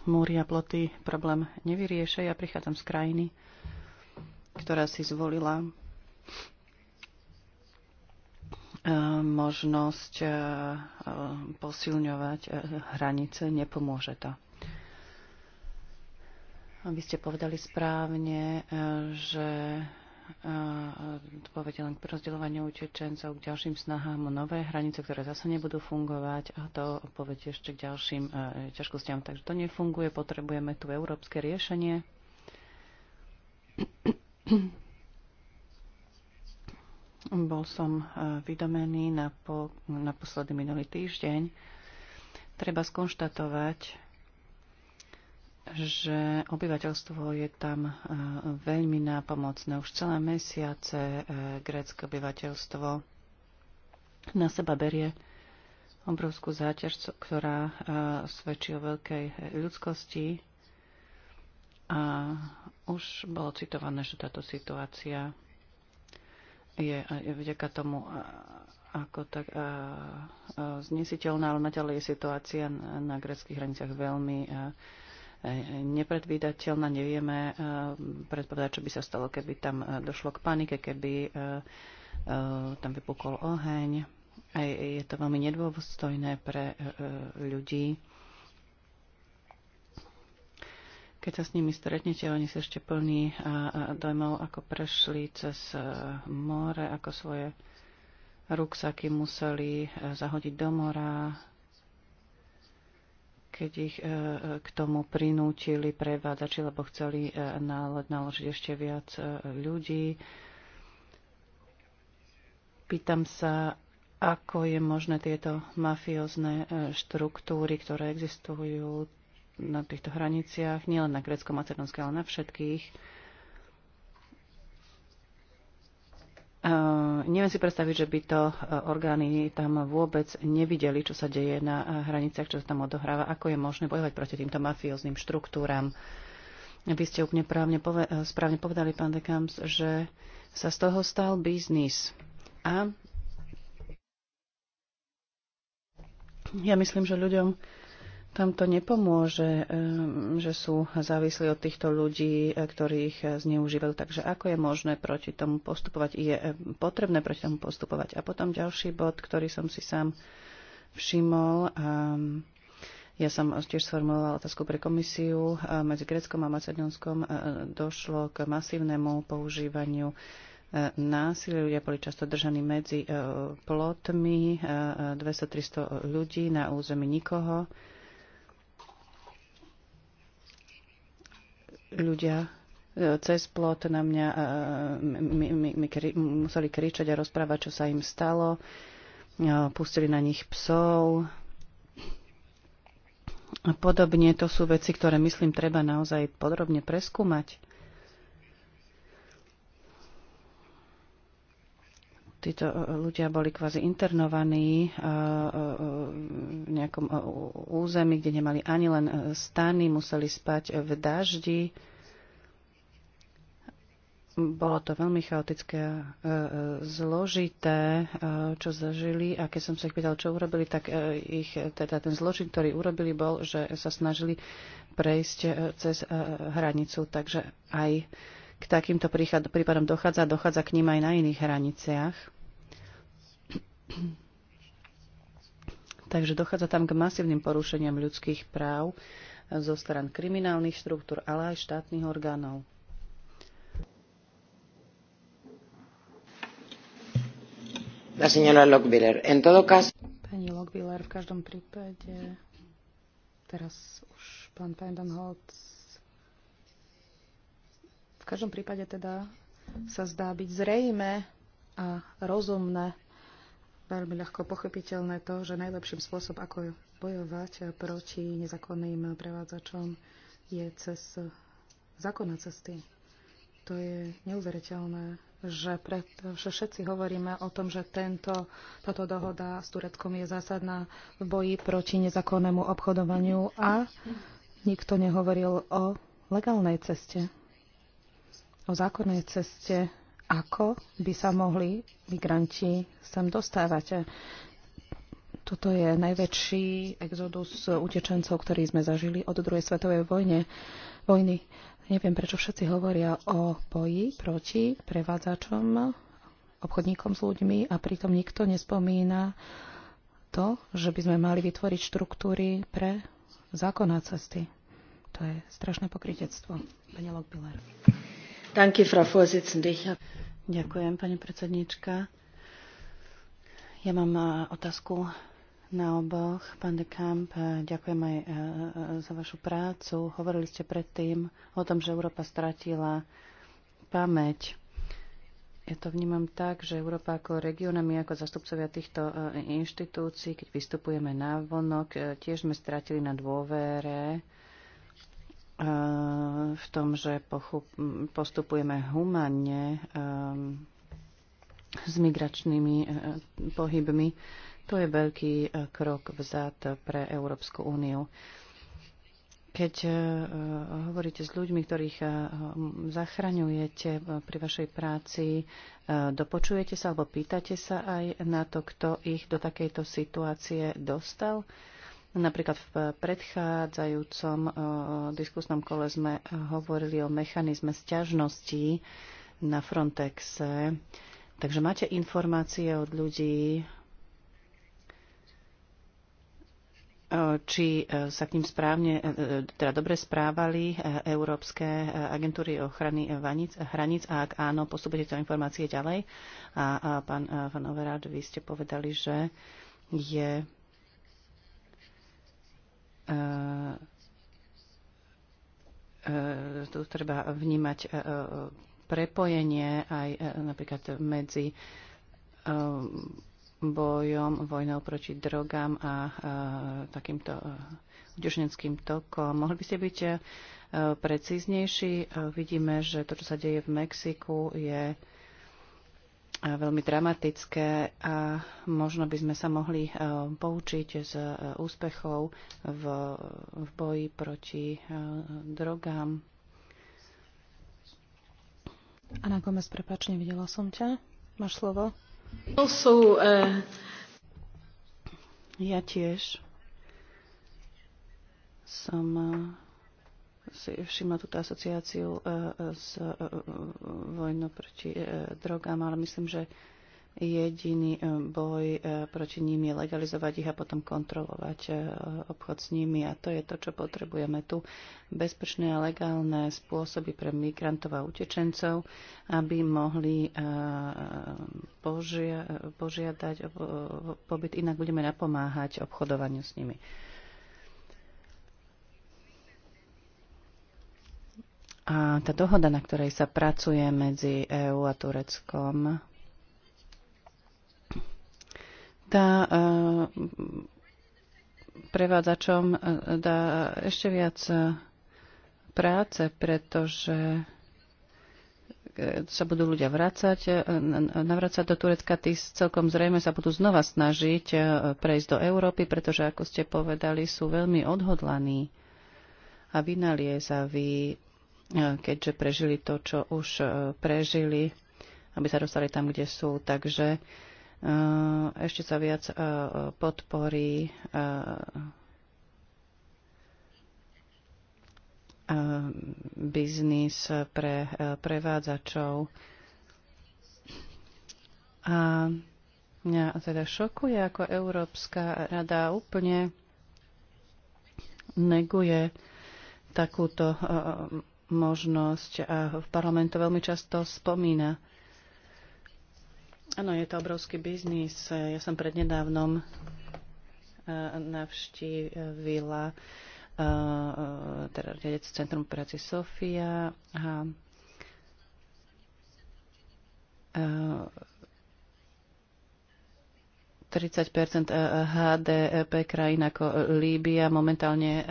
múry a ploty problém nevyriešia. Ja prichádzam z krajiny, ktorá si zvolila e, možnosť e, posilňovať e, hranice. Nepomôže to. Aby ste povedali správne, že povede len k rozdeľovaniu utečencov, k ďalším snahám o nové hranice, ktoré zase nebudú fungovať a to povede ešte k ďalším e, ťažkostiam. Takže to nefunguje, potrebujeme tu európske riešenie. Bol som e, vydomený na naposledy minulý týždeň. Treba skonštatovať, že obyvateľstvo je tam e, veľmi nápomocné. Už celé mesiace e, grécke obyvateľstvo na seba berie obrovskú záťaž, ktorá e, svedčí o veľkej ľudskosti. A už bolo citované, že táto situácia je vďaka tomu ako tak a, a, znesiteľná, ale naďalej je situácia na, na greckých hraniciach veľmi a, nepredvídateľná. Nevieme eh, predpovedať, čo by sa stalo, keby tam eh, došlo k panike, keby eh, tam vypukol oheň. A je to veľmi nedôstojné pre ľudí. Keď sa s nimi stretnete, oni sa ešte plní dojmov, ako prešli cez more, ako svoje ruksaky museli zahodiť do mora, keď ich e, e, k tomu prinútili prevádzači, lebo chceli e, naložiť ešte viac ľudí. Pýtam sa, ako je možné tieto mafiózne štruktúry, ktoré existujú na týchto hraniciach, nielen na grecko-macedonskej, ale na všetkých, Ehm, neviem si predstaviť, že by to e, orgány tam vôbec nevideli, čo sa deje na e, hraniciach, čo sa tam odohráva, ako je možné bojovať proti týmto mafióznym štruktúram. Vy ste úplne právne pove- e, správne povedali, pán Dekams, že sa z toho stal biznis. A ja myslím, že ľuďom tam to nepomôže, ehm, že sú závislí od týchto ľudí, e, ktorých e, zneužívajú. Takže ako je možné proti tomu postupovať? Je e, potrebné proti tomu postupovať. A potom ďalší bod, ktorý som si sám všimol. Ehm, ja som tiež sformulovala otázku pre komisiu. Medzi Greckom a Macedónskom došlo k masívnemu používaniu násilie. Ľudia boli často držaní medzi plotmi 200-300 ľudí na území nikoho ľudia e, cez plot na mňa my, my, my kri, museli kričať a rozprávať, čo sa im stalo. E, pustili na nich psov. A podobne to sú veci, ktoré myslím treba naozaj podrobne preskúmať. títo e, ľudia boli kvázi internovaní e, e, v nejakom území, kde nemali ani len stany, museli spať v daždi. Bolo to veľmi chaotické a zložité, čo zažili. A keď som sa ich pýtal, čo urobili, tak ich, teda ten zločin, ktorý urobili, bol, že sa snažili prejsť cez hranicu. Takže aj k takýmto prípadom dochádza, dochádza k ním aj na iných hraniciach. Takže dochádza tam k masívnym porušeniam ľudských práv zo stran kriminálnych štruktúr, ale aj štátnych orgánov. La señora Lockbiller. En todo caso...
Pani Lockbiller, v každom prípade teraz už pán Pendenholz, v každom prípade teda sa zdá byť zrejme a rozumné, veľmi ľahko pochopiteľné to, že najlepším spôsob, ako bojovať proti nezákonným prevádzačom, je cez zákonné cesty. To je neuveriteľné, že, pred, že všetci hovoríme o tom, že tento, táto dohoda s Tureckom je zásadná v boji proti nezákonnému obchodovaniu a nikto nehovoril o legálnej ceste, o zákonnej ceste ako by sa mohli migranti sem dostávať. Toto je najväčší exodus utečencov, ktorý sme zažili od druhej svetovej vojne, vojny. Neviem, prečo všetci hovoria o boji proti prevádzačom, obchodníkom s ľuďmi a pritom nikto nespomína to, že by sme mali vytvoriť štruktúry pre zákonné cesty. To je strašné pokritectvo. Penelok Biller.
Ďakujem, pani predsedníčka. Ja mám e, otázku na oboch. Pán de Kamp, e, ďakujem aj e, za vašu prácu. Hovorili ste predtým o tom, že Európa stratila pamäť. Ja to vnímam tak, že Európa ako my ako zastupcovia týchto inštitúcií, keď vystupujeme na vonok, tiež sme stratili na dôvere v tom, že postupujeme humanne ehm, s migračnými e, pohybmi. To je veľký e, krok vzad pre Európsku úniu. Keď e, hovoríte s ľuďmi, ktorých zachraňujete pri vašej práci, dopočujete sa alebo pýtate sa aj na to, kto ich do takejto situácie dostal? Napríklad v predchádzajúcom eh, diskusnom kole sme hovorili o mechanizme sťažnosti na Frontexe. Takže máte informácie od ľudí, eh, či eh, sa k ním správne, teda dobre správali európske agentúry ochrany hraníc a ak áno, postupujete to informácie ďalej. A, a pán Van Overard, vy ste povedali, že je E, e, tu treba vnímať e, prepojenie aj napríklad medzi bojom, vojnou proti drogám a takýmto udržneckým tokom. Mohli by ste byť precíznejší? Vidíme, že to, čo sa deje v Mexiku, je veľmi dramatické a možno by sme sa mohli e, poučiť z e, úspechov v, v boji proti e, drogám.
Ana Gomez, prepačne, videla som ťa. Máš slovo?
Also, uh... Ja tiež som si všimla túto asociáciu e, e, s e, vojnou proti drogám, ale myslím, že jediný boj proti ním je legalizovať ich a potom kontrolovať obchod s nimi. A to je to, čo potrebujeme tu. Bezpečné a legálne spôsoby pre migrantov a utečencov, aby mohli požia- požiadať o pobyt, inak budeme napomáhať obchodovaniu s nimi. A tá dohoda, na ktorej sa pracuje medzi EÚ a Tureckom, tá e, prevádzačom e, dá ešte viac e, práce, pretože sa budú ľudia vracať, navracať do Turecka, tí celkom zrejme sa budú znova snažiť prejsť do Európy, pretože, ako ste povedali, sú veľmi odhodlaní a vynaliezaví keďže prežili to, čo už e, prežili, aby sa dostali tam, kde sú. Takže e, ešte sa viac e, podporí biznis pre prevádzačov. A mňa teda šokuje, ako Európska rada úplne neguje takúto možnosť a v parlamentu veľmi často spomína. Áno, je to obrovský biznis. Ja som prednedávnom e, navštívila e, e, teda riadec Centrum práce Sofia a 30 eh, eh, HDP krajín ako eh, Líbia momentálne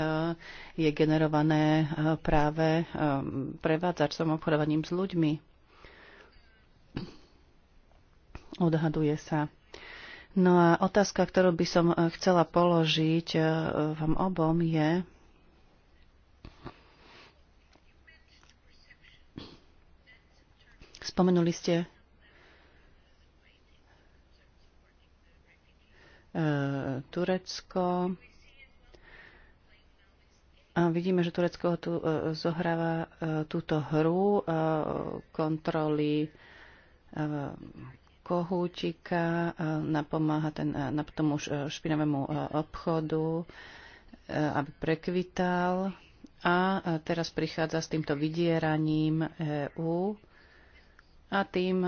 je generované práve prevádzačom obchodovaním s ľuďmi. Odhaduje sa. No a otázka, ktorú by som chcela položiť vám obom je, spomenuli ste E, Turecko. A vidíme, že Turecko tu e, zohráva e, túto hru kontroly kohútika, napomáha ten, na tomu špinavému obchodu, aby prekvital. A teraz prichádza s týmto vydieraním EÚ a tým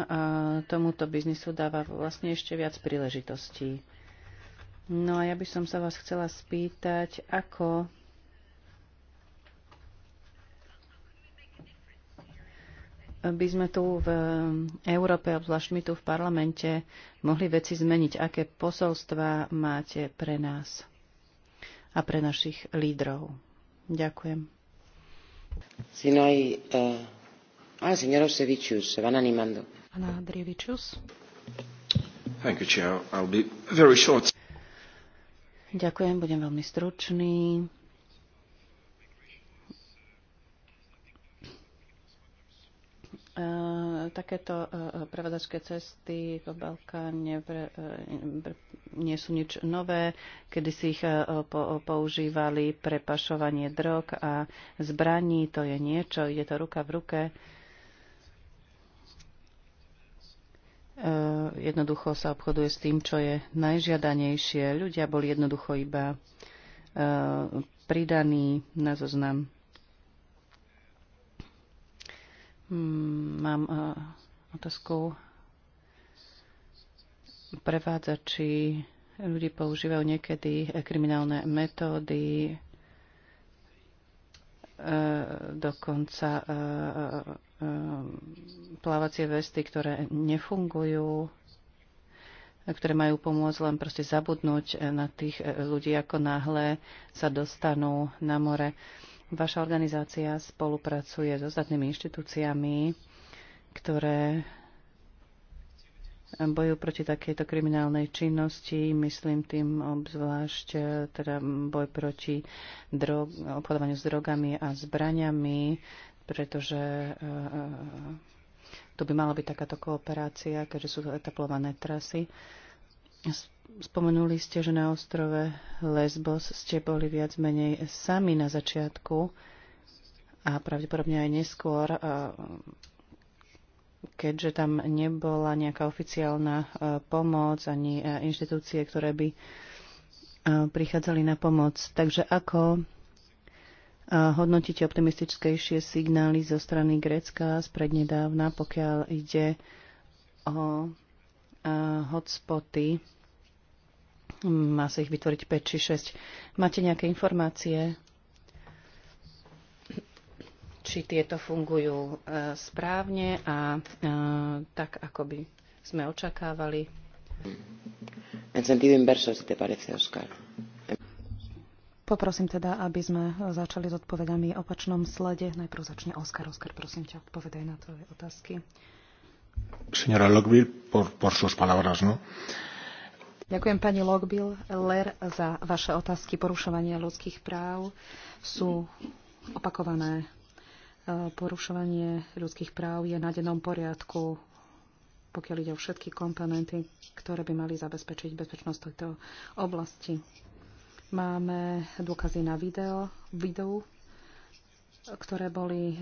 tomuto biznisu dáva vlastne ešte viac príležitostí. No a ja by som sa vás chcela spýtať, ako by sme tu v Európe, obzvlášť my tu v parlamente, mohli veci zmeniť. Aké posolstva máte pre nás a pre našich lídrov? Ďakujem.
Si uh, eh, ah, señor Osevičius, van animando.
Ana Drievičius.
Thank you, Chair. I'll be very short.
Ďakujem,
budem veľmi stručný. E, takéto e, e, prevádzačské cesty po Balkáne pre, pre, nie sú nič nové. Kedy si ich po, používali pre pašovanie drog a zbraní, to je niečo, ide to ruka v ruke. Eh, jednoducho sa obchoduje s tým, čo je najžiadanejšie. Ľudia boli jednoducho iba eh, pridaní na zoznam. Hmm, mám eh, otázku. Prevádzači ľudí používajú niekedy kriminálne metódy, dokonca Ehm, plávacie vesty, ktoré nefungujú, ktoré majú pomôcť len proste zabudnúť e, na tých e, ľudí, ako náhle sa dostanú na more. Vaša organizácia spolupracuje s ostatnými inštitúciami, ktoré bojujú proti takejto kriminálnej činnosti, myslím tým obzvlášť e, teda boj proti drog, obchodovaniu s drogami a zbraniami, pretože e, e, to by mala byť takáto kooperácia, keďže sú to etablované trasy. Spomenuli ste, že na ostrove Lesbos ste boli viac menej sami na začiatku a pravdepodobne aj neskôr, e, keďže tam nebola nejaká oficiálna pomoc ani inštitúcie, ktoré by prichádzali na pomoc. Takže ako hodnotíte optimistickejšie signály zo strany Grécka sprednedávna, pokiaľ ide o hotspoty. Má sa ich vytvoriť 5 či 6. Máte nejaké informácie, či tieto fungujú e, správne a e, tak, ako by sme očakávali? En sentido inverso, si te parece, Oscar.
Poprosím teda, aby sme začali s odpovedami v opačnom slede. Najprv začne Oskar. Oskar, prosím ťa, odpovedaj na tvoje otázky.
Señora Lockbill, por, por sus palabras, no?
Ďakujem pani Lockville Ler za vaše otázky. Porušovanie ľudských práv sú opakované. E, porušovanie ľudských práv je na dennom poriadku pokiaľ ide o všetky komponenty, ktoré by mali zabezpečiť bezpečnosť tejto oblasti. Máme dôkazy na video, videu, ktoré boli eh,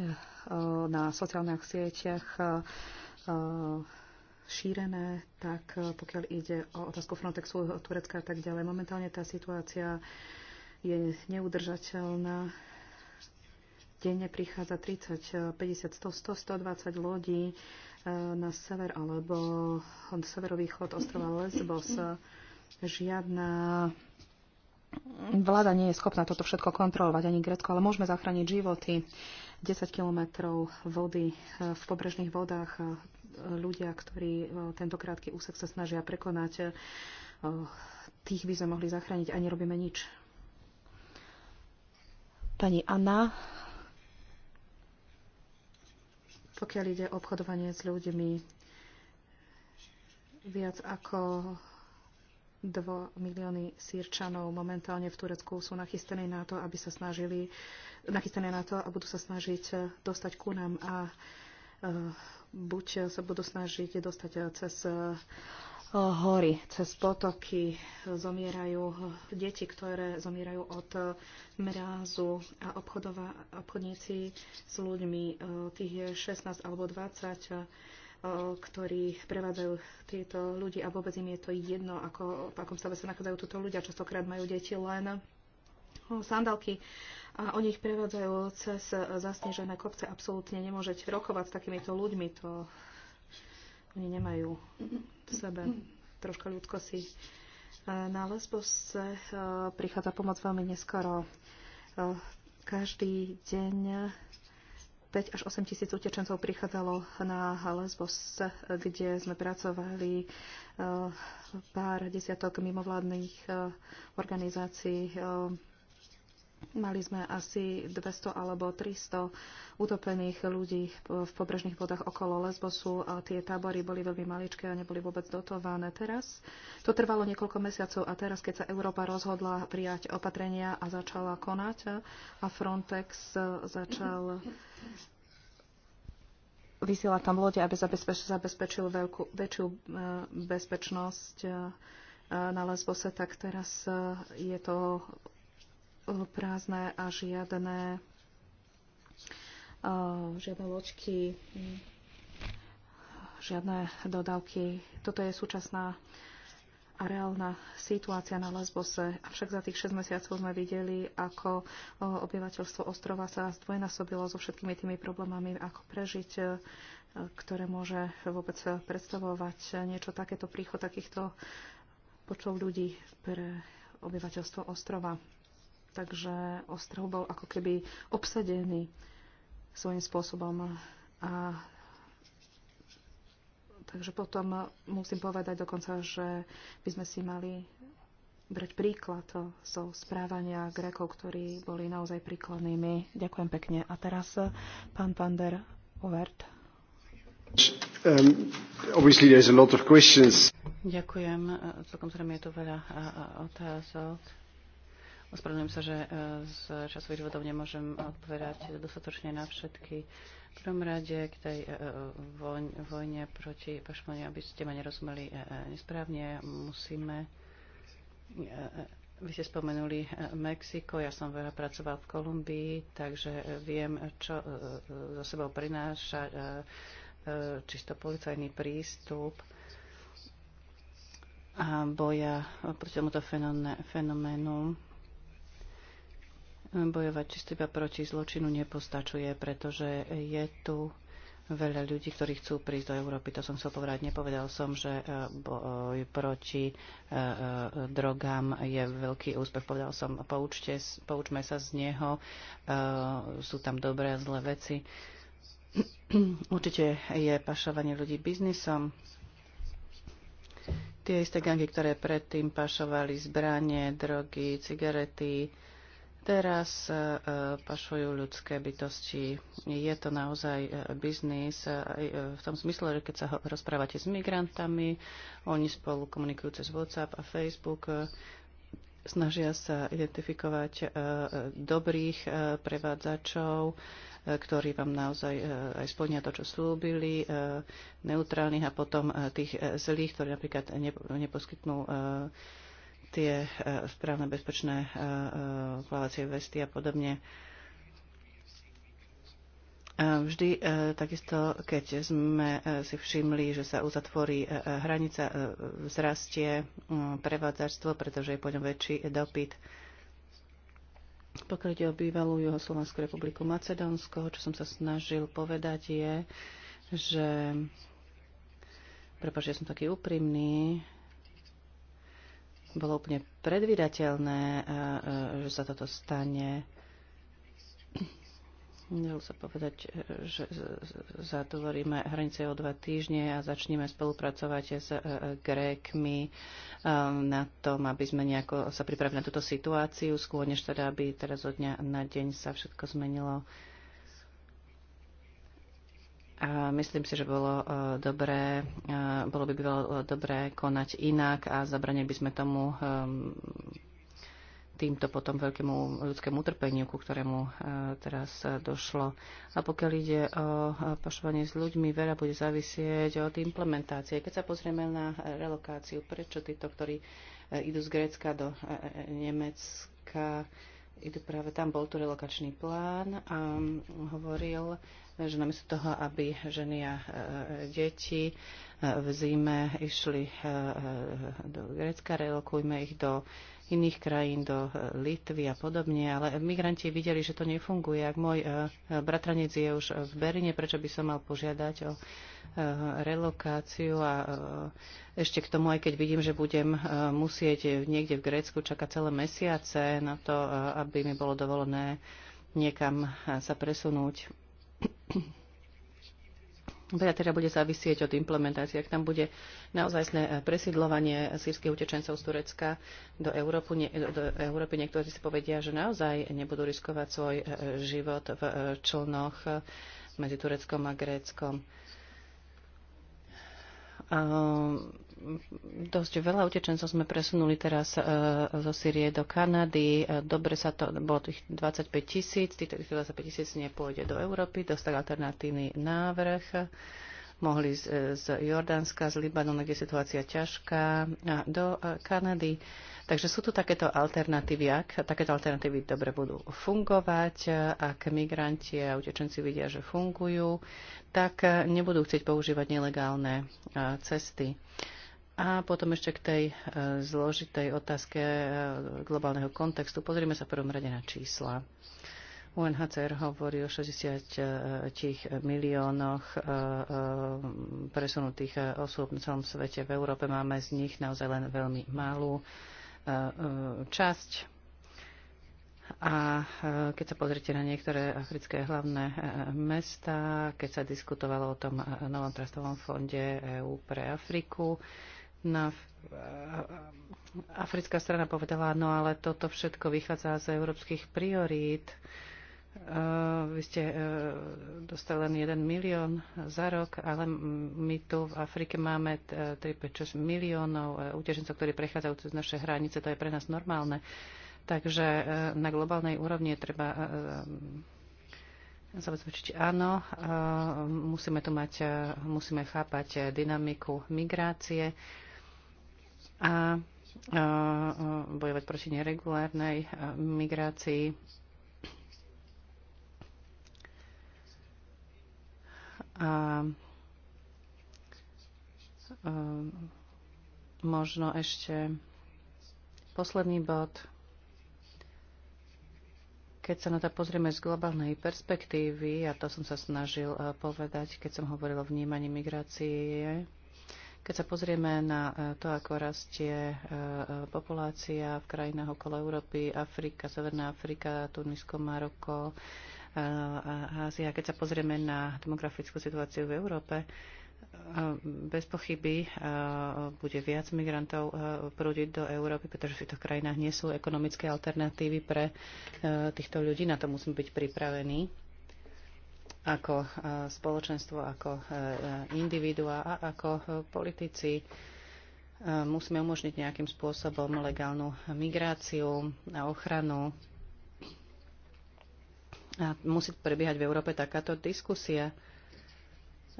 na sociálnych sieťach eh, šírené, tak eh, pokiaľ ide o otázku Frontexu, Turecka a tak ďalej. Momentálne tá situácia je neudržateľná. Denne prichádza 30, 50, 100, 100, 120 lodí na sever alebo od severovýchod ostrova Lesbos. Žiadna vláda nie je schopná toto všetko kontrolovať, ani Grécko, ale môžeme zachrániť životy. 10 kilometrov vody e, v pobrežných vodách e, ľudia, ktorí e, tento krátky úsek sa snažia prekonať, tých by sme mohli zachrániť a nerobíme nič. Pani Anna, pokiaľ ide o obchodovanie s ľuďmi, viac ako 2 milióny sírčanov momentálne v Turecku sú nachystené na to, aby sa snažili, nachystané na to a budú sa snažiť eh, dostať ku nám a eh, buď sa budú snažiť dostať eh, cez hory, cez potoky, zomierajú deti, ktoré zomierajú od mrázu a obchodníci s ľuďmi, tých je 16 alebo 20 E, ktorí prevádzajú tieto ľudí a vôbec im je to jedno, ako, v akom stave sa nachádzajú títo ľudia. Častokrát majú deti len sandálky a oni ich prevádzajú cez zasnežené kopce. Absolútne nemôžete rokovať s takýmito ľuďmi. To oni nemajú v sebe troška ľudkosti. E, na Lesbose e, prichádza pomoc veľmi neskoro. Každý deň 5 až 8 tisíc utečencov prichádzalo na Lesbos, kde sme pracovali eh, pár desiatok mimovládnych eh, organizácií eh, Mali sme asi 200 alebo 300 utopených ľudí v pobrežných vodách okolo Lesbosu. A tie tábory boli veľmi maličké a neboli vôbec dotované. Teraz to trvalo niekoľko mesiacov a teraz, keď sa Európa rozhodla prijať opatrenia a začala konať a Frontex začal vysielať tam lode, aby zabezpečil veľkú, väčšiu e, bezpečnosť e, na Lesbose, tak teraz e, je to prázdne a žiadne e, žiadne ločky, žiadne dodávky. Toto je súčasná a reálna situácia na Lesbose. Avšak za tých 6 mesiacov sme videli, ako e, obyvateľstvo ostrova sa zdvojnásobilo so všetkými tými problémami, ako prežiť, e, ktoré môže vôbec predstavovať niečo takéto príchod takýchto počov ľudí pre obyvateľstvo ostrova. Takže ostrov bol ako keby obsadený svojím spôsobom. A takže potom musím povedať dokonca, že by sme si mali brať príklad zo správania Grékov, ktorí boli naozaj príkladnými. Ďakujem pekne. A teraz eh, pán pander Overt.
Um, obviously there's a lot of questions.
Ďakujem. Eh, celkom zrejme je to veľa eh, otázok. Ospravedlňujem sa, že e, z časových dôvodov nemôžem odpovedať dostatočne na všetky. V prvom rade k tej e, e, vojne proti pašmoni, aby ste ma nerozumeli nesprávne, musíme vy ste spomenuli Mexiko, ja som veľa pracoval v Kolumbii, takže viem, čo za sebou prináša čisto policajný prístup a boja proti tomuto fenoménu. Bojovať čisto iba proti zločinu nepostačuje, pretože je tu veľa ľudí, ktorí chcú prísť do Európy. To som chcel povedať. Nepovedal som, že e, boj proti e, e, drogám je veľký úspech. Povedal som, poučte, poučme sa z neho. Sú tam dobré a zlé veci. Určite je pašovanie ľudí biznisom. Tie isté gangy, ktoré predtým pašovali zbranie, drogy, cigarety, Teraz e, e, pašujú ľudské bytosti. Je to naozaj e, biznis v tom zmysle, že keď sa rozprávate s migrantami, oni spolu komunikujú cez WhatsApp a Facebook, snažia sa identifikovať dobrých prevádzačov, ktorí vám naozaj aj splnia to, čo slúbili, neutrálnych a potom tých zlých, ktorí napríklad neposkytnú tie e, správne bezpečné e, e, plávacie vesty a podobne. Vždy takisto, keď sme si všimli, že sa uzatvorí hranica, vzrastie prevádzarstvo, pretože je po ňom väčší dopyt. Pokiaľ ide o bývalú Juhoslovanskú republiku Macedónsko, čo som sa snažil povedať je, že Prepač, ja som taký úprimný bolo úplne predvydateľné, e, e, že sa toto stane. Dalo sa povedať, e, že zatvoríme hranice o dva týždne a začneme spolupracovať s Grékmi na tom, aby sme nejako sa pripravili na túto situáciu, skôr než teda, aby teraz od dňa na deň sa všetko zmenilo. A myslím si, že bolo e, dobré, e, bolo by bolo e, dobré konať inak a zabranili by sme tomu týmto potom veľkému ľudskému utrpeniu, ku ktorému teraz došlo. A pokiaľ ide o pašovanie s ľuďmi, veľa bude závisieť od implementácie. Keď sa pozrieme na relokáciu, prečo títo, ktorí idú z Grécka do Nemecka, idú práve tam, bol tu relokačný plán a hovoril že namiesto toho, aby ženy a e, deti e, v zime išli e, do Grécka, relokujme ich do iných krajín, do Litvy a podobne, ale migranti videli, že to nefunguje. Ak môj bratranec je už v Berine, prečo by som mal požiadať o relokáciu a ešte k tomu, aj keď vidím, že budem musieť niekde v Grécku čakať celé mesiace na to, aby mi bolo dovolené niekam sa presunúť Veľa teda bude závisieť od implementácie. Ak tam bude naozaj eh, presidlovanie sírskych utečencov z Turecka do Európy, eh, do Európy, niektorí si povedia, že naozaj nebudú riskovať svoj eh, život v člnoch medzi Tureckom a Gréckom. Um, dosť veľa utečencov sme presunuli teraz e, zo Syrie do Kanady. E, dobre sa to, bolo tých 25 tisíc, týchto 25 tisíc nepôjde do Európy, dostali alternatívny návrh. Mohli z, e, z Jordánska, z Libanonu, kde je situácia ťažká, a do Kanady. Takže sú tu takéto alternatívy, ak takéto alternatívy dobre budú fungovať, ak migranti a utečenci vidia, že fungujú, tak nebudú chcieť používať nelegálne cesty. A potom ešte k tej e, zložitej otázke e, globálneho kontextu. Pozrieme sa prvom rade na čísla. UNHCR hovorí o 60 e, miliónoch presunutých osôb na celom svete. V Európe máme z nich naozaj len veľmi malú časť. A keď sa pozrite na niektoré africké hlavné mesta, keď sa diskutovalo o tom novom trastovom fonde EÚ pre Afriku, na africká strana povedala, no ale toto všetko vychádza z európskych priorít. E, vy ste e, dostali len 1 milión za rok, ale my tu v Afrike máme 3-5-6 e, miliónov utečencov, ktorí prechádzajú cez naše hranice. To je pre nás normálne. Takže na globálnej úrovni je treba zabezpečiť áno. Musíme tu mať, musíme chápať dynamiku migrácie a bojovať proti neregulárnej migrácii. A možno ešte posledný bod. Keď sa na to pozrieme z globálnej perspektívy, a to som sa snažil povedať, keď som hovoril o vnímaní migrácie, keď sa pozrieme na e, to, ako rastie e, e, populácia v krajinách okolo Európy, Afrika, Severná Afrika, Tunisko, Maroko, Ázia, keď sa pozrieme na demografickú situáciu v Európe, bez pochyby bude viac migrantov prúdiť do Európy, pretože v týchto krajinách nie sú ekonomické alternatívy pre týchto ľudí. Na to musíme byť pripravení ako e, spoločenstvo, ako e, e, individua a ako politici musíme umožniť nejakým spôsobom legálnu migráciu a ochranu. A musí prebiehať v Európe takáto diskusia,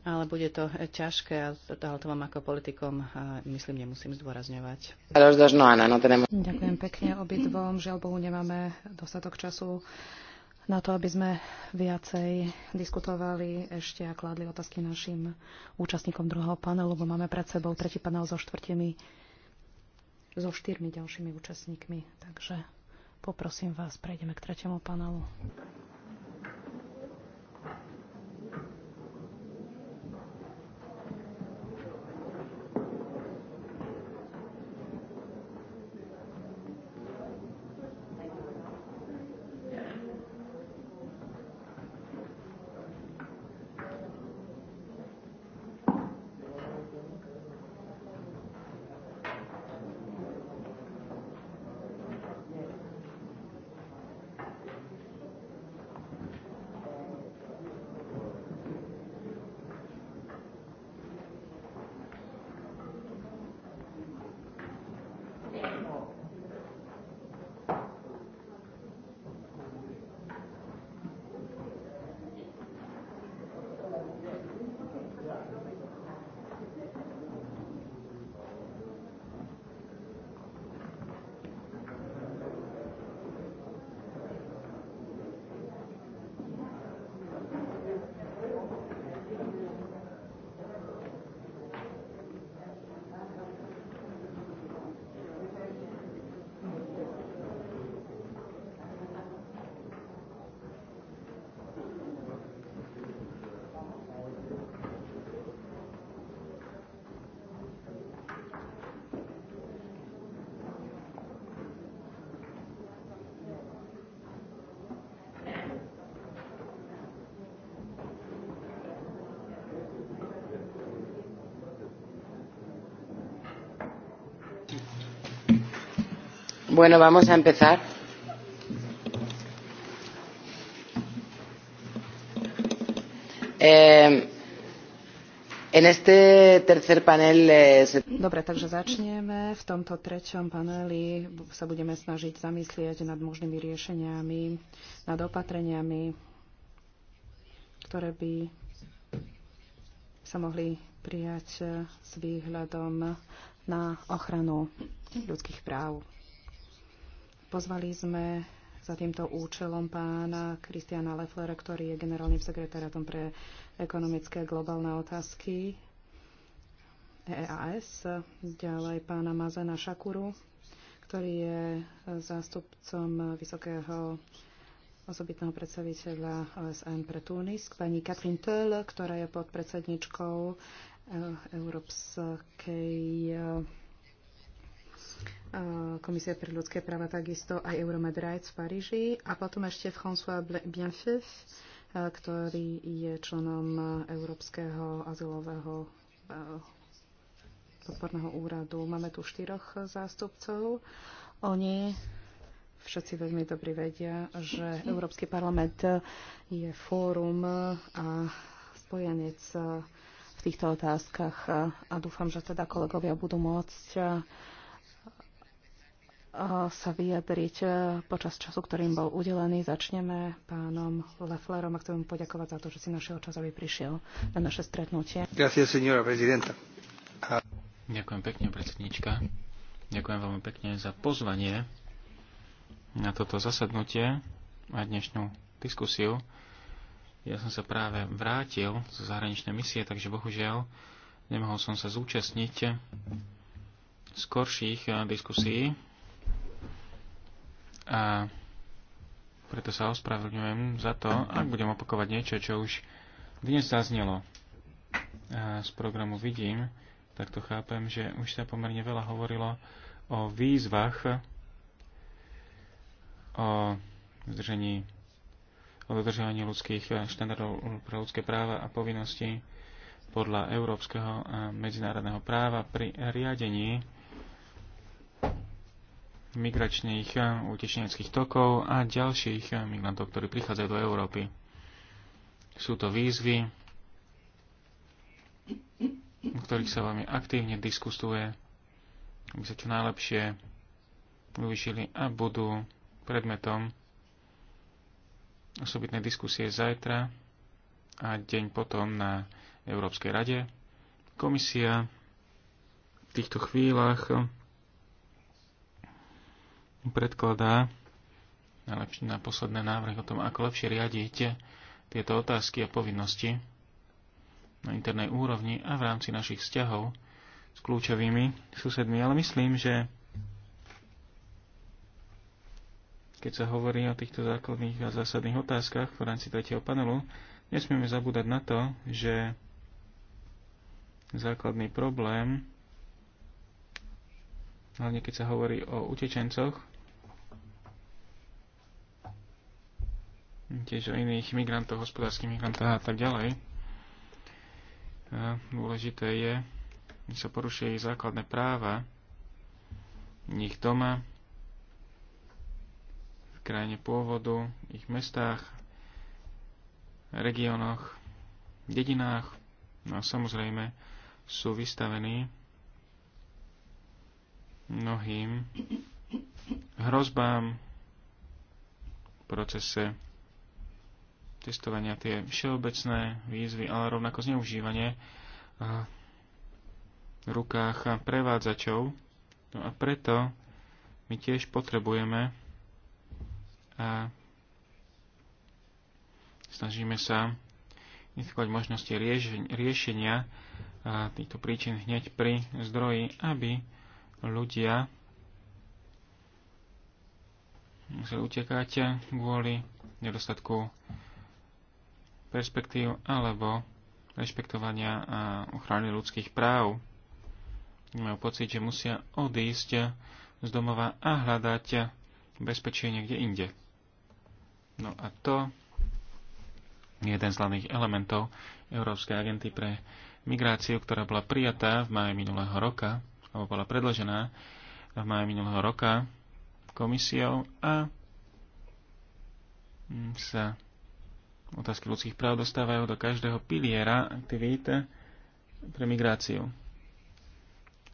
ale bude to ťažké a ale to vám ako politikom myslím nemusím zdôrazňovať. Ďakujem
pekne obidvom. Žiaľ Bohu nemáme dostatok času na to, aby sme viacej diskutovali ešte a kládli otázky našim účastníkom druhého panelu, lebo máme pred sebou tretí panel so štvrtými, so štyrmi ďalšími účastníkmi. Takže poprosím vás, prejdeme k tretiemu panelu.
Bueno, vamos a empezar.
Eh, en este tercer panel eh, Dobre, takže začneme. V tomto treťom paneli sa budeme snažiť zamyslieť nad možnými riešeniami, nad opatreniami, ktoré by sa mohli prijať s výhľadom na ochranu ľudských práv Pozvali sme za týmto účelom pána Kristiana Leflera, ktorý je generálnym sekretáratom pre ekonomické a globálne otázky EAS. Ďalej pána Mazena Šakuru, ktorý je zástupcom vysokého osobitného predstaviteľa OSN pre Tunisk, pani Katrin Töll, ktorá je podpredsedničkou e, Európskej Eh, Komisia pre ľudské práva takisto aj Euromed Rights v Paríži a potom ešte François Bienfif, eh, ktorý je členom Európskeho azylového eh, podporného úradu. Máme tu štyroch zástupcov. Oni všetci veľmi dobre vedia, že Európsky parlament je fórum a spojenec v týchto otázkach a dúfam, že teda kolegovia budú môcť sa vyjadriť e, počas času, ktorým bol udelený. Začneme pánom Lefflerom a chcem mu poďakovať za to, že si našiel čas, aby prišiel na naše stretnutie.
Gracias, señora prezidenta. Ďakujem pekne, predsednička. Ďakujem veľmi pekne za pozvanie na toto zasadnutie a dnešnú diskusiu. Ja som sa práve vrátil zo zahraničnej misie, takže bohužiaľ nemohol som sa zúčastniť skorších e, diskusí a preto sa ospravedlňujem za to, ak budem opakovať niečo, čo už dnes zaznelo. A z programu vidím, tak to chápem, že už sa pomerne veľa hovorilo o výzvach, o zdržení, o dodržovaní ľudských štandardov pre ľudské práva a povinnosti podľa európskeho a medzinárodného práva pri riadení migračných eh, utečeneckých tokov a ďalších eh, migrantov, ktorí prichádzajú do Európy. Sú to výzvy, o ktorých sa veľmi aktívne diskutuje, aby sa čo najlepšie vyšili a budú predmetom osobitnej diskusie zajtra a deň potom na Európskej rade. Komisia v týchto chvíľach predkladá na posledné návrhy o tom, ako lepšie riadiť tieto otázky a povinnosti na internej úrovni a v rámci našich vzťahov s kľúčovými susedmi. Ale myslím, že keď sa hovorí o týchto základných a zásadných otázkach v rámci tretieho panelu, nesmieme zabúdať na to, že základný problém, hlavne keď sa hovorí o utečencoch, tiež o iných migrantov, hospodárskych migrantov a tak ďalej. Dôležité je, že sa porušuje ich základné práva, nich doma, v krajine pôvodu, v ich mestách, regiónoch, dedinách, no a samozrejme sú vystavení mnohým hrozbám v procese testovania, tie všeobecné výzvy, ale rovnako zneužívanie v rukách prevádzačov. No a preto my tiež potrebujeme a snažíme sa identifikovať možnosti riešenia týchto príčin hneď pri zdroji, aby ľudia museli utekať kvôli nedostatku perspektív alebo rešpektovania a ochrany ľudských práv. Majú pocit, že musia odísť z domova a hľadať bezpečie niekde inde. No a to je jeden z hlavných elementov Európskej agenty pre migráciu, ktorá bola prijatá v maje minulého roka, alebo bola predložená v maje minulého roka komisiou a sa otázky ľudských práv dostávajú do každého piliera aktivít pre migráciu.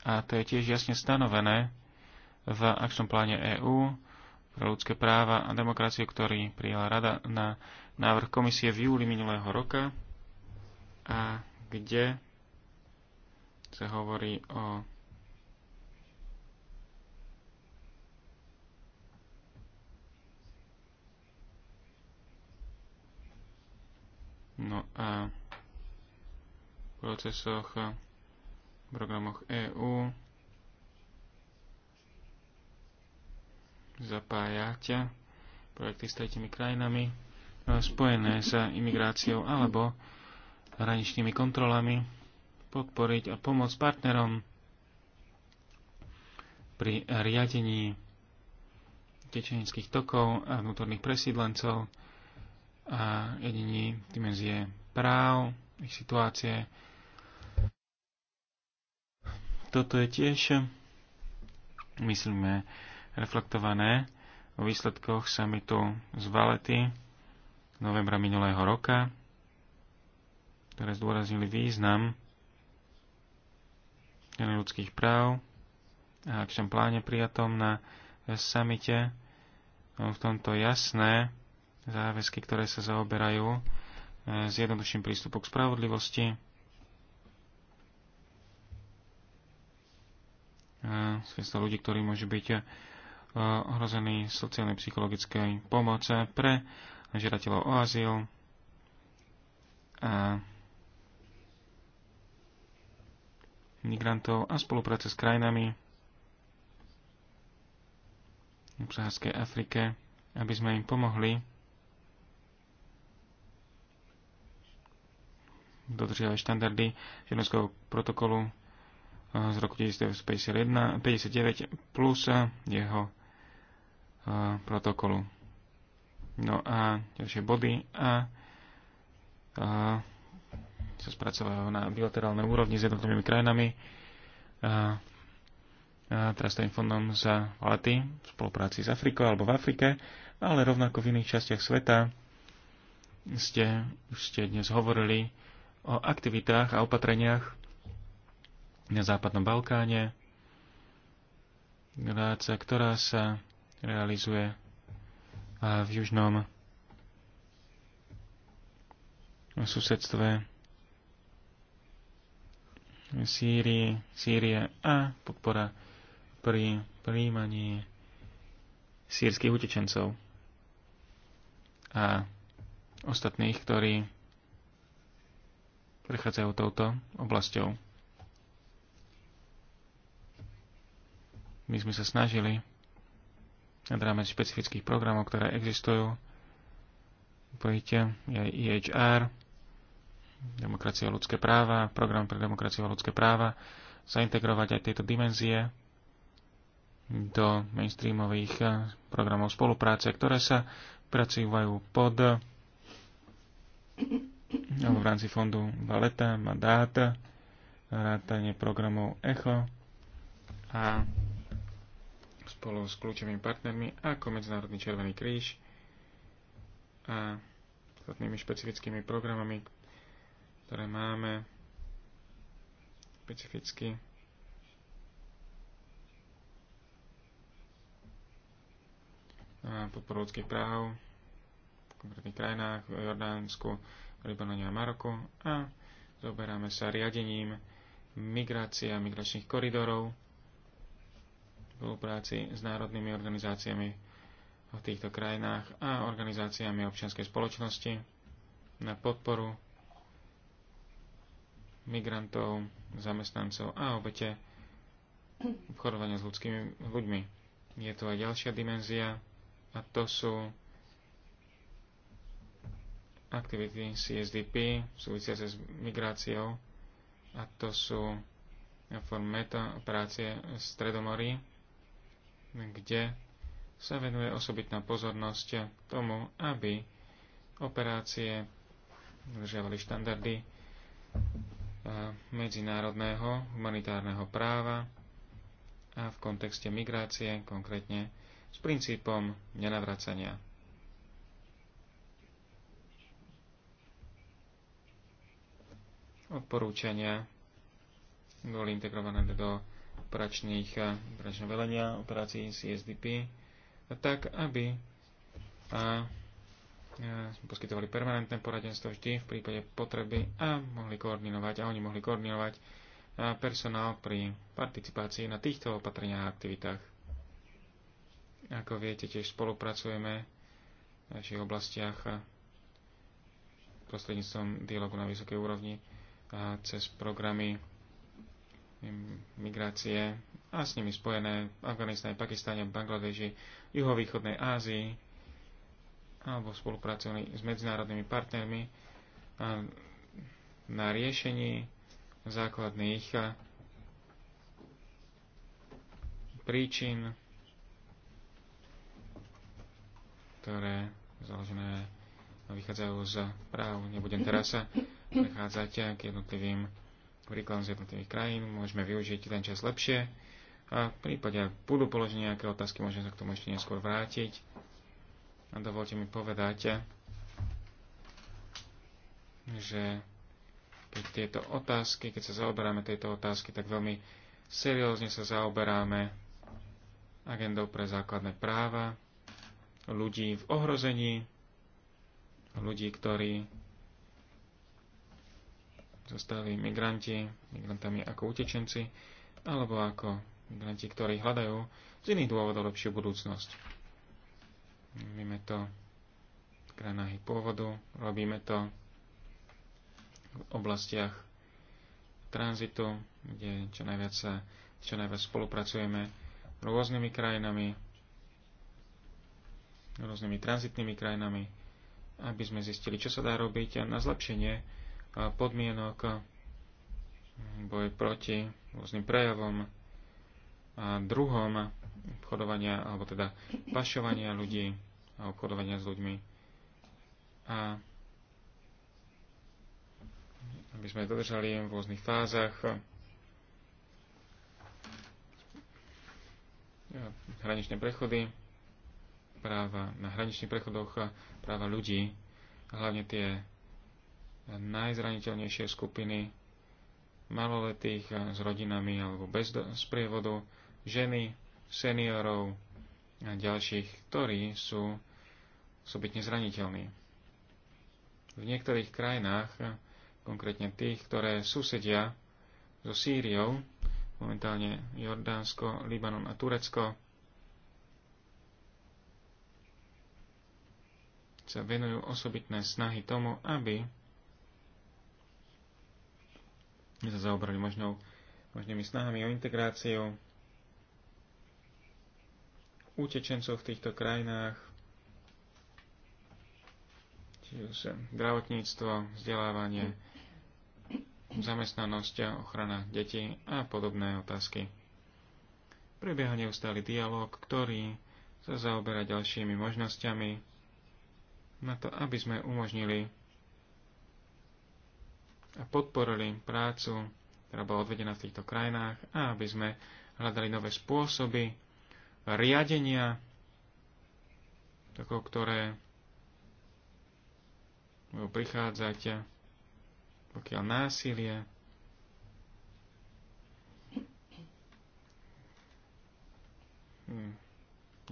A to je tiež jasne stanovené v akčnom pláne EÚ pre ľudské práva a demokraciu, ktorý prijala Rada na návrh komisie v júli minulého roka a kde sa hovorí o No a v procesoch, v programoch EÚ zapájať projekty s tretimi krajinami spojené s imigráciou alebo hraničnými kontrolami, podporiť a pomôcť partnerom pri riadení tečenických tokov a vnútorných presídlencov, a jediní dimenzie práv, ich situácie. Toto je tiež, myslíme, reflektované o výsledkoch samitu z Valety novembra minulého roka, ktoré zdôraznili význam ľudských práv a akčnom pláne prijatom na samite v tomto jasné záväzky, ktoré sa zaoberajú e, s jednoduchším prístupom k spravodlivosti, e, sredstva ľudí, ktorí môžu byť e, ohrození sociálnej psychologickej pomoce pre žiadateľov o azyl a migrantov a spolupráce s krajinami v Sahárskej Afrike, aby sme im pomohli dodržiavať štandardy Ženevského protokolu eh, z roku 1951-59 plus eh, jeho eh, protokolu. No a ďalšie body a, a sa spracovajú na bilaterálnej úrovni s jednotlivými krajinami a, a fondom za lety v spolupráci s Afrikou alebo v Afrike, ale rovnako v iných častiach sveta ste, ste dnes hovorili o aktivitách a opatreniach na Západnom Balkáne, relácia, ktorá sa realizuje v južnom susedstve Sýrie, Sýrie a podpora pri príjmaní sírskych utečencov a ostatných, ktorí prechádzajú touto oblasťou. My sme sa snažili nad rámec špecifických programov, ktoré existujú, pojíte aj IHR, demokracia a ľudské práva, program pre demokraciu a ľudské práva, zaintegrovať aj tieto dimenzie do mainstreamových eh, programov spolupráce, ktoré sa pracívajú pod alebo v rámci fondu Valeta, Madát, rátanie programov ECHO a spolu s kľúčovými partnermi ako Medzinárodný Červený kríž a ostatnými špecifickými programami, ktoré máme špecificky podporu ľudských práv v konkrétnych krajinách, v Jordánsku, Libanone a Maroku a zoberáme sa riadením migrácie a migračných koridorov v spolupráci s národnými organizáciami v týchto krajinách a organizáciami občianskej spoločnosti na podporu migrantov, zamestnancov a obete obchodovania s ľudskými ľuďmi. Je tu aj ďalšia dimenzia a to sú aktivity CSDP súvisiace s migráciou a to sú formeta operácie v Stredomorí, kde sa venuje osobitná pozornosť tomu, aby operácie dodržiavali štandardy eh, medzinárodného humanitárneho práva a v kontexte migrácie, konkrétne s princípom nenavracania. odporúčania boli integrované do operačných operačného velenia operácií CSDP tak, aby a, a, poskytovali permanentné poradenstvo vždy v prípade potreby a mohli koordinovať a oni mohli koordinovať a personál pri participácii na týchto opatreniach a aktivitách. Ako viete, tiež spolupracujeme v našich oblastiach prostredníctvom dialogu na vysokej úrovni cez programy migrácie a s nimi spojené v Afganistane, Pakistane, Bangladeži, juhovýchodnej Ázii alebo spolupracovali s medzinárodnými partnermi na riešení základných príčin, ktoré založené vychádzajú z práv. Nebudem teraz sa Prechádzate k jednotlivým príkladom z jednotlivých krajín, môžeme využiť ten čas lepšie. A v prípade, ak budú položené nejaké otázky, môžeme sa k tomu ešte neskôr vrátiť. A dovolte mi povedať, že keď tieto otázky, keď sa zaoberáme tejto otázky, tak veľmi seriózne sa zaoberáme agendou pre základné práva, ľudí v ohrození, ľudí, ktorí sa stali migranti, migrantami ako utečenci, alebo ako migranti, ktorí hľadajú z iných dôvodov lepšiu budúcnosť. Robíme to v krajinách pôvodu, robíme to v oblastiach tranzitu, kde čo najviac, sa, čo najviac spolupracujeme rôznymi krajinami, rôznymi tranzitnými krajinami, aby sme zistili, čo sa dá robiť a na zlepšenie podmienok, boj proti rôznym prejavom a druhom obchodovania, alebo teda pašovania ľudí a obchodovania s ľuďmi. A aby sme dodržali v rôznych fázach hraničné prechody, práva na hraničných prechodoch práva ľudí, hlavne tie najzraniteľnejšie skupiny maloletých eh, s rodinami alebo bez sprievodu, ženy, seniorov a ďalších, ktorí sú osobitne zraniteľní. V niektorých krajinách, eh, konkrétne tých, ktoré susedia so Sýriou, momentálne Jordánsko, Libanon a Turecko, sa venujú osobitné snahy tomu, aby sme sa zaobrali možnou, možnými snahami o integráciu utečencov v týchto krajinách, čiže zdravotníctvo, vzdelávanie, zamestnanosť, ochrana detí a podobné otázky. Prebieha neustály dialog, ktorý sa zaoberá ďalšími možnosťami na to, aby sme umožnili a podporili prácu, ktorá bola odvedená v týchto krajinách a aby sme hľadali nové spôsoby riadenia, tako, ktoré budú prichádzať, pokiaľ násilie, hm.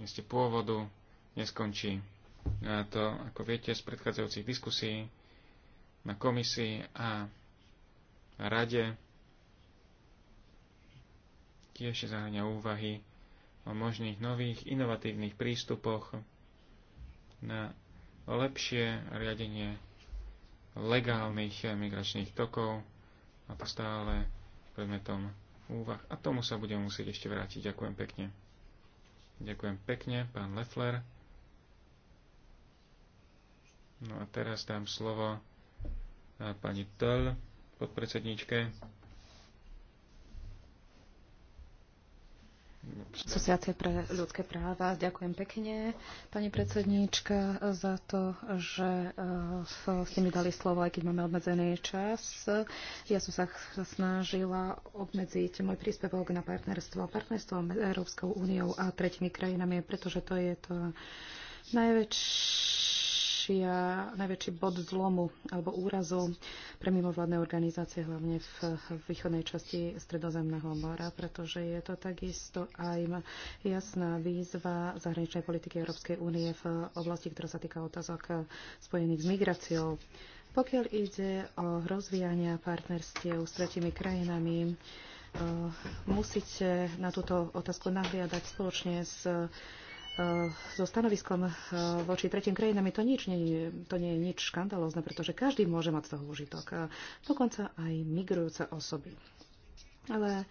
ste pôvodu neskončí. A to, ako viete z predchádzajúcich diskusí, na komisii a rade tiež zahrania úvahy o možných nových inovatívnych prístupoch na lepšie riadenie legálnych migračných tokov a to stále predmetom úvah. A tomu sa budeme musieť ešte vrátiť. Ďakujem pekne. Ďakujem pekne, pán Leffler. No a teraz dám slovo pani Tel, podpredsedničke.
Asociácie pre ľudské práva. Ďakujem pekne, pani predsedníčka, za to, že e, ste mi dali slovo, aj keď máme obmedzený čas. Ja som sa snažila obmedziť môj príspevok na partnerstvo. Partnerstvo Európskou úniou a tretimi krajinami, pretože to je to najväčšie najväčšia, najväčší bod zlomu alebo úrazu pre mimovládne organizácie, hlavne v východnej časti Stredozemného mora, pretože je to takisto aj jasná výzva zahraničnej politiky Európskej únie v oblasti, ktorá sa týka otázok spojených s migráciou. Pokiaľ ide o rozvíjania partnerstiev s tretimi krajinami, e, musíte na túto otázku nahliadať spoločne s Eh, so stanoviskom eh, voči tretím krajinám to, nič, nie, to nie je nič škandalózne, pretože každý môže mať z toho užitok. Dokonca aj migrujúce osoby. Ale eh,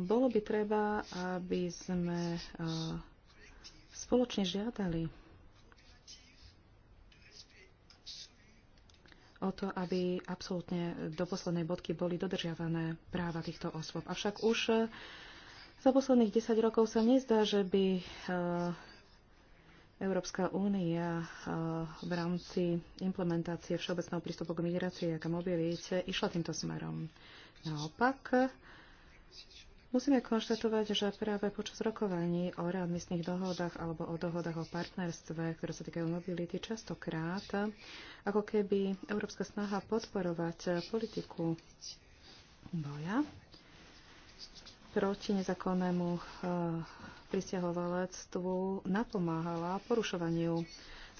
bolo by treba, aby sme spoločne žiadali o to, aby absolútne do poslednej bodky boli dodržiavané práva týchto osôb. Avšak už za posledných 10 rokov sa nezdá, že by eh, Európska únia eh, v rámci implementácie všeobecného prístupu k migrácii a k mobilite išla týmto smerom. Naopak, musíme konštatovať, že práve počas rokovaní o readmisných dohodách alebo o dohodách o partnerstve, ktoré sa týkajú mobility, častokrát ako keby európska snaha podporovať politiku boja proti nezákonnému eh, prisťahovalectvu napomáhala porušovaniu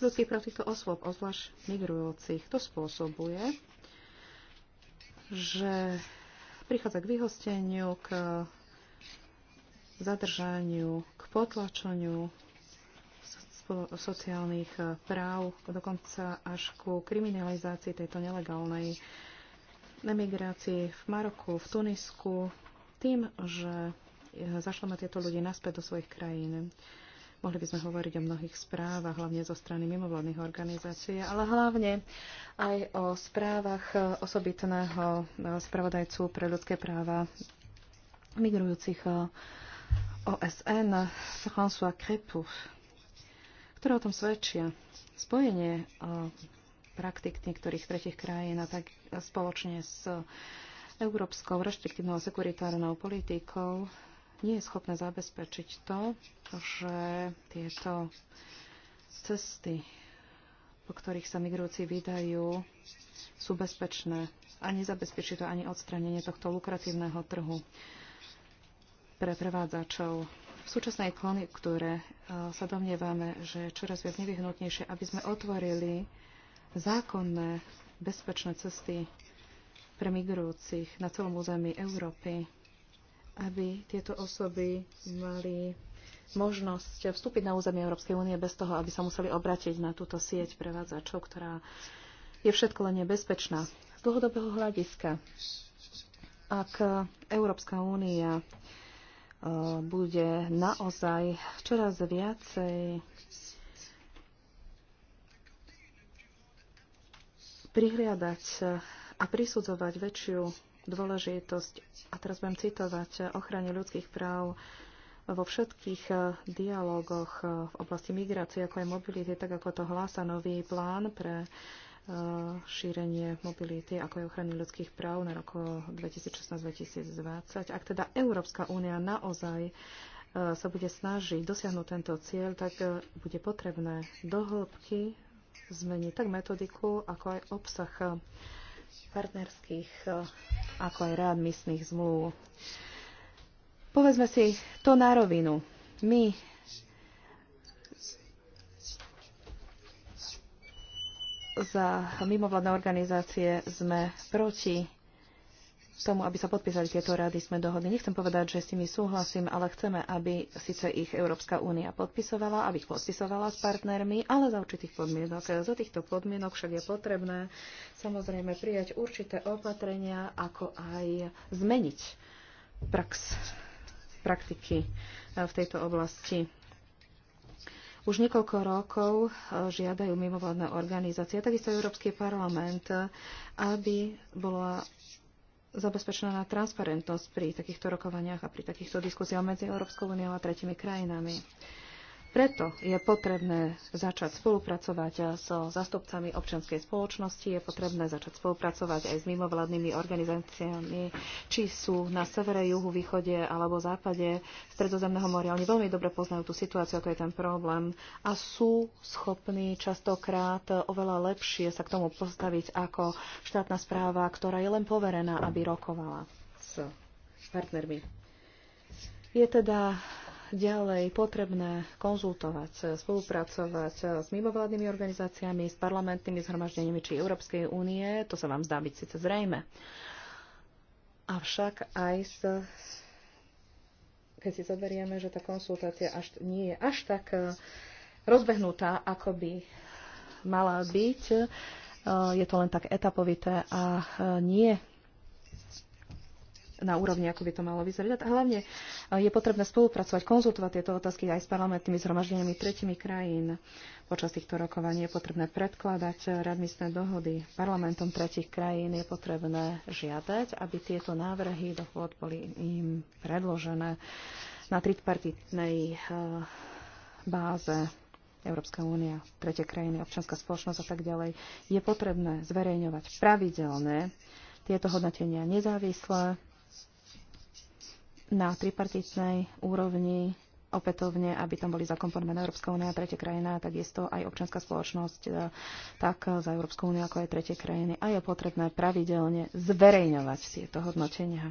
ľudských práv týchto osôb, obzvlášť migrujúcich. To spôsobuje, že prichádza k vyhosteniu, k zadržaniu, k potlačeniu sociálnych eh, práv, dokonca až ku kriminalizácii tejto nelegálnej emigrácii v Maroku, v Tunisku, tým, že e, zašleme tieto ľudí naspäť do svojich krajín. Mohli by sme hovoriť o mnohých správach, hlavne zo strany mimovládnych organizácií, ale hlavne aj o správach osobitného e, spravodajcu pre ľudské práva migrujúcich e, OSN François Crepu, ktoré o tom svedčia. Spojenie praktik niektorých tretich krajín a tak spoločne s Európskou reštriktívnou sekuritárnou politikou nie je schopné zabezpečiť to, že tieto cesty, po ktorých sa migrúci vydajú, sú bezpečné a nezabezpečí to ani odstranenie tohto lukratívneho trhu pre prevádzačov. V súčasnej konjunktúre e, sa domnievame, že je čoraz viac nevyhnutnejšie, aby sme otvorili zákonné bezpečné cesty pre migrujúcich na celom území Európy, aby tieto osoby mali možnosť vstúpiť na územie Európskej únie bez toho, aby sa museli obratiť na túto sieť prevádzačov, ktorá je všetko len nebezpečná. Z dlhodobého hľadiska, ak Európska únia e, bude naozaj čoraz viacej prihliadať a prisudzovať väčšiu dôležitosť, a teraz budem citovať, ochrane ľudských práv vo všetkých eh, dialogoch eh, v oblasti migrácie, ako aj mobility, tak ako to hlása nový plán pre eh, šírenie mobility, ako je ochrany ľudských práv na roku 2016-2020. Ak teda Európska únia naozaj sa bude snažiť dosiahnuť tento cieľ, tak bude potrebné dohlbky zmeniť tak metodiku, ako aj obsah partnerských, e, ako aj readmisných zmluv. Povedzme si to na rovinu. My za mimovladné organizácie sme proti tomu, aby sa podpísali tieto rady, sme dohodli. Nechcem povedať, že s nimi súhlasím, ale chceme, aby síce ich Európska únia podpisovala, aby ich podpisovala s partnermi, ale za určitých podmienok. Za týchto podmienok však je potrebné samozrejme prijať určité opatrenia, ako aj zmeniť prax, praktiky eh, v tejto oblasti. Už niekoľko rokov eh, žiadajú mimovládne organizácie, takisto Európsky parlament, eh, aby bola zabezpečená transparentnosť pri takýchto rokovaniach a pri takýchto diskusiách medzi Európskou úniou a tretimi krajinami. Preto je potrebné začať spolupracovať so zastupcami občianskej spoločnosti, je potrebné začať spolupracovať aj s mimovládnymi organizáciami, či sú na severe, juhu, východe alebo západe Stredozemného moria. Oni veľmi dobre poznajú tú situáciu, ako je ten problém a sú schopní častokrát oveľa lepšie sa k tomu postaviť ako štátna správa, ktorá je len poverená, aby rokovala s partnermi. Je teda ďalej potrebné konzultovať, spolupracovať s mimovládnymi organizáciami, s parlamentnými zhromaždeniami či Európskej únie. To sa vám zdá byť síce zrejme. Avšak aj s keď si zoberieme, že tá konsultácia až, nie je až tak eh, rozbehnutá, ako by mala byť, eh, je to len tak etapovité a eh, nie na úrovni, ako by to malo vyzerať. A hlavne e, je potrebné spolupracovať, konzultovať tieto otázky aj s parlamentnými zhromaždeniami tretimi krajín. Počas týchto rokovaní je potrebné predkladať radmisné dohody parlamentom tretich krajín. Je potrebné žiadať, aby tieto návrhy dohod boli im predložené na tripartitnej e, báze. Európska únia, tretie krajiny, občianská spoločnosť a tak ďalej, je potrebné zverejňovať pravidelné tieto hodnotenia nezávislé na tripartitnej úrovni opätovne, aby tam boli zakomponované Európska únia a tretie krajina, takisto aj občianská spoločnosť, e, tak za Európsku úniu, ako aj tretie krajiny. A je potrebné pravidelne zverejňovať tieto hodnotenia.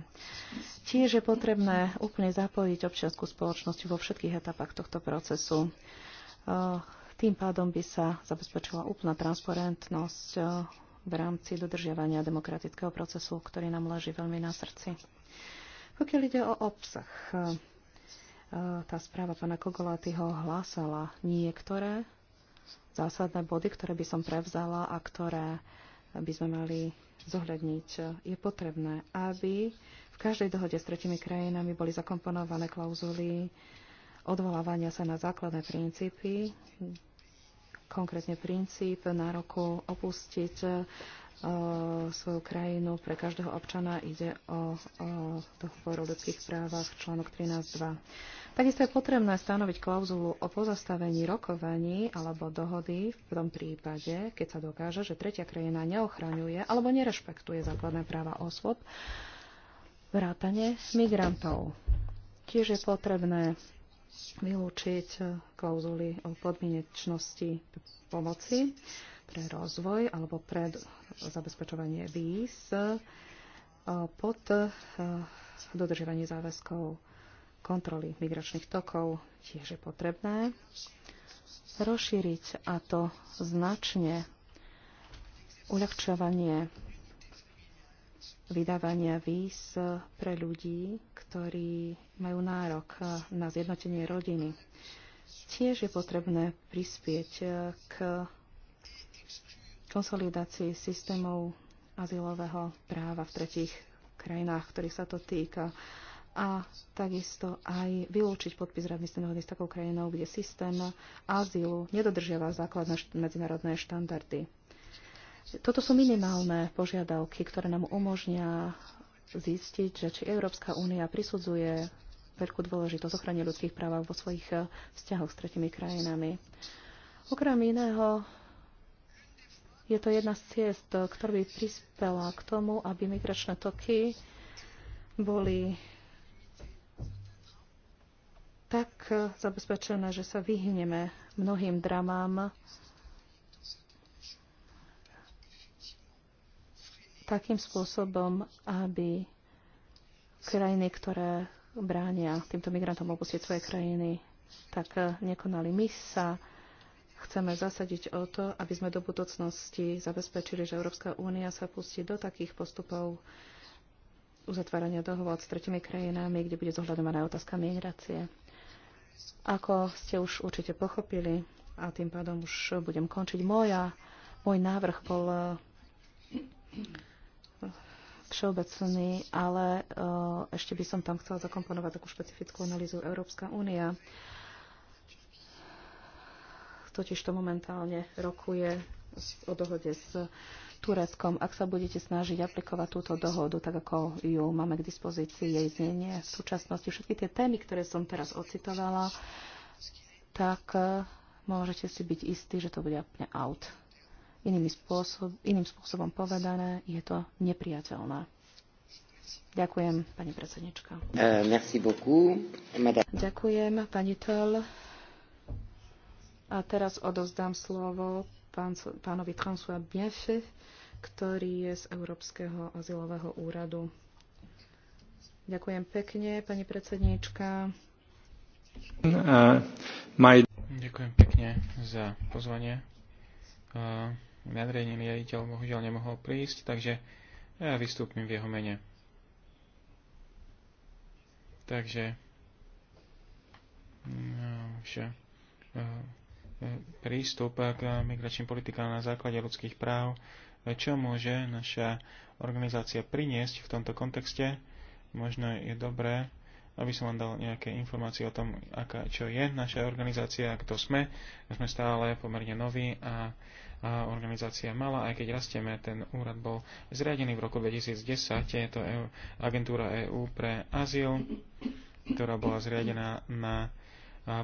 Tiež je potrebné úplne zapojiť občianskú spoločnosť vo všetkých etapách tohto procesu. E, tým pádom by sa zabezpečila úplná transparentnosť e, v rámci dodržiavania demokratického procesu, ktorý nám leží veľmi na srdci. Pokiaľ ide o obsah, e, e, tá správa pana Kogolatyho hlásala niektoré zásadné body, ktoré by som prevzala a ktoré by sme mali zohľadniť. Je potrebné, aby v každej dohode s tretimi krajinami boli zakomponované klauzuly odvolávania sa na základné princípy, konkrétne princíp nároku opustiť Eh, svoju krajinu. Pre každého občana ide o, o dohovor o ľudských právach, článok 13.2. Takisto je potrebné stanoviť klauzulu o pozastavení rokovaní alebo dohody v tom prípade, keď sa dokáže, že tretia krajina neochraňuje alebo nerešpektuje základné práva osôb, vrátane migrantov. Tiež je potrebné vylúčiť klauzuly o podmienečnosti pomoci pre rozvoj alebo pre zabezpečovanie víz e, pod e, dodržovanie záväzkov kontroly migračných tokov tiež je potrebné rozšíriť a to značne uľahčovanie vydávania víz pre ľudí, ktorí majú nárok na zjednotenie rodiny. Tiež je potrebné prispieť e, k konsolidácii systémov azylového práva v tretích krajinách, ktorých sa to týka a takisto aj vylúčiť podpis readmisnej dohody s takou krajinou, kde systém azylu nedodržiava základné medzinárodné štandardy. Toto sú minimálne požiadavky, ktoré nám umožnia zistiť, že či Európska únia prisudzuje veľkú dôležitosť ochrane ľudských práv vo svojich eh, vzťahoch s tretimi krajinami. Okrem iného je to jedna z ciest, eh, ktorá by prispela k tomu, aby migračné toky boli tak eh, zabezpečené, že sa vyhneme mnohým dramám, takým spôsobom, aby krajiny, ktoré bránia týmto migrantom opustiť svoje krajiny, tak eh, nekonali. My sa chceme zasadiť o to, aby sme do budúcnosti zabezpečili, že Európska únia sa pustí do takých postupov uzatvárania dohovod s tretimi krajinami, kde bude zohľadovaná otázka migrácie. Ako ste už určite pochopili, a tým pádom už budem končiť, moja, môj návrh bol eh, všeobecný, ale eh, ešte by som tam chcela zakomponovať takú špecifickú analýzu Európska únia totiž to momentálne rokuje o dohode s Tureckom. Ak sa budete snažiť aplikovať túto dohodu, tak ako ju máme k dispozícii, jej znenie v súčasnosti, všetky tie témy, ktoré som teraz ocitovala, tak e, môžete si byť istí, že to bude úplne out. Iným, spôsob, iným spôsobom povedané, je to nepriateľné. Ďakujem, pani predsednička.
Uh, merci beaucoup, madame.
Ďakujem, pani Tol. A teraz odozdám slovo pán, pánovi François Bienfe, ktorý je z Európskeho azylového úradu. Ďakujem pekne, pani predsedníčka.
Uh, my... Ďakujem pekne za pozvanie. Uh, Nadriadený riaditeľ bohužiaľ nemohol prísť, takže ja vystúpim v jeho mene. Takže... Mm, no, Uh, prístup k migračným politikám na základe ľudských práv, čo môže naša organizácia priniesť v tomto kontexte. Možno je dobré, aby som vám dal nejaké informácie o tom, aká, čo je naša organizácia, kto sme. My sme stále pomerne noví a, a organizácia mala, aj keď rastieme, ten úrad bol zriadený v roku 2010. Je to EU, agentúra EÚ pre azyl, ktorá bola zriadená na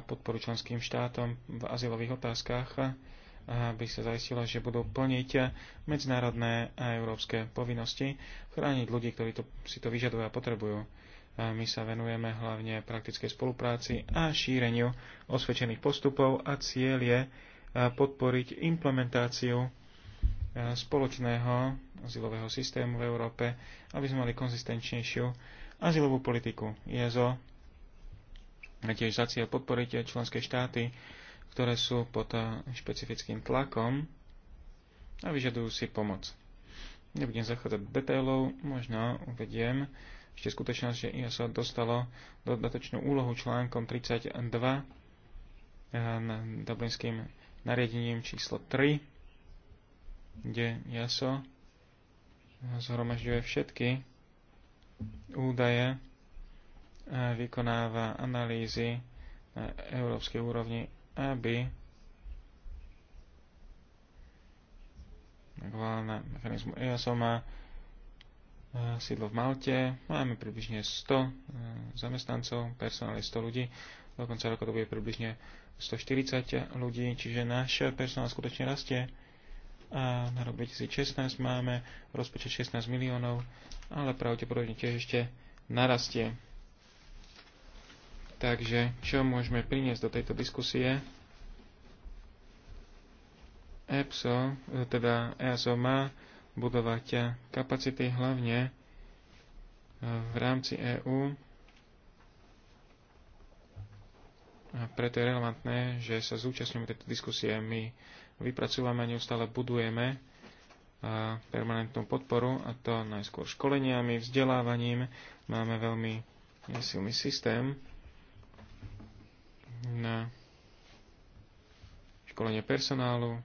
podporu členským štátom v azylových otázkach, aby sa zaistilo, že budú plniť medzinárodné a európske povinnosti, chrániť ľudí, ktorí to, si to vyžadujú a potrebujú. A my sa venujeme hlavne praktickej spolupráci a šíreniu osvedčených postupov a cieľ je podporiť implementáciu spoločného azylového systému v Európe, aby sme mali konzistenčnejšiu azylovú politiku. IEZO tiež za cieľ podporiť členské štáty, ktoré sú pod špecifickým tlakom a vyžadujú si pomoc. Nebudem zachádzať do detailov, možno uvediem ešte skutočnosť, že ISO dostalo dodatočnú úlohu článkom 32 na dublinským nariadením číslo 3, kde ISO zhromažďuje všetky údaje vykonáva analýzy na európskej úrovni, aby na mechanizmu Easoma e, sídlo v Malte. Máme približne 100 e, zamestnancov, personál je 100 ľudí. Do konca roka to bude približne 140 ľudí, čiže náš personál skutočne rastie. A na rok 2016 máme rozpočet 16 miliónov, ale pravdepodobne tiež ešte narastie. Takže čo môžeme priniesť do tejto diskusie? EPSO, e, teda EASO, má budovať kapacity hlavne e, v rámci EÚ. A preto je relevantné, že sa zúčastňujeme tejto diskusie. My vypracúvame a neustále budujeme e, permanentnú podporu, a to najskôr školeniami, vzdelávaním. Máme veľmi silný systém na školenie personálu,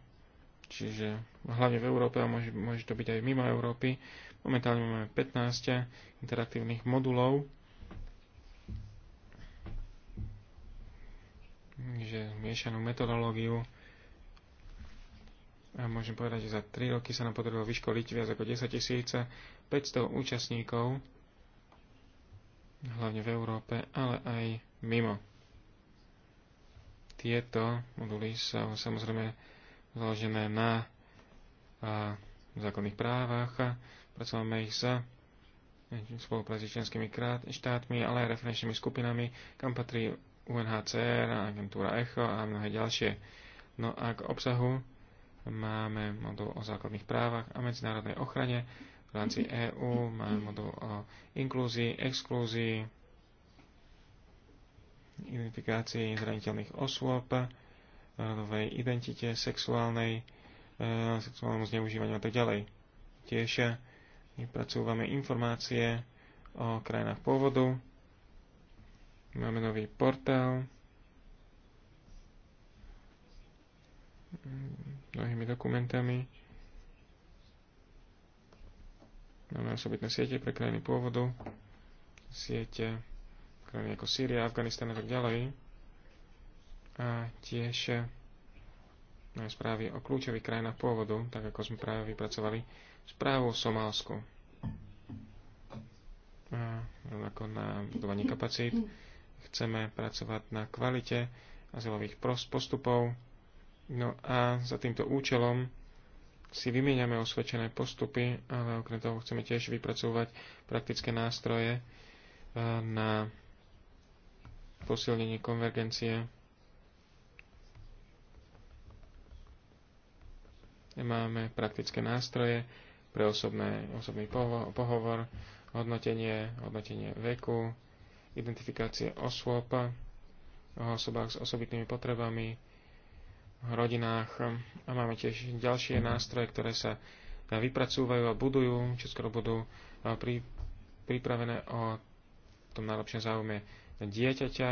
čiže hlavne v Európe, a môže, môže to byť aj mimo Európy. Momentálne máme 15 interaktívnych modulov, Takže miešanú metodológiu a môžem povedať, že za 3 roky sa nám podarilo vyškoliť viac ako 10 500 účastníkov, hlavne v Európe, ale aj mimo. Tieto moduly sú samozrejme založené na a, zákonných právach. pracujeme ich s spolupráci s členskými štátmi, ale aj referenčnými skupinami, kam patrí UNHCR, agentúra ECHO a mnohé ďalšie. No a k obsahu máme modul o základných právach a medzinárodnej ochrane. V rámci EÚ máme modul o inklúzii, exklúzii, identifikácii zraniteľných osôb, rodovej identite, sexuálnej, e, sexuálnemu zneužívaniu a tak ďalej. Tiež e, vypracúvame informácie o krajinách pôvodu. Máme nový portál mnohými dokumentami. Máme osobitné siete pre krajiny pôvodu, siete krajiny ako Sýria, Afganistan a tak ďalej. A tiež eh, správy o kľúčových krajinách pôvodu, tak ako sme práve vypracovali správu o Somálsku. A rovnako na budovanie kapacít chceme pracovať na kvalite azylových postupov. No a za týmto účelom si vymieňame osvedčené postupy, ale okrem toho chceme tiež vypracovať praktické nástroje eh, na posilnenie konvergencie. Máme praktické nástroje pre osobné, osobný poho pohovor, hodnotenie, hodnotenie veku, identifikácie osôb, o osobách s osobitnými potrebami, rodinách a máme tiež ďalšie nástroje, ktoré sa vypracúvajú a budujú, čo skoro budú pri, pripravené o tom najlepšom záujme dieťaťa,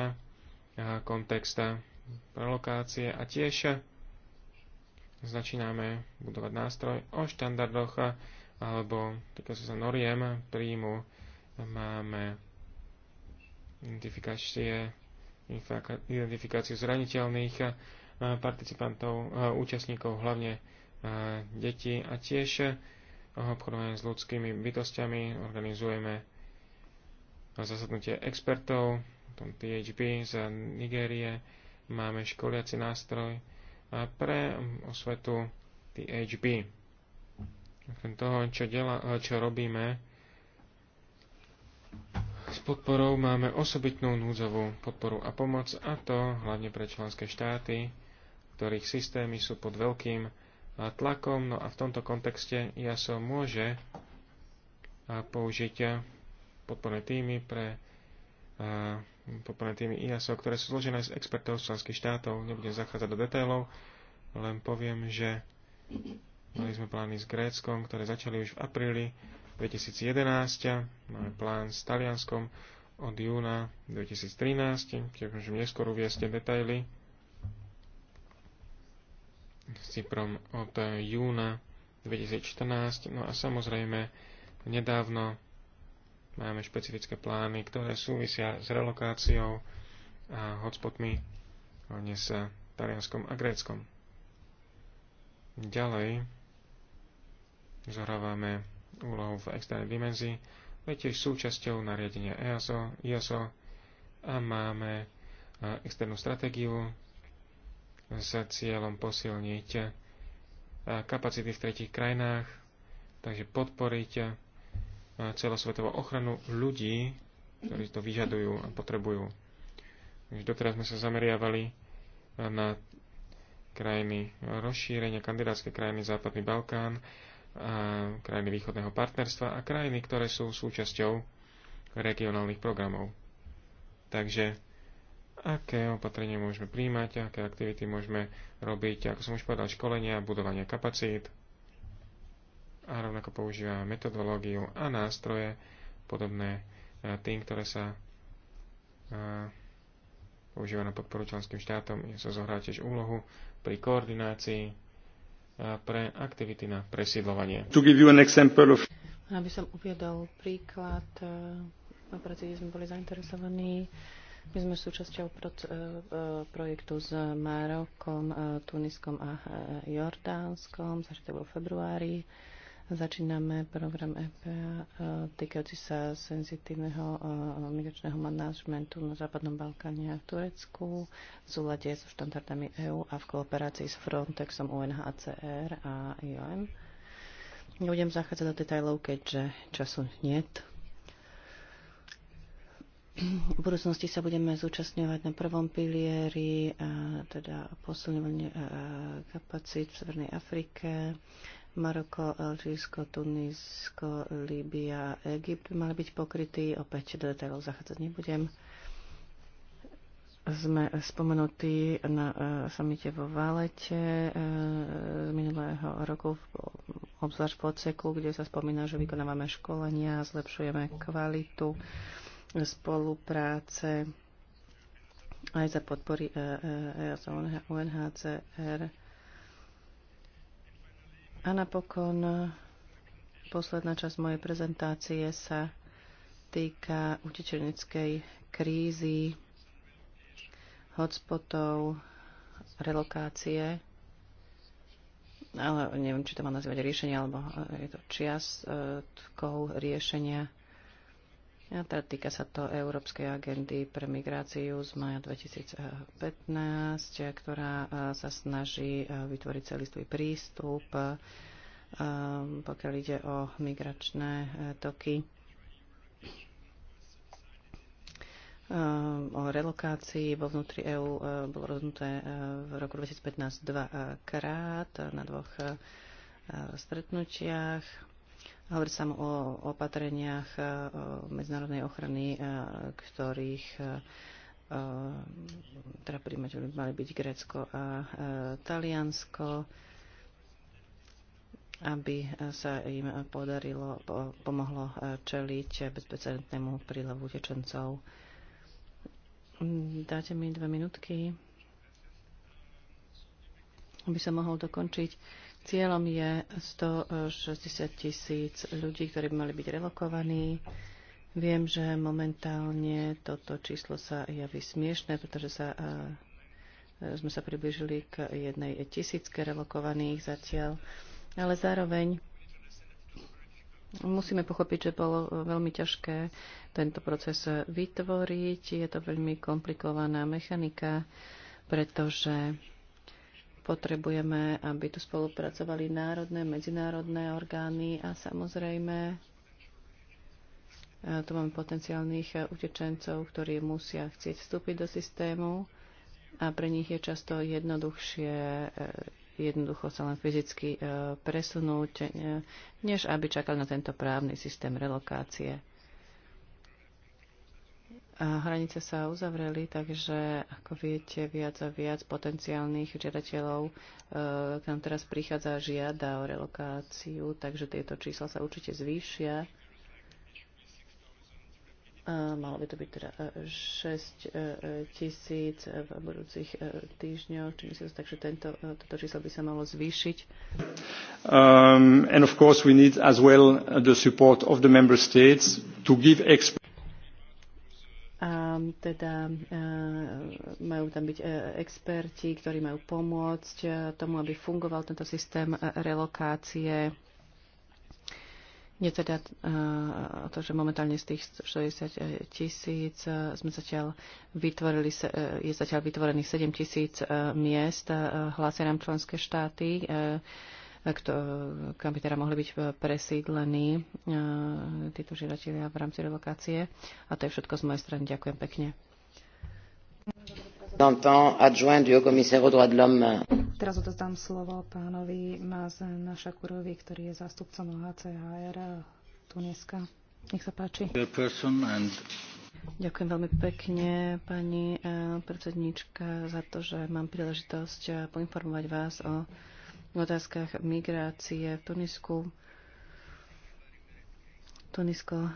kontexta prelokácie a tiež začíname budovať nástroj o štandardoch alebo týka sa noriem príjmu máme identifikácie identifikáciu zraniteľných participantov, účastníkov, hlavne detí a tiež obchodujeme s ľudskými bytostiami, organizujeme zasadnutie expertov, potom THB z Nigérie, máme školiaci nástroj pre osvetu THB. Okrem toho, čo, dela, eh, čo robíme, s podporou máme osobitnú núdzovú podporu a pomoc, a to hlavne pre členské štáty, ktorých systémy sú pod veľkým eh, tlakom. No a v tomto kontexte ja som môže eh, použiť podporné týmy pre podporné týmy IASO, ktoré sú zložené z expertov z členských štátov. Nebudem zachádzať do detailov, len poviem, že mali sme plány s Gréckom, ktoré začali už v apríli 2011. Máme plán s Talianskom od júna 2013. keď môžem neskôr uviesť detaily. S Cyprom od júna 2014. No a samozrejme nedávno Máme špecifické plány, ktoré súvisia s relokáciou a hotspotmi, hlavne sa Talianskom a Gréckom. Ďalej zohrávame úlohu v externej dimenzii, je tiež súčasťou nariadenia EASO, IASO a máme e, externú stratégiu s cieľom posilniť e, kapacity v tretich krajinách, takže podporiť e, celosvetovú ochranu ľudí, ktorí to vyžadujú a potrebujú. Takže doteraz sme sa zameriavali na krajiny rozšírenia, kandidátske krajiny Západný Balkán, a krajiny východného partnerstva a krajiny, ktoré sú súčasťou regionálnych programov. Takže aké opatrenia môžeme príjmať, aké aktivity môžeme robiť, ako som už povedal, školenia, budovanie kapacít, a rovnako používa metodológiu a nástroje podobné e, tým, ktoré sa e, používa na podporu členským štátom. Sa zohrá tiež úlohu pri koordinácii e, pre aktivity na presídlovanie. Of...
Aby som uviedol príklad, no, práci, kde sme boli zainteresovaní, my sme súčasťou projektu s Marokom, Tuniskom a Jordánskom, začal to bol v februári. Začíname program EPA e, týkajúci sa senzitívneho e, migračného manažmentu na Západnom Balkáne a v Turecku v súlade so štandardami EÚ a v kooperácii s Frontexom UNHCR a IOM. Budem zachádzať do detajlov, keďže času nie. V budúcnosti sa budeme zúčastňovať na prvom pilieri, teda posilňovanie e, kapacít v Severnej Afrike, Maroko, Alžírsko, Tunisko, Líbia, Egypt mali byť pokrytí. Opäť do detailov zachádzať nebudem. Sme spomenutí na e, samite vo Valete e, z minulého roku, obzvlášť v odseku, kde sa spomína, že vykonávame školenia, zlepšujeme kvalitu spolupráce aj za podpory UNHCR. E, uh, a napokon posledná časť mojej prezentácie sa týka utečeneckej krízy, hotspotov, relokácie. Ale neviem, či to má nazývať riešenie, alebo je to čiastkou riešenia. A teda týka sa to Európskej agendy pre migráciu z maja 2015, ktorá e, sa snaží e, vytvoriť celistvý prístup, e, pokiaľ ide o migračné toky, o relokácii vo vnútri EÚ bolo rozhodnuté v roku 2015 dvakrát na dvoch stretnutiach Hovorí sa mu o opatreniach e, medzinárodnej ochrany, e, ktorých e, teda príjmateľmi mali byť Grécko a Taliansko, aby sa im podarilo, pomohlo čeliť bezprecedentnému prílevu utečencov. Dáte mi dve minútky, aby som mohol dokončiť Cieľom je 160 tisíc ľudí, ktorí by mali byť relokovaní. Viem, že momentálne toto číslo sa javí smiešné, pretože sa, sme sa približili k jednej tisícke relokovaných zatiaľ. Ale zároveň Musíme pochopiť, že bolo veľmi ťažké tento proces vytvoriť. Je to veľmi komplikovaná mechanika, pretože Potrebujeme, aby tu spolupracovali národné, medzinárodné orgány a samozrejme e, tu máme potenciálnych e, utečencov, ktorí musia chcieť vstúpiť do systému a pre nich je často jednoduchšie e, jednoducho sa len fyzicky presunúť, než aby čakali na tento právny systém relokácie hranice sa uzavreli, takže ako viete, viac a viac potenciálnych žiadateľov e, k nám teraz prichádza a žiada o relokáciu, takže tieto čísla sa určite zvýšia. E, malo by to byť teda 6 e, tisíc v budúcich týždňoch, či myslím, takže tento, toto číslo by sa malo zvýšiť.
Um, and of course we need as well the support of the member states to give
teda e, majú tam byť e, experti, ktorí majú pomôcť e, tomu, aby fungoval tento systém relokácie. Nie teda o to, že momentálne z tých 60 tisíc sme zatiaľ vytvorili, je zatiaľ vytvorených 7 tisíc miest, hlásia nám členské štáty kto, kam by teda mohli byť presídlení e, títo žiadatelia v rámci relokácie. A to je všetko z mojej strany. Ďakujem pekne.
Teraz odozdám slovo pánovi Mazen Šakurovi, ktorý je zástupcom OHCHR dneska. Nech sa páči. Ďakujem veľmi pekne, pani e, predsednička,
za to, že mám príležitosť e, poinformovať vás o v otázkach migrácie v Tunisku. Tunisko eh,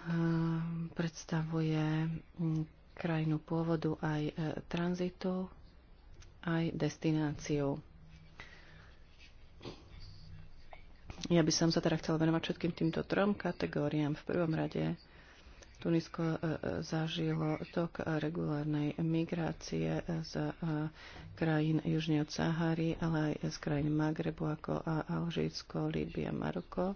predstavuje mm, krajinu pôvodu aj eh, tranzitu, aj destináciu. Ja by som sa teda chcela venovať všetkým týmto trom kategóriám. V prvom rade Tunisko e, e, zažilo tok regulárnej migrácie z e, krajín južne od Sahary, ale aj z krajín Magrebu ako Alžírsko, Líbia, Maroko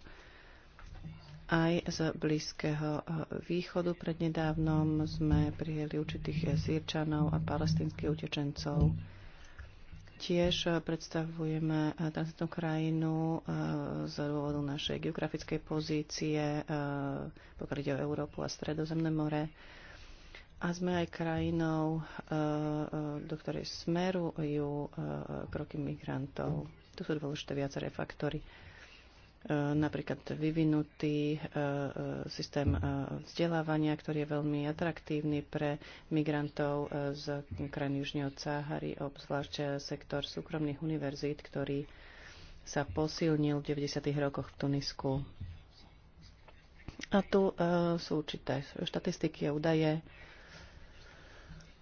aj z Blízkeho východu. Prednedávnom sme prijeli určitých Sýrčanov a palestinských utečencov. Tiež e, predstavujeme e, tranzitnú krajinu e, z dôvodu našej geografickej pozície, pokiaľ ide o Európu a Stredozemné more. A sme aj krajinou, do ktorej smerujú kroky migrantov. Tu sú dôležité viaceré faktory. E, napríklad vyvinutý e, e, systém vzdelávania, ktorý je veľmi atraktívny pre migrantov z krajín Južného Cáhary, obzvlášť sektor súkromných univerzít, ktorý sa posilnil v 90. rokoch v Tunisku. A tu sú určité štatistiky a údaje,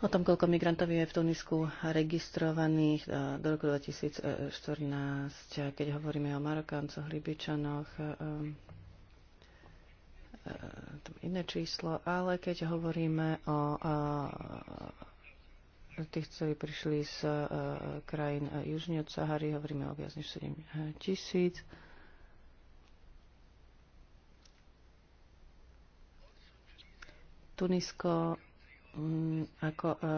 o tom, koľko migrantov je v Tunisku registrovaných e, do roku 2014, keď hovoríme o Marokáncoch, Libičanoch, e, e, tam iné číslo, ale keď hovoríme o, tých, ktorí prišli z krajín južne od Sahary, hovoríme o viac než 7 tisíc. Tunisko Mm, ako e, e, e,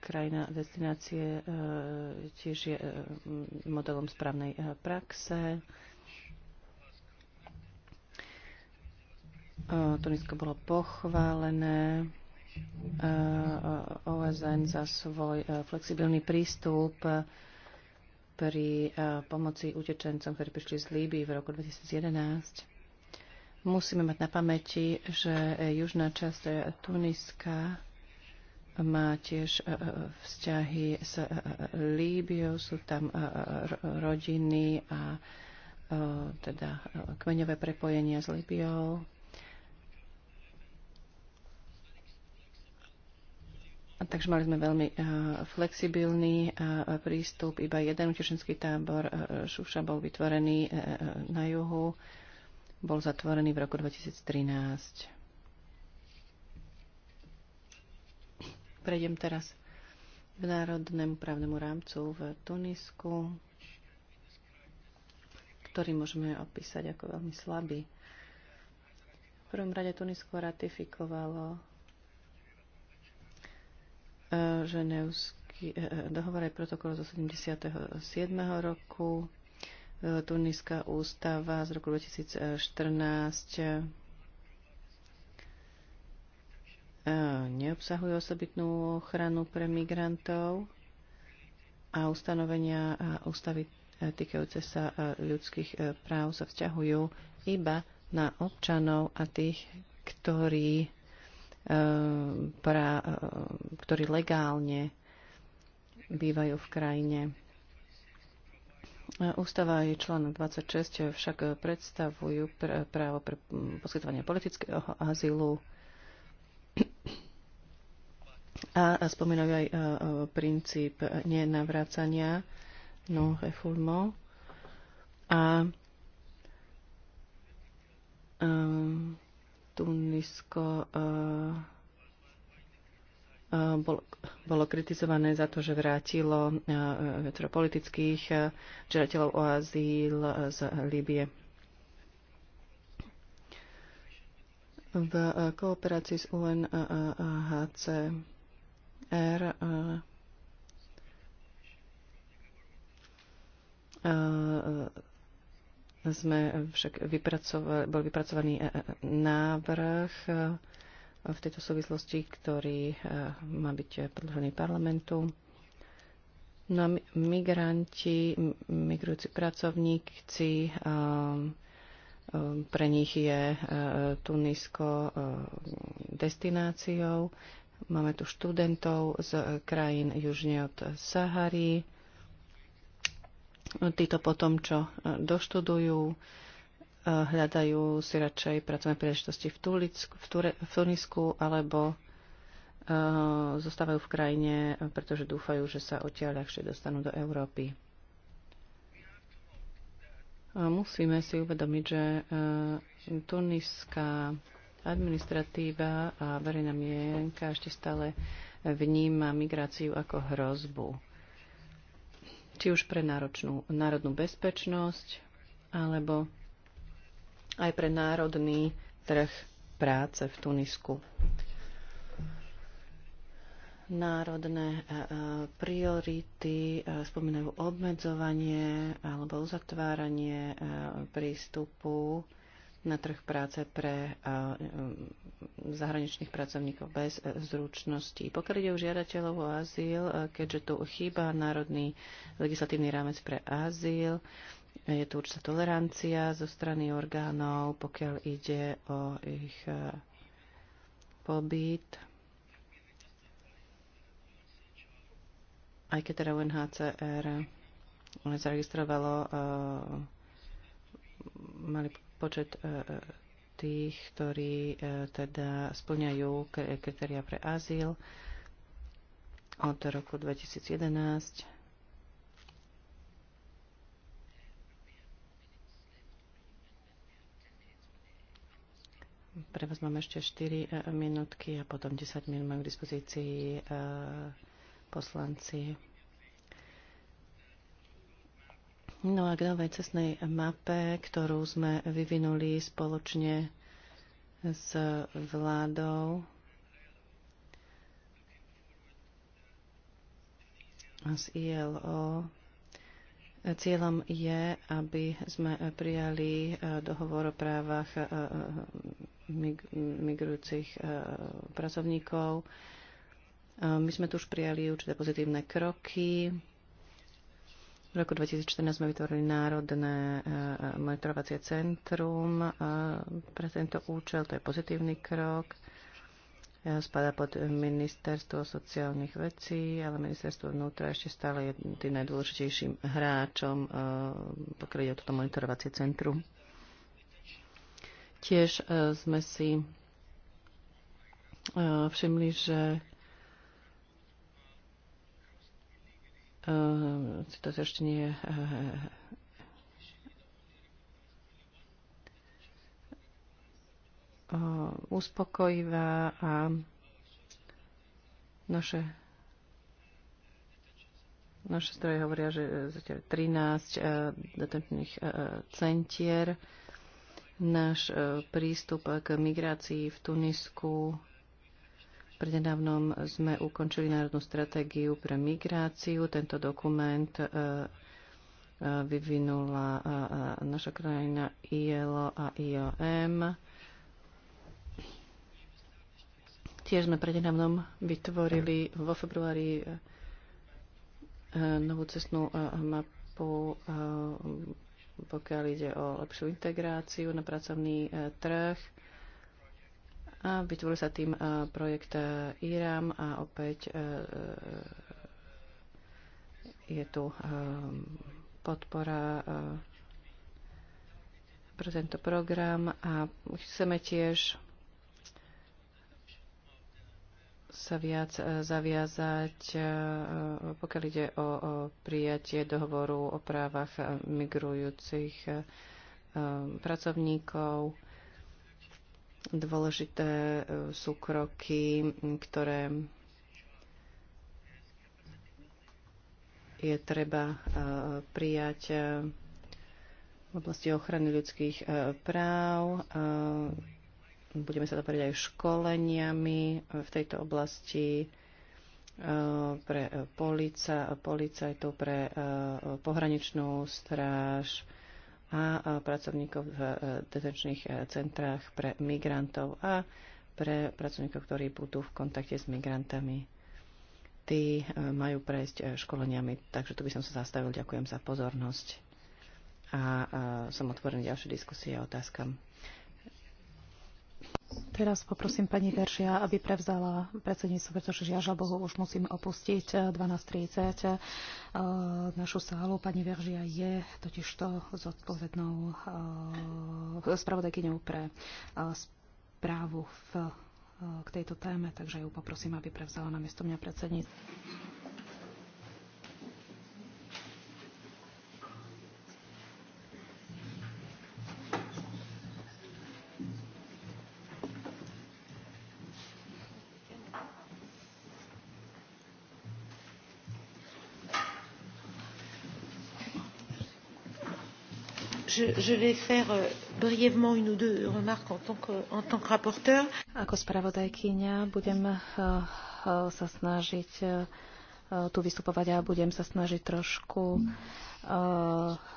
krajina destinácie tiež je modelom správnej praxe. Tunisko bolo pochválené OSN za svoj flexibilný prístup pri pomoci utečencom, ktorí prišli z Líby v roku 2011. Musíme mať na pamäti, že e, južná časť e, Tuniska má tiež e, vzťahy s Líbiou, sú tam rodiny a teda kmeňové prepojenia s Líbiou. Takže mali sme veľmi flexibilný prístup. Iba jeden utečenský tábor Šuša bol vytvorený na juhu bol zatvorený v roku 2013. Prejdem teraz k národnému právnemu rámcu v Tunisku, ktorý môžeme opísať ako veľmi slabý. V prvom rade Tunisko ratifikovalo eh, ženevský eh, eh, dohovor aj protokol zo 77. roku Tuniská ústava z roku 2014 eh, neobsahuje osobitnú ochranu pre migrantov a ustanovenia a eh, ústavy eh, týkajúce sa ľudských práv sa vzťahujú iba na občanov a tých, ktorí, pra, ktorí legálne bývajú v krajine. Ústava je článok 26 však predstavujú pr- právo pre poskytovanie politického azylu a, spomínajú aj e, princíp nenavrácania no refoulement a um, Tunisko uh, bolo, bolo kritizované za to, že vrátilo teda politických e, žiadateľov o azyl z Líbie. V e, kooperácii s UNHCR e, sme však vypracovali, bol vypracovaný návrh v tejto súvislosti, ktorý e, má byť predložený parlamentu. No a migranti, migrujúci pracovníci, e, e, pre nich je Tunisko destináciou. Máme tu študentov z krajín južne od Sahary. Títo potom, čo doštudujú, hľadajú si radšej pracovné príležitosti v, Tulicku, v, Ture, v Tunisku alebo e, zostávajú v krajine, pretože dúfajú, že sa odtiaľ ľahšie dostanú do Európy. Musíme si uvedomiť, že e, tuniská administratíva a verejná mienka ešte stále vníma migráciu ako hrozbu. Či už pre náročnú, národnú bezpečnosť, alebo aj pre národný trh práce v Tunisku. Národné e, e, priority e, spomínajú obmedzovanie alebo uzatváranie prístupu na trh práce pre zahraničných pracovníkov bez zručností. Pokiaľ ide o žiadateľov o azyl, keďže tu chýba národný legislatívny rámec pre azyl, je tu určitá tolerancia zo strany orgánov, pokiaľ ide o ich e, pobyt. Aj keď teda UNHCR zaregistrovalo e, mali počet e, tých, ktorí teda splňajú kritéria pre azyl od roku 2011 Pre vás máme ešte 4 e, minútky a potom 10 minút majú k dispozícii e, poslanci. No a k novej cestnej mape, ktorú sme vyvinuli spoločne s vládou, s ILO. Cieľom je, aby sme prijali e, dohovor o právach migrujúcich e, pracovníkov. E, my sme tu už prijali určité pozitívne kroky. V roku 2014 sme vytvorili Národné e, monitorovacie centrum pre tento účel. To je pozitívny krok. spadá pod ministerstvo sociálnych vecí, ale ministerstvo vnútra ešte stále je tým najdôležitejším hráčom, pokiaľ ide o toto monitorovacie centrum. Tiež e, sme si e, všimli, že e, to ešte nie je uspokojivá a naše naše stroje hovoria, že zatiaľ 13 detenčných centier náš e, prístup k migrácii v Tunisku. Prednedávnom sme ukončili národnú stratégiu pre migráciu. Tento dokument e, e, vyvinula naša krajina ILO a IOM. Tiež sme prednedávnom vytvorili vo februári novú cestnú mapu pokiaľ ide o lepšiu integráciu na pracovný e, trh. A vytvoril sa tým e, projekt e, IRAM a opäť je tu podpora pre tento program a chceme tiež sa viac e, zaviazať, e, e, pokiaľ ide o, o prijatie dohovoru o právach migrujúcich pracovníkov. Dôležité sú kroky, ktoré je treba prijať v oblasti ochrany ľudských práv budeme sa doporiť aj školeniami v tejto oblasti e, pre polica, policajtov, pre e, pohraničnú stráž a e, pracovníkov v detenčných centrách pre migrantov a pre pracovníkov, ktorí budú v kontakte s migrantami. Tí majú prejsť školeniami, takže tu by som sa zastavil. Ďakujem za pozornosť a som otvorený ďalšie diskusie a otázkam.
Teraz poprosím pani Veržia, aby prevzala predsedníctvo, pretože žiaža Bohu už musím opustiť 12.30 eh, eh, našu sálu. Pani Veržia je totižto zodpovednou eh, spravodajkyňou pre správu v, k tejto téme, takže ju poprosím, aby prevzala na miesto mňa predsedníctvo. Je,
vais faire euh,
brièvement une ou deux remarques en tant que, en tant que rapporteur. Ako spravodajkyňa budem eh, eh, sa snažiť eh, tu vystupovať a budem sa snažiť trošku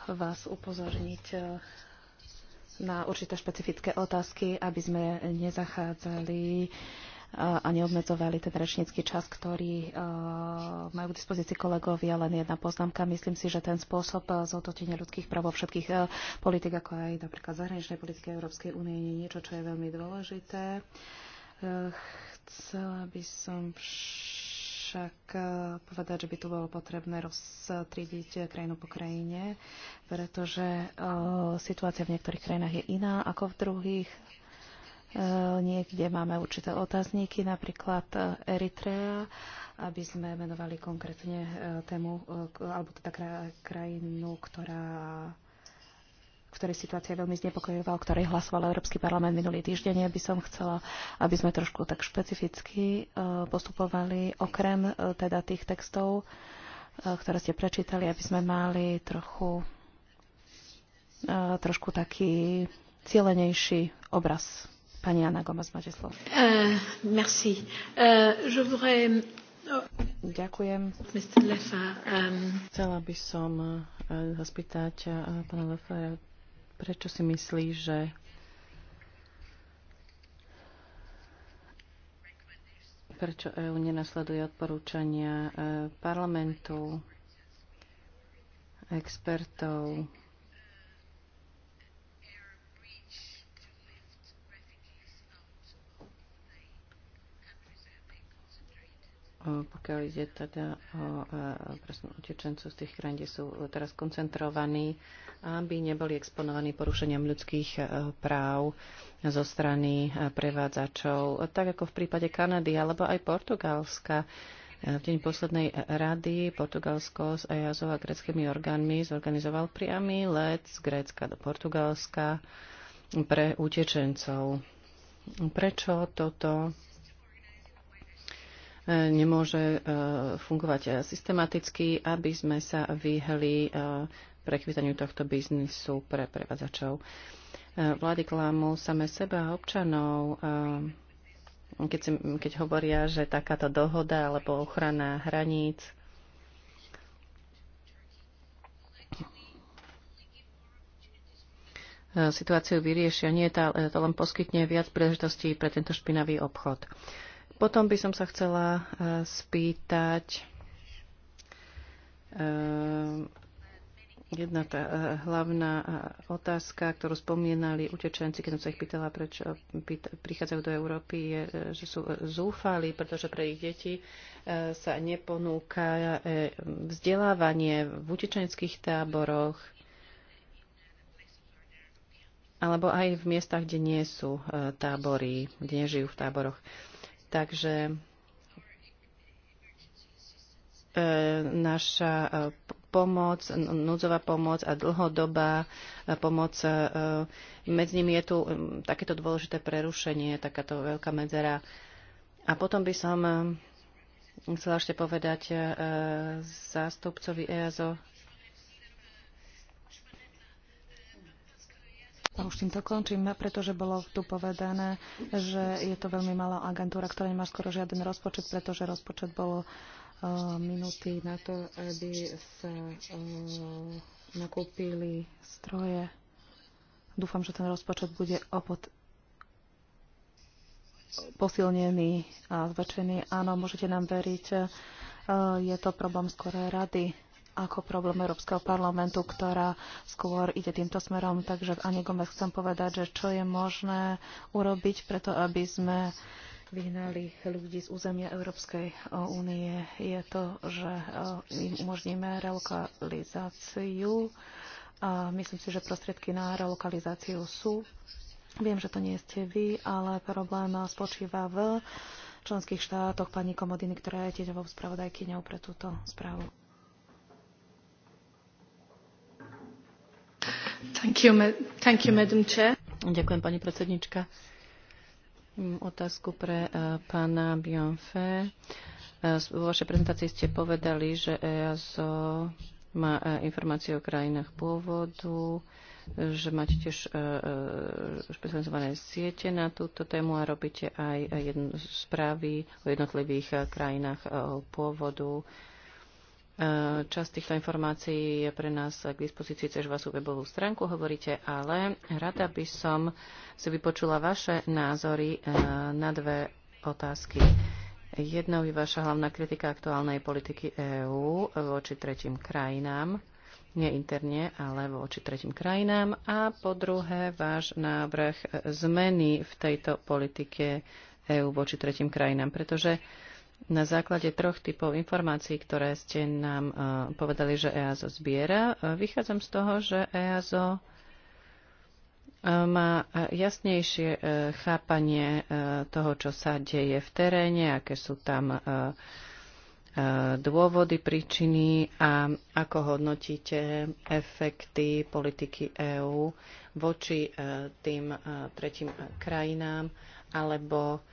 vás upozorniť na určité špecifické otázky, aby sme nezachádzali a neobmedzovali ten rečnícky čas, ktorý majú k dispozícii kolegovia. Len jedna poznámka. Myslím si, že ten spôsob zototenia ľudských práv vo všetkých politik, ako aj napríklad zahraničnej politiky Európskej únie, je niečo, čo je veľmi dôležité. Chcela by som však povedať, že by tu bolo potrebné roztrídiť krajinu po krajine, pretože situácia v niektorých krajinách je iná ako v druhých E, niekde máme určité otázníky, napríklad e, Eritrea, aby sme menovali konkrétne e, tému, alebo teda krajinu, ktorá ktorej situácia veľmi znepokojivá, o ktorej hlasoval Európsky parlament minulý týždeň. Ja by som chcela, aby sme trošku tak špecificky postupovali, okrem teda tých textov, ktoré ste prečítali, aby sme mali trochu, trošku taký cielenejší obraz Pani Anna Gomez, máte slovo. Uh, merci. Uh, je voudrais... Oh, Ďakujem. Mr.
Lefa, um... Chcela by som uh, eh, spýtať uh, pána Lefera, prečo si myslí, že prečo EU nenasleduje odporúčania parlamentu, expertov, pokiaľ ide teda o e, prosím, utečencov z tých krajín, kde sú teraz koncentrovaní, aby neboli exponovaní porušeniam ľudských e, práv zo strany e, prevádzačov, tak ako v prípade Kanady alebo aj Portugalska. V deň poslednej rady Portugalsko s EASO a greckými orgánmi zorganizoval priamy let z Grécka do Portugalska pre utečencov. Prečo toto E, nemôže e, fungovať e, systematicky, aby sme sa vyhli prekvitaniu tohto biznisu pre prevádzačov. Vlády klamú same seba občanov, keď, si, keď hovoria, že takáto dohoda alebo ochrana hraníc situáciu vyriešia. Nie, to len poskytne viac príležitostí pre tento špinavý obchod. Potom by som sa chcela e, spýtať e, jedna tá e, hlavná otázka, ktorú spomínali utečenci, keď som sa ich pýtala, prečo prichádzajú do Európy, je, že sú zúfali, pretože pre ich deti sa neponúka vzdelávanie v utečenských táboroch alebo aj v miestach, kde nie sú tábory, kde nežijú v táboroch. Takže e, naša e, pomoc, núdzová pomoc a dlhodobá e, pomoc. Medzi nimi je tu takéto dôležité prerušenie, takáto veľká medzera. A potom by som chcela ešte povedať
zástupcovi EASO, A už týmto končím, pretože bolo tu povedané, že je to veľmi malá agentúra, ktorá nemá skoro žiaden rozpočet, pretože rozpočet bol e, minúty na to, aby sa e, nakúpili stroje. Dúfam, že ten rozpočet bude opod posilnený a zväčšený. Áno, môžete nám veriť, e, je to problém skoré rady ako problém Európskeho parlamentu, ktorá skôr ide týmto smerom. Takže Ani Gomez chcem povedať, že čo je možné urobiť preto, aby sme vyhnali ľudí z územia Európskej eh, únie, je to, že eh, im umožníme relokalizáciu. A myslím si, že prostriedky na relokalizáciu sú. Viem, že to nie ste vy, ale problém spočíva v členských štátoch pani Komodiny, ktorá je vo spravodajkyňou pre túto správu.
Ďakujem, pani predsednička. Otázku pre eh, pána Bianfe. Eh, Vo vašej prezentácii ste povedali, že EASO má eh, informácie o krajinách pôvodu, že máte tiež špecializované siete na túto tému a robíte aj správy o jednotlivých krajinách pôvodu Časť týchto informácií je pre nás k dispozícii cez vašu webovú stránku, hovoríte, ale rada by som si vypočula vaše názory eh, na dve otázky. Jednou je vaša hlavná kritika aktuálnej politiky EÚ voči tretím krajinám, nie interne, ale voči tretím krajinám. A po druhé, váš návrh zmeny v tejto politike EÚ voči tretím krajinám, pretože uh, na základe troch typov informácií, ktoré ste nám e, povedali, že EASO zbiera, e, vychádzam z toho, že EASO e, má jasnejšie chápanie toho, čo sa deje v teréne, aké sú tam dôvody, príčiny a ako hodnotíte efekty politiky EÚ voči tým tretím krajinám alebo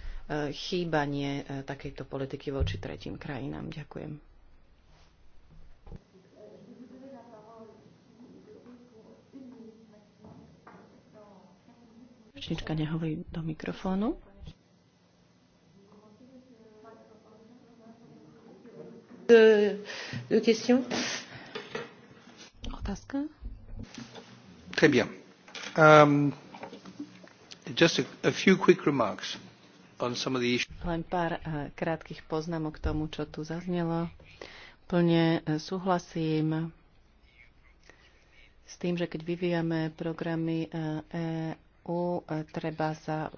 chýbanie eh, takejto politiky voči tretím krajinám. Ďakujem. Čnička nehovorí do mikrofónu.
Otázka?
Très bien. Um, just a, a few quick remarks.
Len pár eh, krátkých poznámok k tomu, čo tu zaznelo. Plne eh, súhlasím s tým, že keď vyvíjame programy EU, eh, e treba sa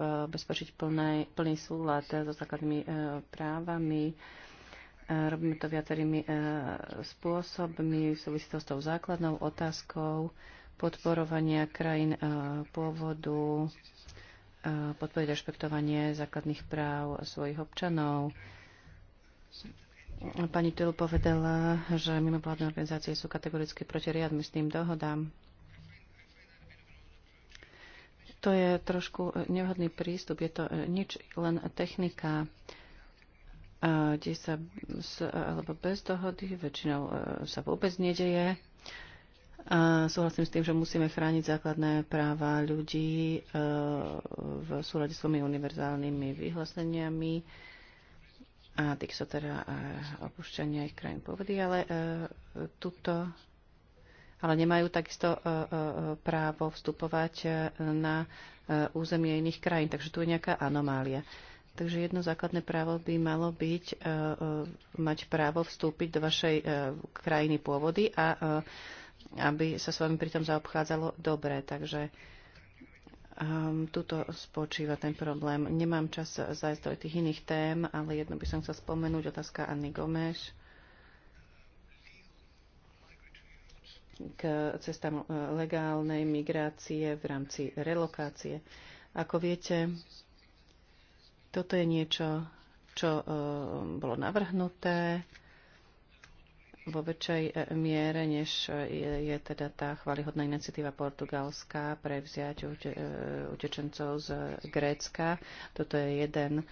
plný, plný súlad so základnými právami. Robíme to viacerými spôsobmi v súvislosti s tou základnou otázkou podporovania krajín pôvodu Eh, podporiť rešpektovanie základných práv svojich občanov. Pani Tyl povedala, že mimovládne organizácie sú kategoricky proti readmisným dohodám. To je trošku nevhodný prístup. Je to nič, len technika, eh, kde sa alebo bez dohody väčšinou eh, sa vôbec nedeje. A súhlasím s tým, že musíme chrániť základné práva ľudí e, v súlade s tými univerzálnymi vyhláseniami a tých sa teda e, opúšťania ich krajín povedy, ale e, tuto ale nemajú takisto právo vstupovať na územie iných krajín. Takže tu je nejaká anomália. Takže jedno základné právo by malo byť mať právo vstúpiť do vašej krajiny pôvody a aby sa s vami pritom zaobchádzalo dobre. Takže um, tuto spočíva ten problém. Nemám čas zájsť do tých iných tém, ale jedno by som chcel spomenúť, otázka Anny Gomeš k cestám uh, legálnej migrácie v rámci relokácie. Ako viete, toto je niečo, čo uh, bolo navrhnuté vo väčšej e, miere, než e, je, je teda tá chvalihodná iniciatíva Portugalská prevziať e, utečencov z Grécka. Toto je jeden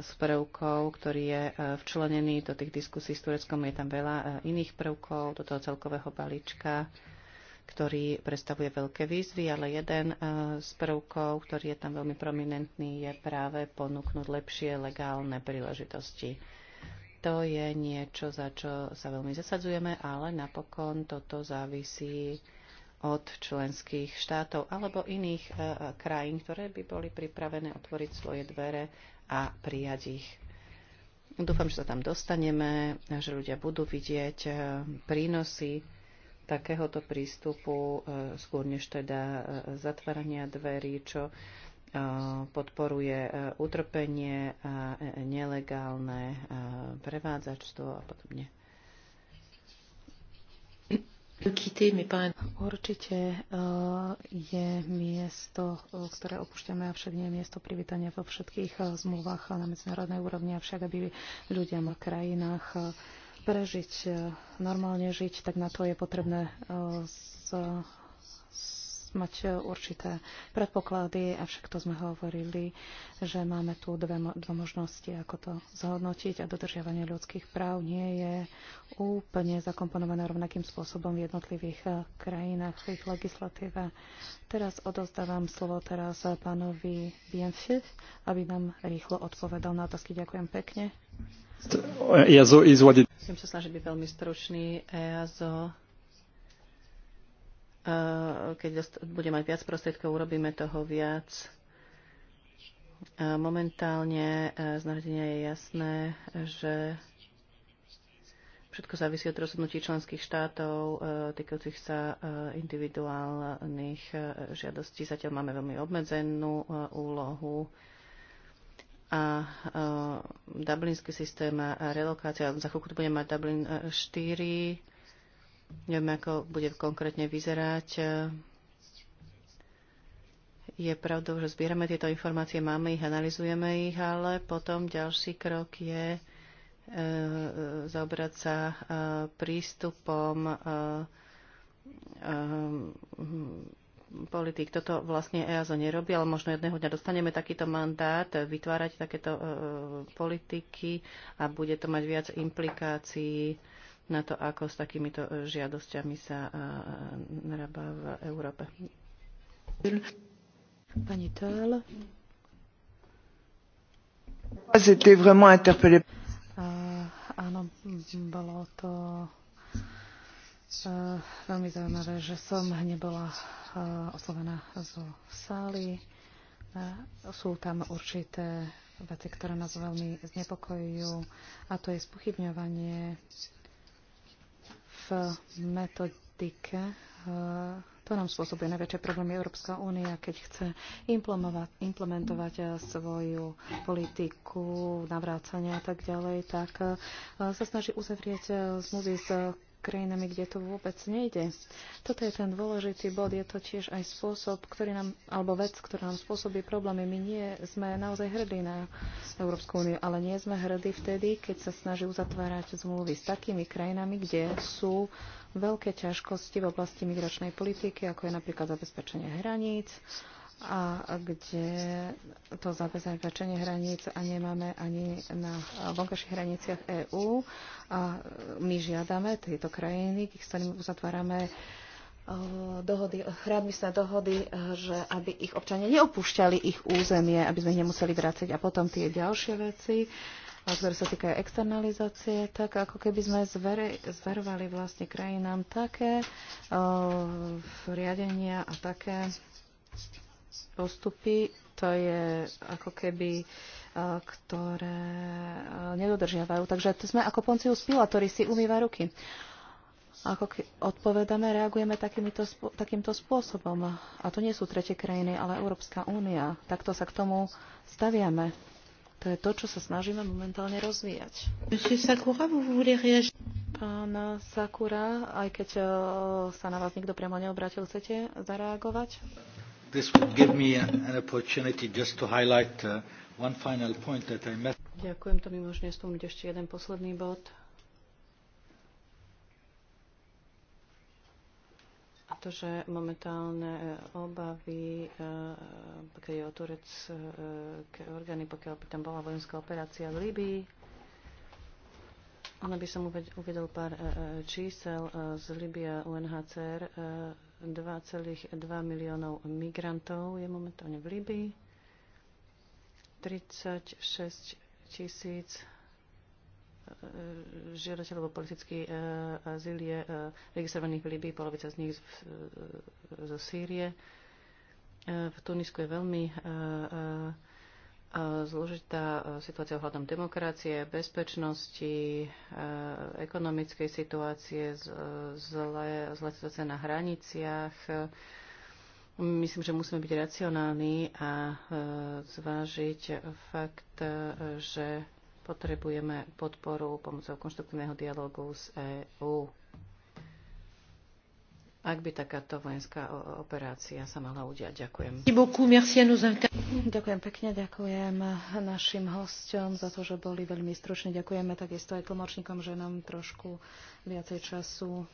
z prvkov, ktorý je včlenený do tých diskusí s Tureckom. Je tam veľa iných prvkov do toho celkového balíčka, ktorý predstavuje veľké výzvy, ale jeden z prvkov, ktorý je tam veľmi prominentný, je práve ponúknuť lepšie legálne príležitosti to je niečo, za čo sa veľmi zasadzujeme, ale napokon toto závisí od členských štátov alebo iných e, krajín, ktoré by boli pripravené otvoriť svoje dvere a prijať ich. Dúfam, že sa tam dostaneme, že ľudia budú vidieť e, prínosy takéhoto prístupu, e, skôr než teda zatvárania dverí, čo podporuje e, utrpenie a e, nelegálne e, prevádzačstvo a podobne.
Určite je miesto, ktoré opúšťame, avšak nie je miesto privítania vo všetkých zmluvách na medzinárodnej úrovni, avšak aby ľudia v krajinách prežiť, normálne žiť, tak na to je potrebné mať určité predpoklady, avšak to sme hovorili, že máme tu dve, dve možnosti, ako to zhodnotiť a dodržiavanie ľudských práv nie je úplne zakomponované rovnakým spôsobom v jednotlivých eh, krajinách, v ich legislatíve. Teraz odozdávam slovo teraz pánovi Bienfi, aby nám rýchlo odpovedal na otázky. Ďakujem pekne.
EASO is what
sa snažiť byť veľmi stručný
keď bude mať viac prostriedkov, urobíme toho viac. Momentálne e, z narodenia je jasné, že všetko závisí od rozhodnutí členských štátov e, týkajúcich sa e, individuálnych žiadostí. Zatiaľ máme veľmi obmedzenú úlohu a dublinský systém a relokácia. Za chvíľku tu budeme mať Dublin 4 Neviem, ako bude konkrétne vyzerať. Je pravdou, že zbierame tieto informácie, máme ich, analizujeme ich, ale potom ďalší krok je e, zaoberať sa e, prístupom e, politik. Toto vlastne EASO nerobí, ale možno jedného dňa dostaneme takýto mandát vytvárať takéto politiky a bude to mať viac implikácií na to, ako s takýmito e, žiadosťami sa e, narába v Európe.
Pani Tál. Áno, bolo to e, veľmi zaujímavé, že som nebola oslovená zo sály. Sú tam určité veci, ktoré nás veľmi znepokojujú a to je spochybňovanie metodike eh, to nám spôsobuje najväčšie problémy Európska únia, keď chce implementovať eh, svoju politiku, navrácania a tak ďalej, tak eh, sa snaží uzavrieť zmluvy s krajinami, kde to vôbec nejde. Toto je ten dôležitý bod, je to tiež aj spôsob, ktorý nám, alebo vec, ktorá nám spôsobí problémy. My nie sme naozaj hrdí na Európsku úniu, ale nie sme hrdí vtedy, keď sa snaží uzatvárať zmluvy s takými krajinami, kde sú veľké ťažkosti v oblasti migračnej politiky, ako je napríklad zabezpečenie hraníc, a kde to záväzné väčšenie hraníc a nemáme ani na vonkajších hraniciach EÚ. A my žiadame tieto krajiny, s ktorými uzatvárame e, dohody, readmisné dohody, e, že aby ich občania neopúšťali ich územie, aby sme ich nemuseli vrácať. A potom tie ďalšie veci, e, ktoré sa týkajú externalizácie, tak ako keby sme zverovali vlastne krajinám také uh, riadenia a také postupy, to je ako keby e, ktoré e, nedodržiavajú. Takže to sme ako Poncius Pila, ktorí si umýva ruky. Ako odpovedáme, reagujeme takýmito, takýmto spôsobom. A to nie sú tretie krajiny, ale Európska únia. Takto sa k tomu staviame. To je to, čo sa snažíme momentálne rozvíjať. Pán Sakura, aj keď e, sa na vás nikto priamo neobratil, chcete zareagovať?
this would give me an opportunity just to highlight uh, one final point that I met.
Ďakujem, to mi možne spomnúť ešte jeden posledný bod. A to, že momentálne e, obavy, pokiaľ e, je o turecké e, orgány, pokiaľ by tam bola vojenská operácia v Líbii, ale by som uvedol pár čísel z Libia UNHCR, 2,2 miliónov migrantov je momentálne v Líbii. 36 tisíc e, žiadateľov o politický e, azyl je e, registrovaných v Líbii, polovica z nich zo Sýrie. V Tunisku je veľmi zložitá e, situácia ohľadom demokracie, bezpečnosti, e, ekonomickej situácie, e, zlé, zlé situácie na hraniciach. Myslím, že musíme byť racionálni a zvážiť fakt, že potrebujeme podporu pomocou konštruktívneho dialogu s EÚ ak by takáto vojenská operácia sa mala udiať. Ďakujem.
Ďakujem pekne, ďakujem našim hosťom za to, že boli veľmi stručne. Ďakujeme takisto aj tlmočníkom, že nám trošku viacej času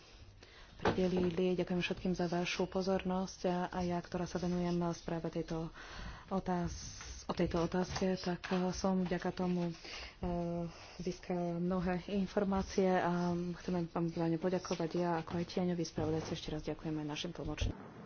pridelili. Ďakujem všetkým za vašu pozornosť a ja, ktorá sa venujem správe tejto otázky o tejto otázke, tak eh, som vďaka tomu eh, získala mnohé informácie a chcem vám poďakovať ja ako aj tieňový spravodajca. Ešte raz ďakujem aj našim tlmočníkom.